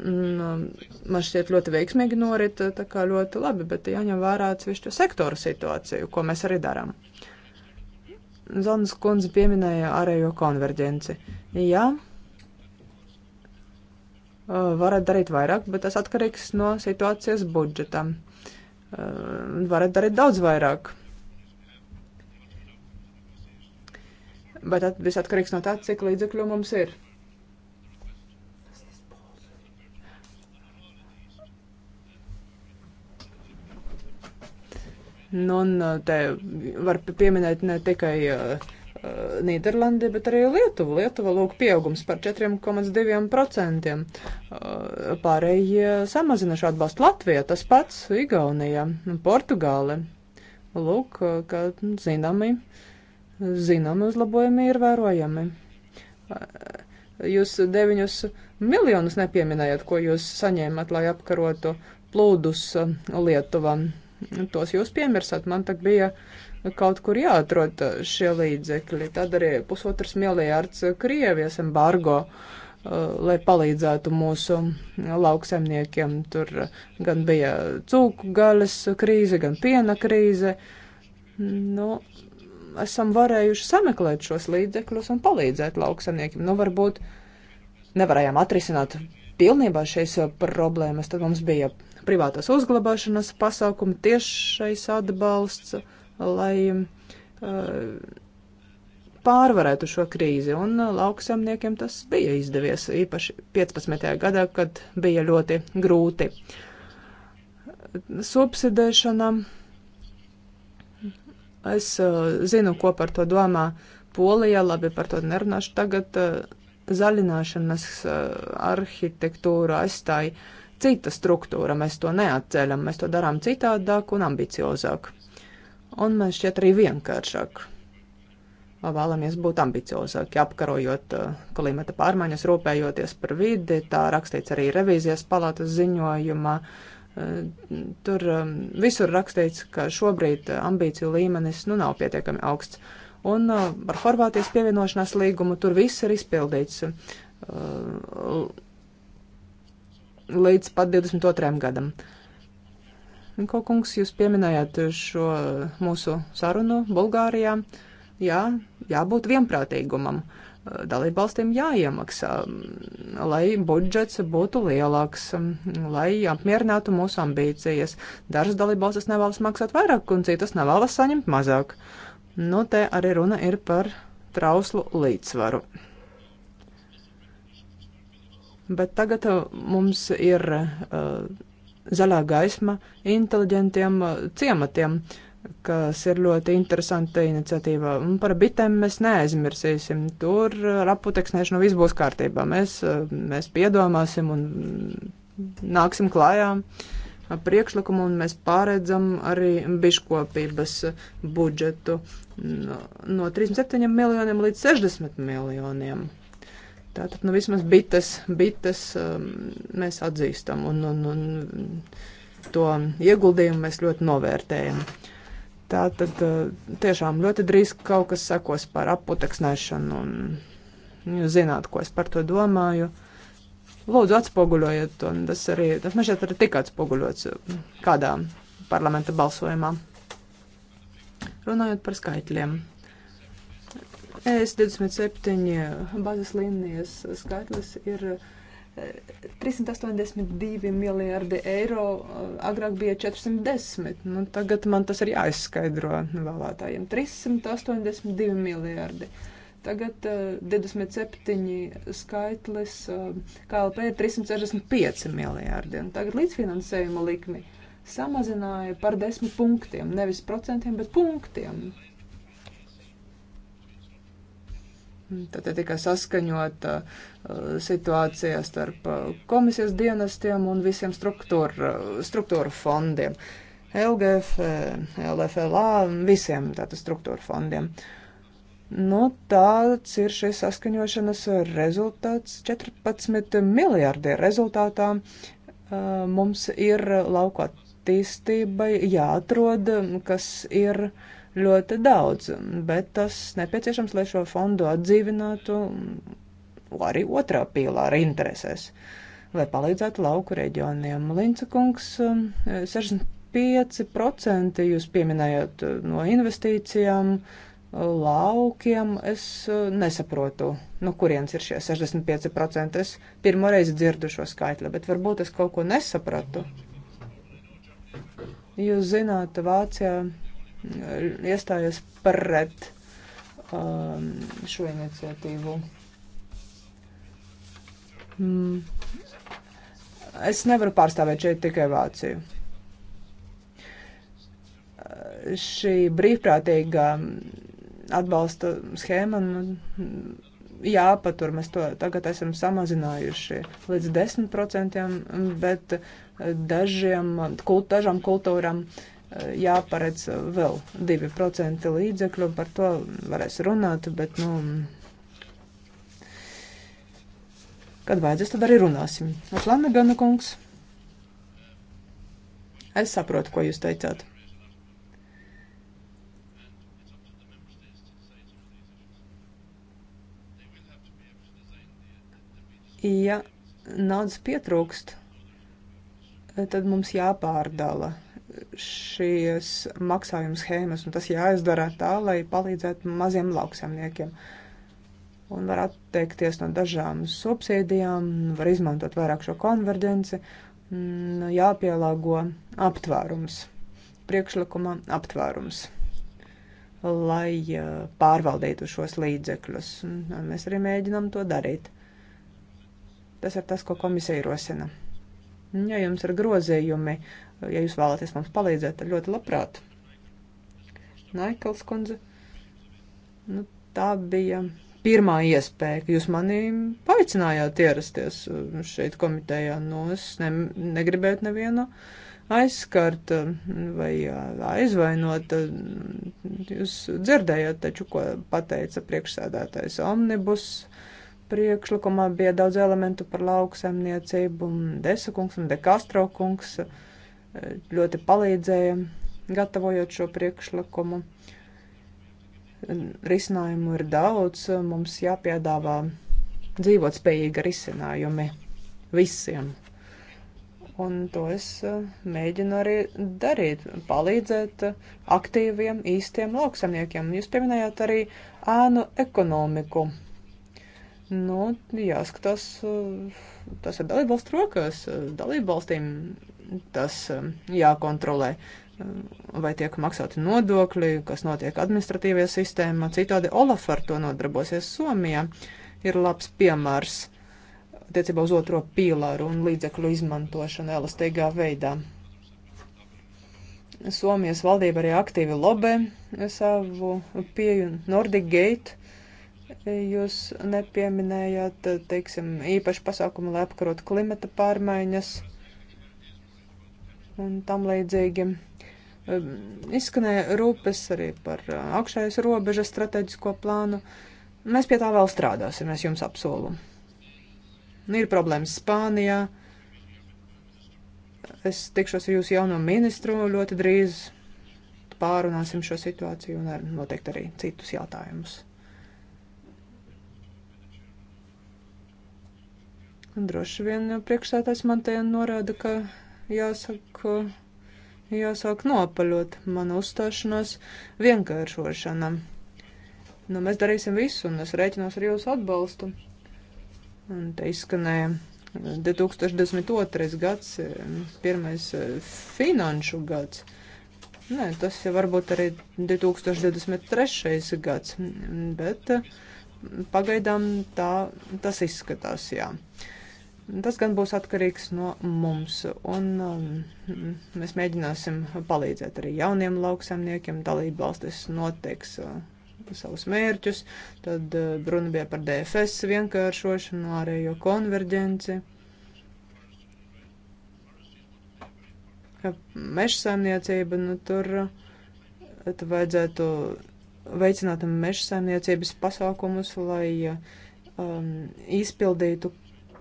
um, man šķiet ļoti veiksmīgi norit, uh, tā kā ļoti labi, bet jāņem vērā atsevišķu sektoru situāciju, ko mēs arī darām. Zonas kundze pieminēja ārējo konverģenci. Jā, varat darīt vairāk, bet tas atkarīgs no situācijas budžetam. Varat darīt daudz vairāk Bet tas viss atkarīgs no tā, cik līdzekļu mums ir. Nu, un uh, te var pieminēt ne tikai uh, uh Nīderlandi, bet arī Lietuva. Lietuva lūk pieaugums par 4,2%. Uh, pārējie samazināšu atbalstu Latvijā, tas pats Igaunija, Portugāle. Lūk, uh, kā zināmi. Uh, zinām, uzlabojumi ir vērojami. Jūs deviņus miljonus nepieminējat, ko jūs saņēmat, lai apkarotu plūdus Lietuvā. Tos jūs piemirsat, man tak bija kaut kur jāatrod šie līdzekļi. Tad arī pusotrs miljārds Krievijas embargo, uh, lai palīdzētu mūsu lauksemniekiem. Tur gan bija cūku gaļas krīze, gan piena krīze. Nu, esam varējuši sameklēt šos līdzekļus un palīdzēt lauksaimniekiem. Nu, varbūt nevarējām atrisināt pilnībā šīs uh, problēmas, tad mums bija privātās uzglabāšanas pasākumi, tiešais atbalsts, lai uh, pārvarētu šo krīzi, un uh, lauksaimniekiem tas bija izdevies, īpaši 15. gadā, kad bija ļoti grūti. Subsidēšana Es uh, zinu, ko par to domā Polija, labi par to nerunāšu tagad. Uh, zaļināšanas uh, arhitektūra aizstāja cita struktūra, mēs to neatceļam, mēs to darām citādāk un ambiciozāk. Un mēs šķiet arī vienkāršāk vēlamies būt ambiciozāki, apkarojot klimata pārmaiņas, rūpējoties par vidi. Tā rakstīts arī revīzijas palātas ziņojumā. Uh, Tur um, visur rakstīts, ka šobrīd uh, ambīciju līmenis nu nav pietiekami augsts. Un par uh, Horvātijas pievienošanās līgumu tur viss ir izpildīts uh, līdz pat 22. gadam. Ko kungs, jūs pieminējāt šo mūsu sarunu Bulgārijā? Jā, jābūt vienprātīgumam. Uh, dalībvalstīm jāiemaksā, mm, lai budžets būtu lielāks, mm, lai apmierinātu mūsu ambīcijas. Dažas dalībvalstis nevēlas maksāt vairāk, un citas nevēlas saņemt mazāk. Nu, te arī runa ir par trauslu līdzsvaru. Bet tagad uh, mums ir uh, zaļā gaisma inteliģentiem uh, ciematiem. Uh, kas ir ļoti interesanta iniciatīva. Un par bitēm mēs neaizmirsīsim. Tur ar uh, aputeksnēšanu viss būs kārtībā. Mēs, uh, mēs piedomāsim un nāksim klājā priekšlikumu un mēs pāredzam arī biškopības budžetu no 37 miljoniem līdz 60 miljoniem. Tātad, nu, vismaz bites, bites um, mēs atzīstam un, un, un to ieguldījumu mēs ļoti novērtējam. Uh, Tā tad uh, tiešām ļoti drīz kaut kas sekos par aputeksnēšanu, un jūs zināt, ko es par to domāju. Lūdzu, atspoguļojiet to, un tas arī, tas man šeit arī tika atspoguļots uh, kādā parlamenta balsojumā. Runājot par skaitļiem. ES 27 bazes līnijas skaitlis ir 382 miljardi eiro, eh, agrāk bija 410. Nu, tagad man tas ir jāizskaidro vēlētājiem. 382 miljardi. Tagad uh, eh, 27 skaitlis uh, eh, KLP ir 365 miljardi. Un tagad līdzfinansējuma likmi samazināja par 10 punktiem. Nevis procentiem, bet punktiem. Tad tika saskaņota uh, situācija starp uh, komisijas dienestiem un visiem struktūra, uh, struktūra fondiem. LGF, LFLA, visiem tātad struktūra fondiem. Nu, tāds ir šis saskaņošanas rezultāts. 14 miljardi rezultātā mums ir lauku attīstībai jāatrod, kas ir uh, ļoti daudz, bet tas nepieciešams, lai šo fondu atdzīvinātu arī otrā pīlāra interesēs, lai palīdzētu lauku reģioniem. Linca kungs, 65% um, jūs pieminējat uh, no investīcijām, laukiem. Es uh, nesaprotu, no kurienes ir šie 65%. Es pirmo reizi dzirdu šo skaitli, bet varbūt es kaut ko nesapratu. Jūs zināt, Vācijā iestājies pret um, šo iniciatīvu. Mm. Es nevaru pārstāvēt šeit tikai Vāciju. Šī brīvprātīgā atbalsta schēma, nu, jāpatur, mēs to tagad esam samazinājuši līdz 10%, bet dažiem, kult, dažām kultūram uh, jāparedz vēl 2% līdzekļu, par to varēs runāt, bet, nu, kad vajadzēs, tad arī runāsim. Flanagana kungs, es saprotu, ko jūs teicāt. Ja naudas pietrūkst, tad mums jāpārdala šīs maksājuma schēmas, un tas jāizdara tā, lai palīdzētu maziem lauksaimniekiem. Un var atteikties no dažām subsīdijām, var izmantot vairāk šo konverģenci, jāpielāgo aptvērums, priekšlikuma aptvērums, lai eh, pārvaldītu šos līdzekļus. Un eh, mēs arī mēģinām to darīt. Tas ir tas, ko komisija rosina. Ja jums ir grozījumi, uh, ja jūs vēlaties mums palīdzēt, tad ļoti labprāt. Naikls kundze, nu, tā bija pirmā iespēja, ka jūs mani paicinājāt ierasties uh, šeit komitejā. Nu, es ne, negribētu nevienu aizskart uh, vai uh, aizvainot. Jūs dzirdējāt taču, ko pateica priekšsēdētājs Omnibus. Priekšlikumā bija daudz elementu par lauksaimniecību, Desa kungs un Dekastro kungs. Uh, ļoti palīdzēja gatavojot šo priekšlikumu. Risinājumu ir daudz, mums jāpiedāvā dzīvot spējīga risinājumi visiem. Un to es eh, mēģinu arī darīt, palīdzēt aktīviem, īstiem lauksamniekiem. Jūs pieminējāt arī ēnu ekonomiku. Nu, jāskatās, eh, tas ir dalībvalstu rokās. Eh, dalībvalstīm tas um, jākontrolē. Um, vai tiek maksāti nodokļi, kas notiek administratīvajā sistēmā. Citādi Olaf ar to nodarbosies Somijā. Ir labs piemērs attiecībā uz otro pīlāru un līdzekļu izmantošanu elastīgā veidā. Somijas valdība arī aktīvi lobē savu pieju Nordic Gate. Jūs nepieminējāt, teiksim, īpaši pasākumu, lai apkarotu klimata pārmaiņas un tam līdzīgi. Um, izskanēja rūpes arī par uh, augšējas robežas strateģisko plānu. Mēs pie tā vēl strādāsim, es jums apsolu. Ir problēmas Spānijā. Es tikšos ar jūsu jauno ministru ļoti drīz. Pārunāsim šo situāciju un ar, noteikti arī citus jautājumus. Un droši vien priekšsētājs man te norāda, ka jāsaka, jāsāk nopaļot manu uzstāšanos vienkāršošana. Nu, mēs darīsim visu, un es rēķinos ar jūsu atbalstu. Un te izskanēja 2022. Eh, gads, eh, pirmais eh, finanšu gads. Nē, tas jau varbūt arī 2023. gads, bet pagaidām tā tas izskatās, jā. Uh, Tas gan būs atkarīgs no mums, un um, mēs mēģināsim palīdzēt arī jauniem lauksaimniekiem. Dalība valstis noteiks uh, savus mērķus, tad uh, runa bija par DFS vienkāršošanu, ārējo konverģenci. Meža saimniecība, nu tur uh, vajadzētu veicināt meža saimniecības pasākumus, lai uh, um, izpildītu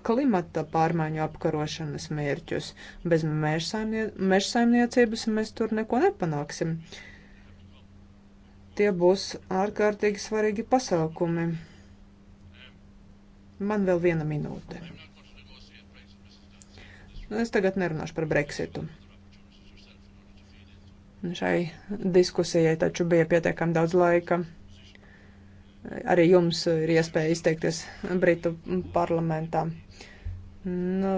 klimata pārmaiņu apkarošanas mērķus. Bez mežsaimniecības mēs tur neko nepanāksim. Tie būs ārkārtīgi svarīgi pasākumi. Man vēl viena minūte. Nu, es tagad nerunāšu par Brexitu. Šai diskusijai taču bija pietiekami daudz laika arī jums ir iespēja izteikties Britu parlamentā. Nu,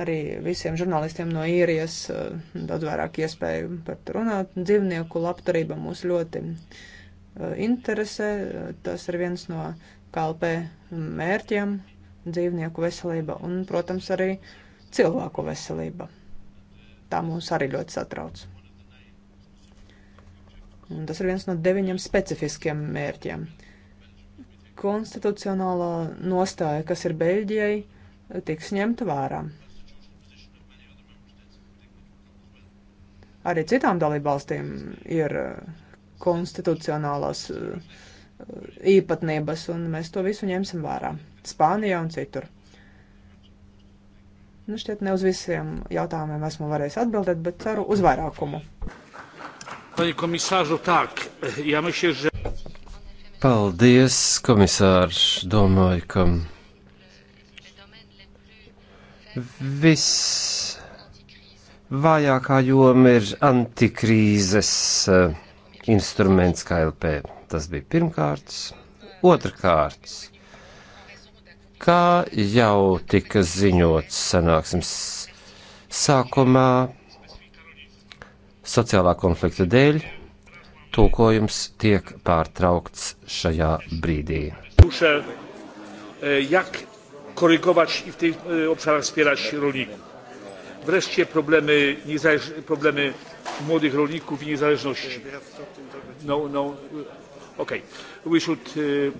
arī visiem žurnālistiem no īrijas eh, daudz vairāk iespēju par to runāt. Dzīvnieku labturība mūs ļoti eh, interesē. Tas ir viens no kalpē mērķiem - dzīvnieku veselība un, protams, arī cilvēku veselība. Tā mūs arī ļoti satrauc. Un tas ir viens no deviņiem specifiskiem mērķiem. Konstitucionālā nostāja, kas ir Beļģijai, tiks ņemta vērā. Arī citām dalībvalstīm ir uh, konstitucionālās uh, īpatnības, un mēs to visu ņemsim vērā. Spānijā un citur. Nu, šķiet, ne uz visiem jautājumiem esmu varējis atbildēt, bet ceru uz vairākumu. Paldies, komisārs. Domāju, ka Visvājākā joma ir antikrīzes eh, instruments KLP. Tas bija pirmkārt. Otrkārt, kā jau tika ziņots sanāksmes sākumā, sociālā konflikta dēļ tulkojums tiek pārtraukts šajā brīdī. Pušel, eh, jak korygować i w tych e, obszarach wspierać rolników. Wreszcie problemy, problemy młodych rolników i niezależności. No, no, okay. We should uh,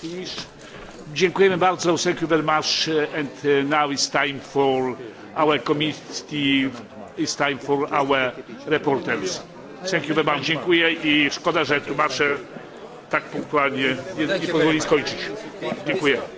finish. Dziękujemy bardzo. Thank you very much. Uh, and uh, now it's time for our committee, it's time for our reporters. Thank you very much. Dziękuję i szkoda, że tłumaczę tak punktualnie i, i pozwoli skończyć. Dziękuję.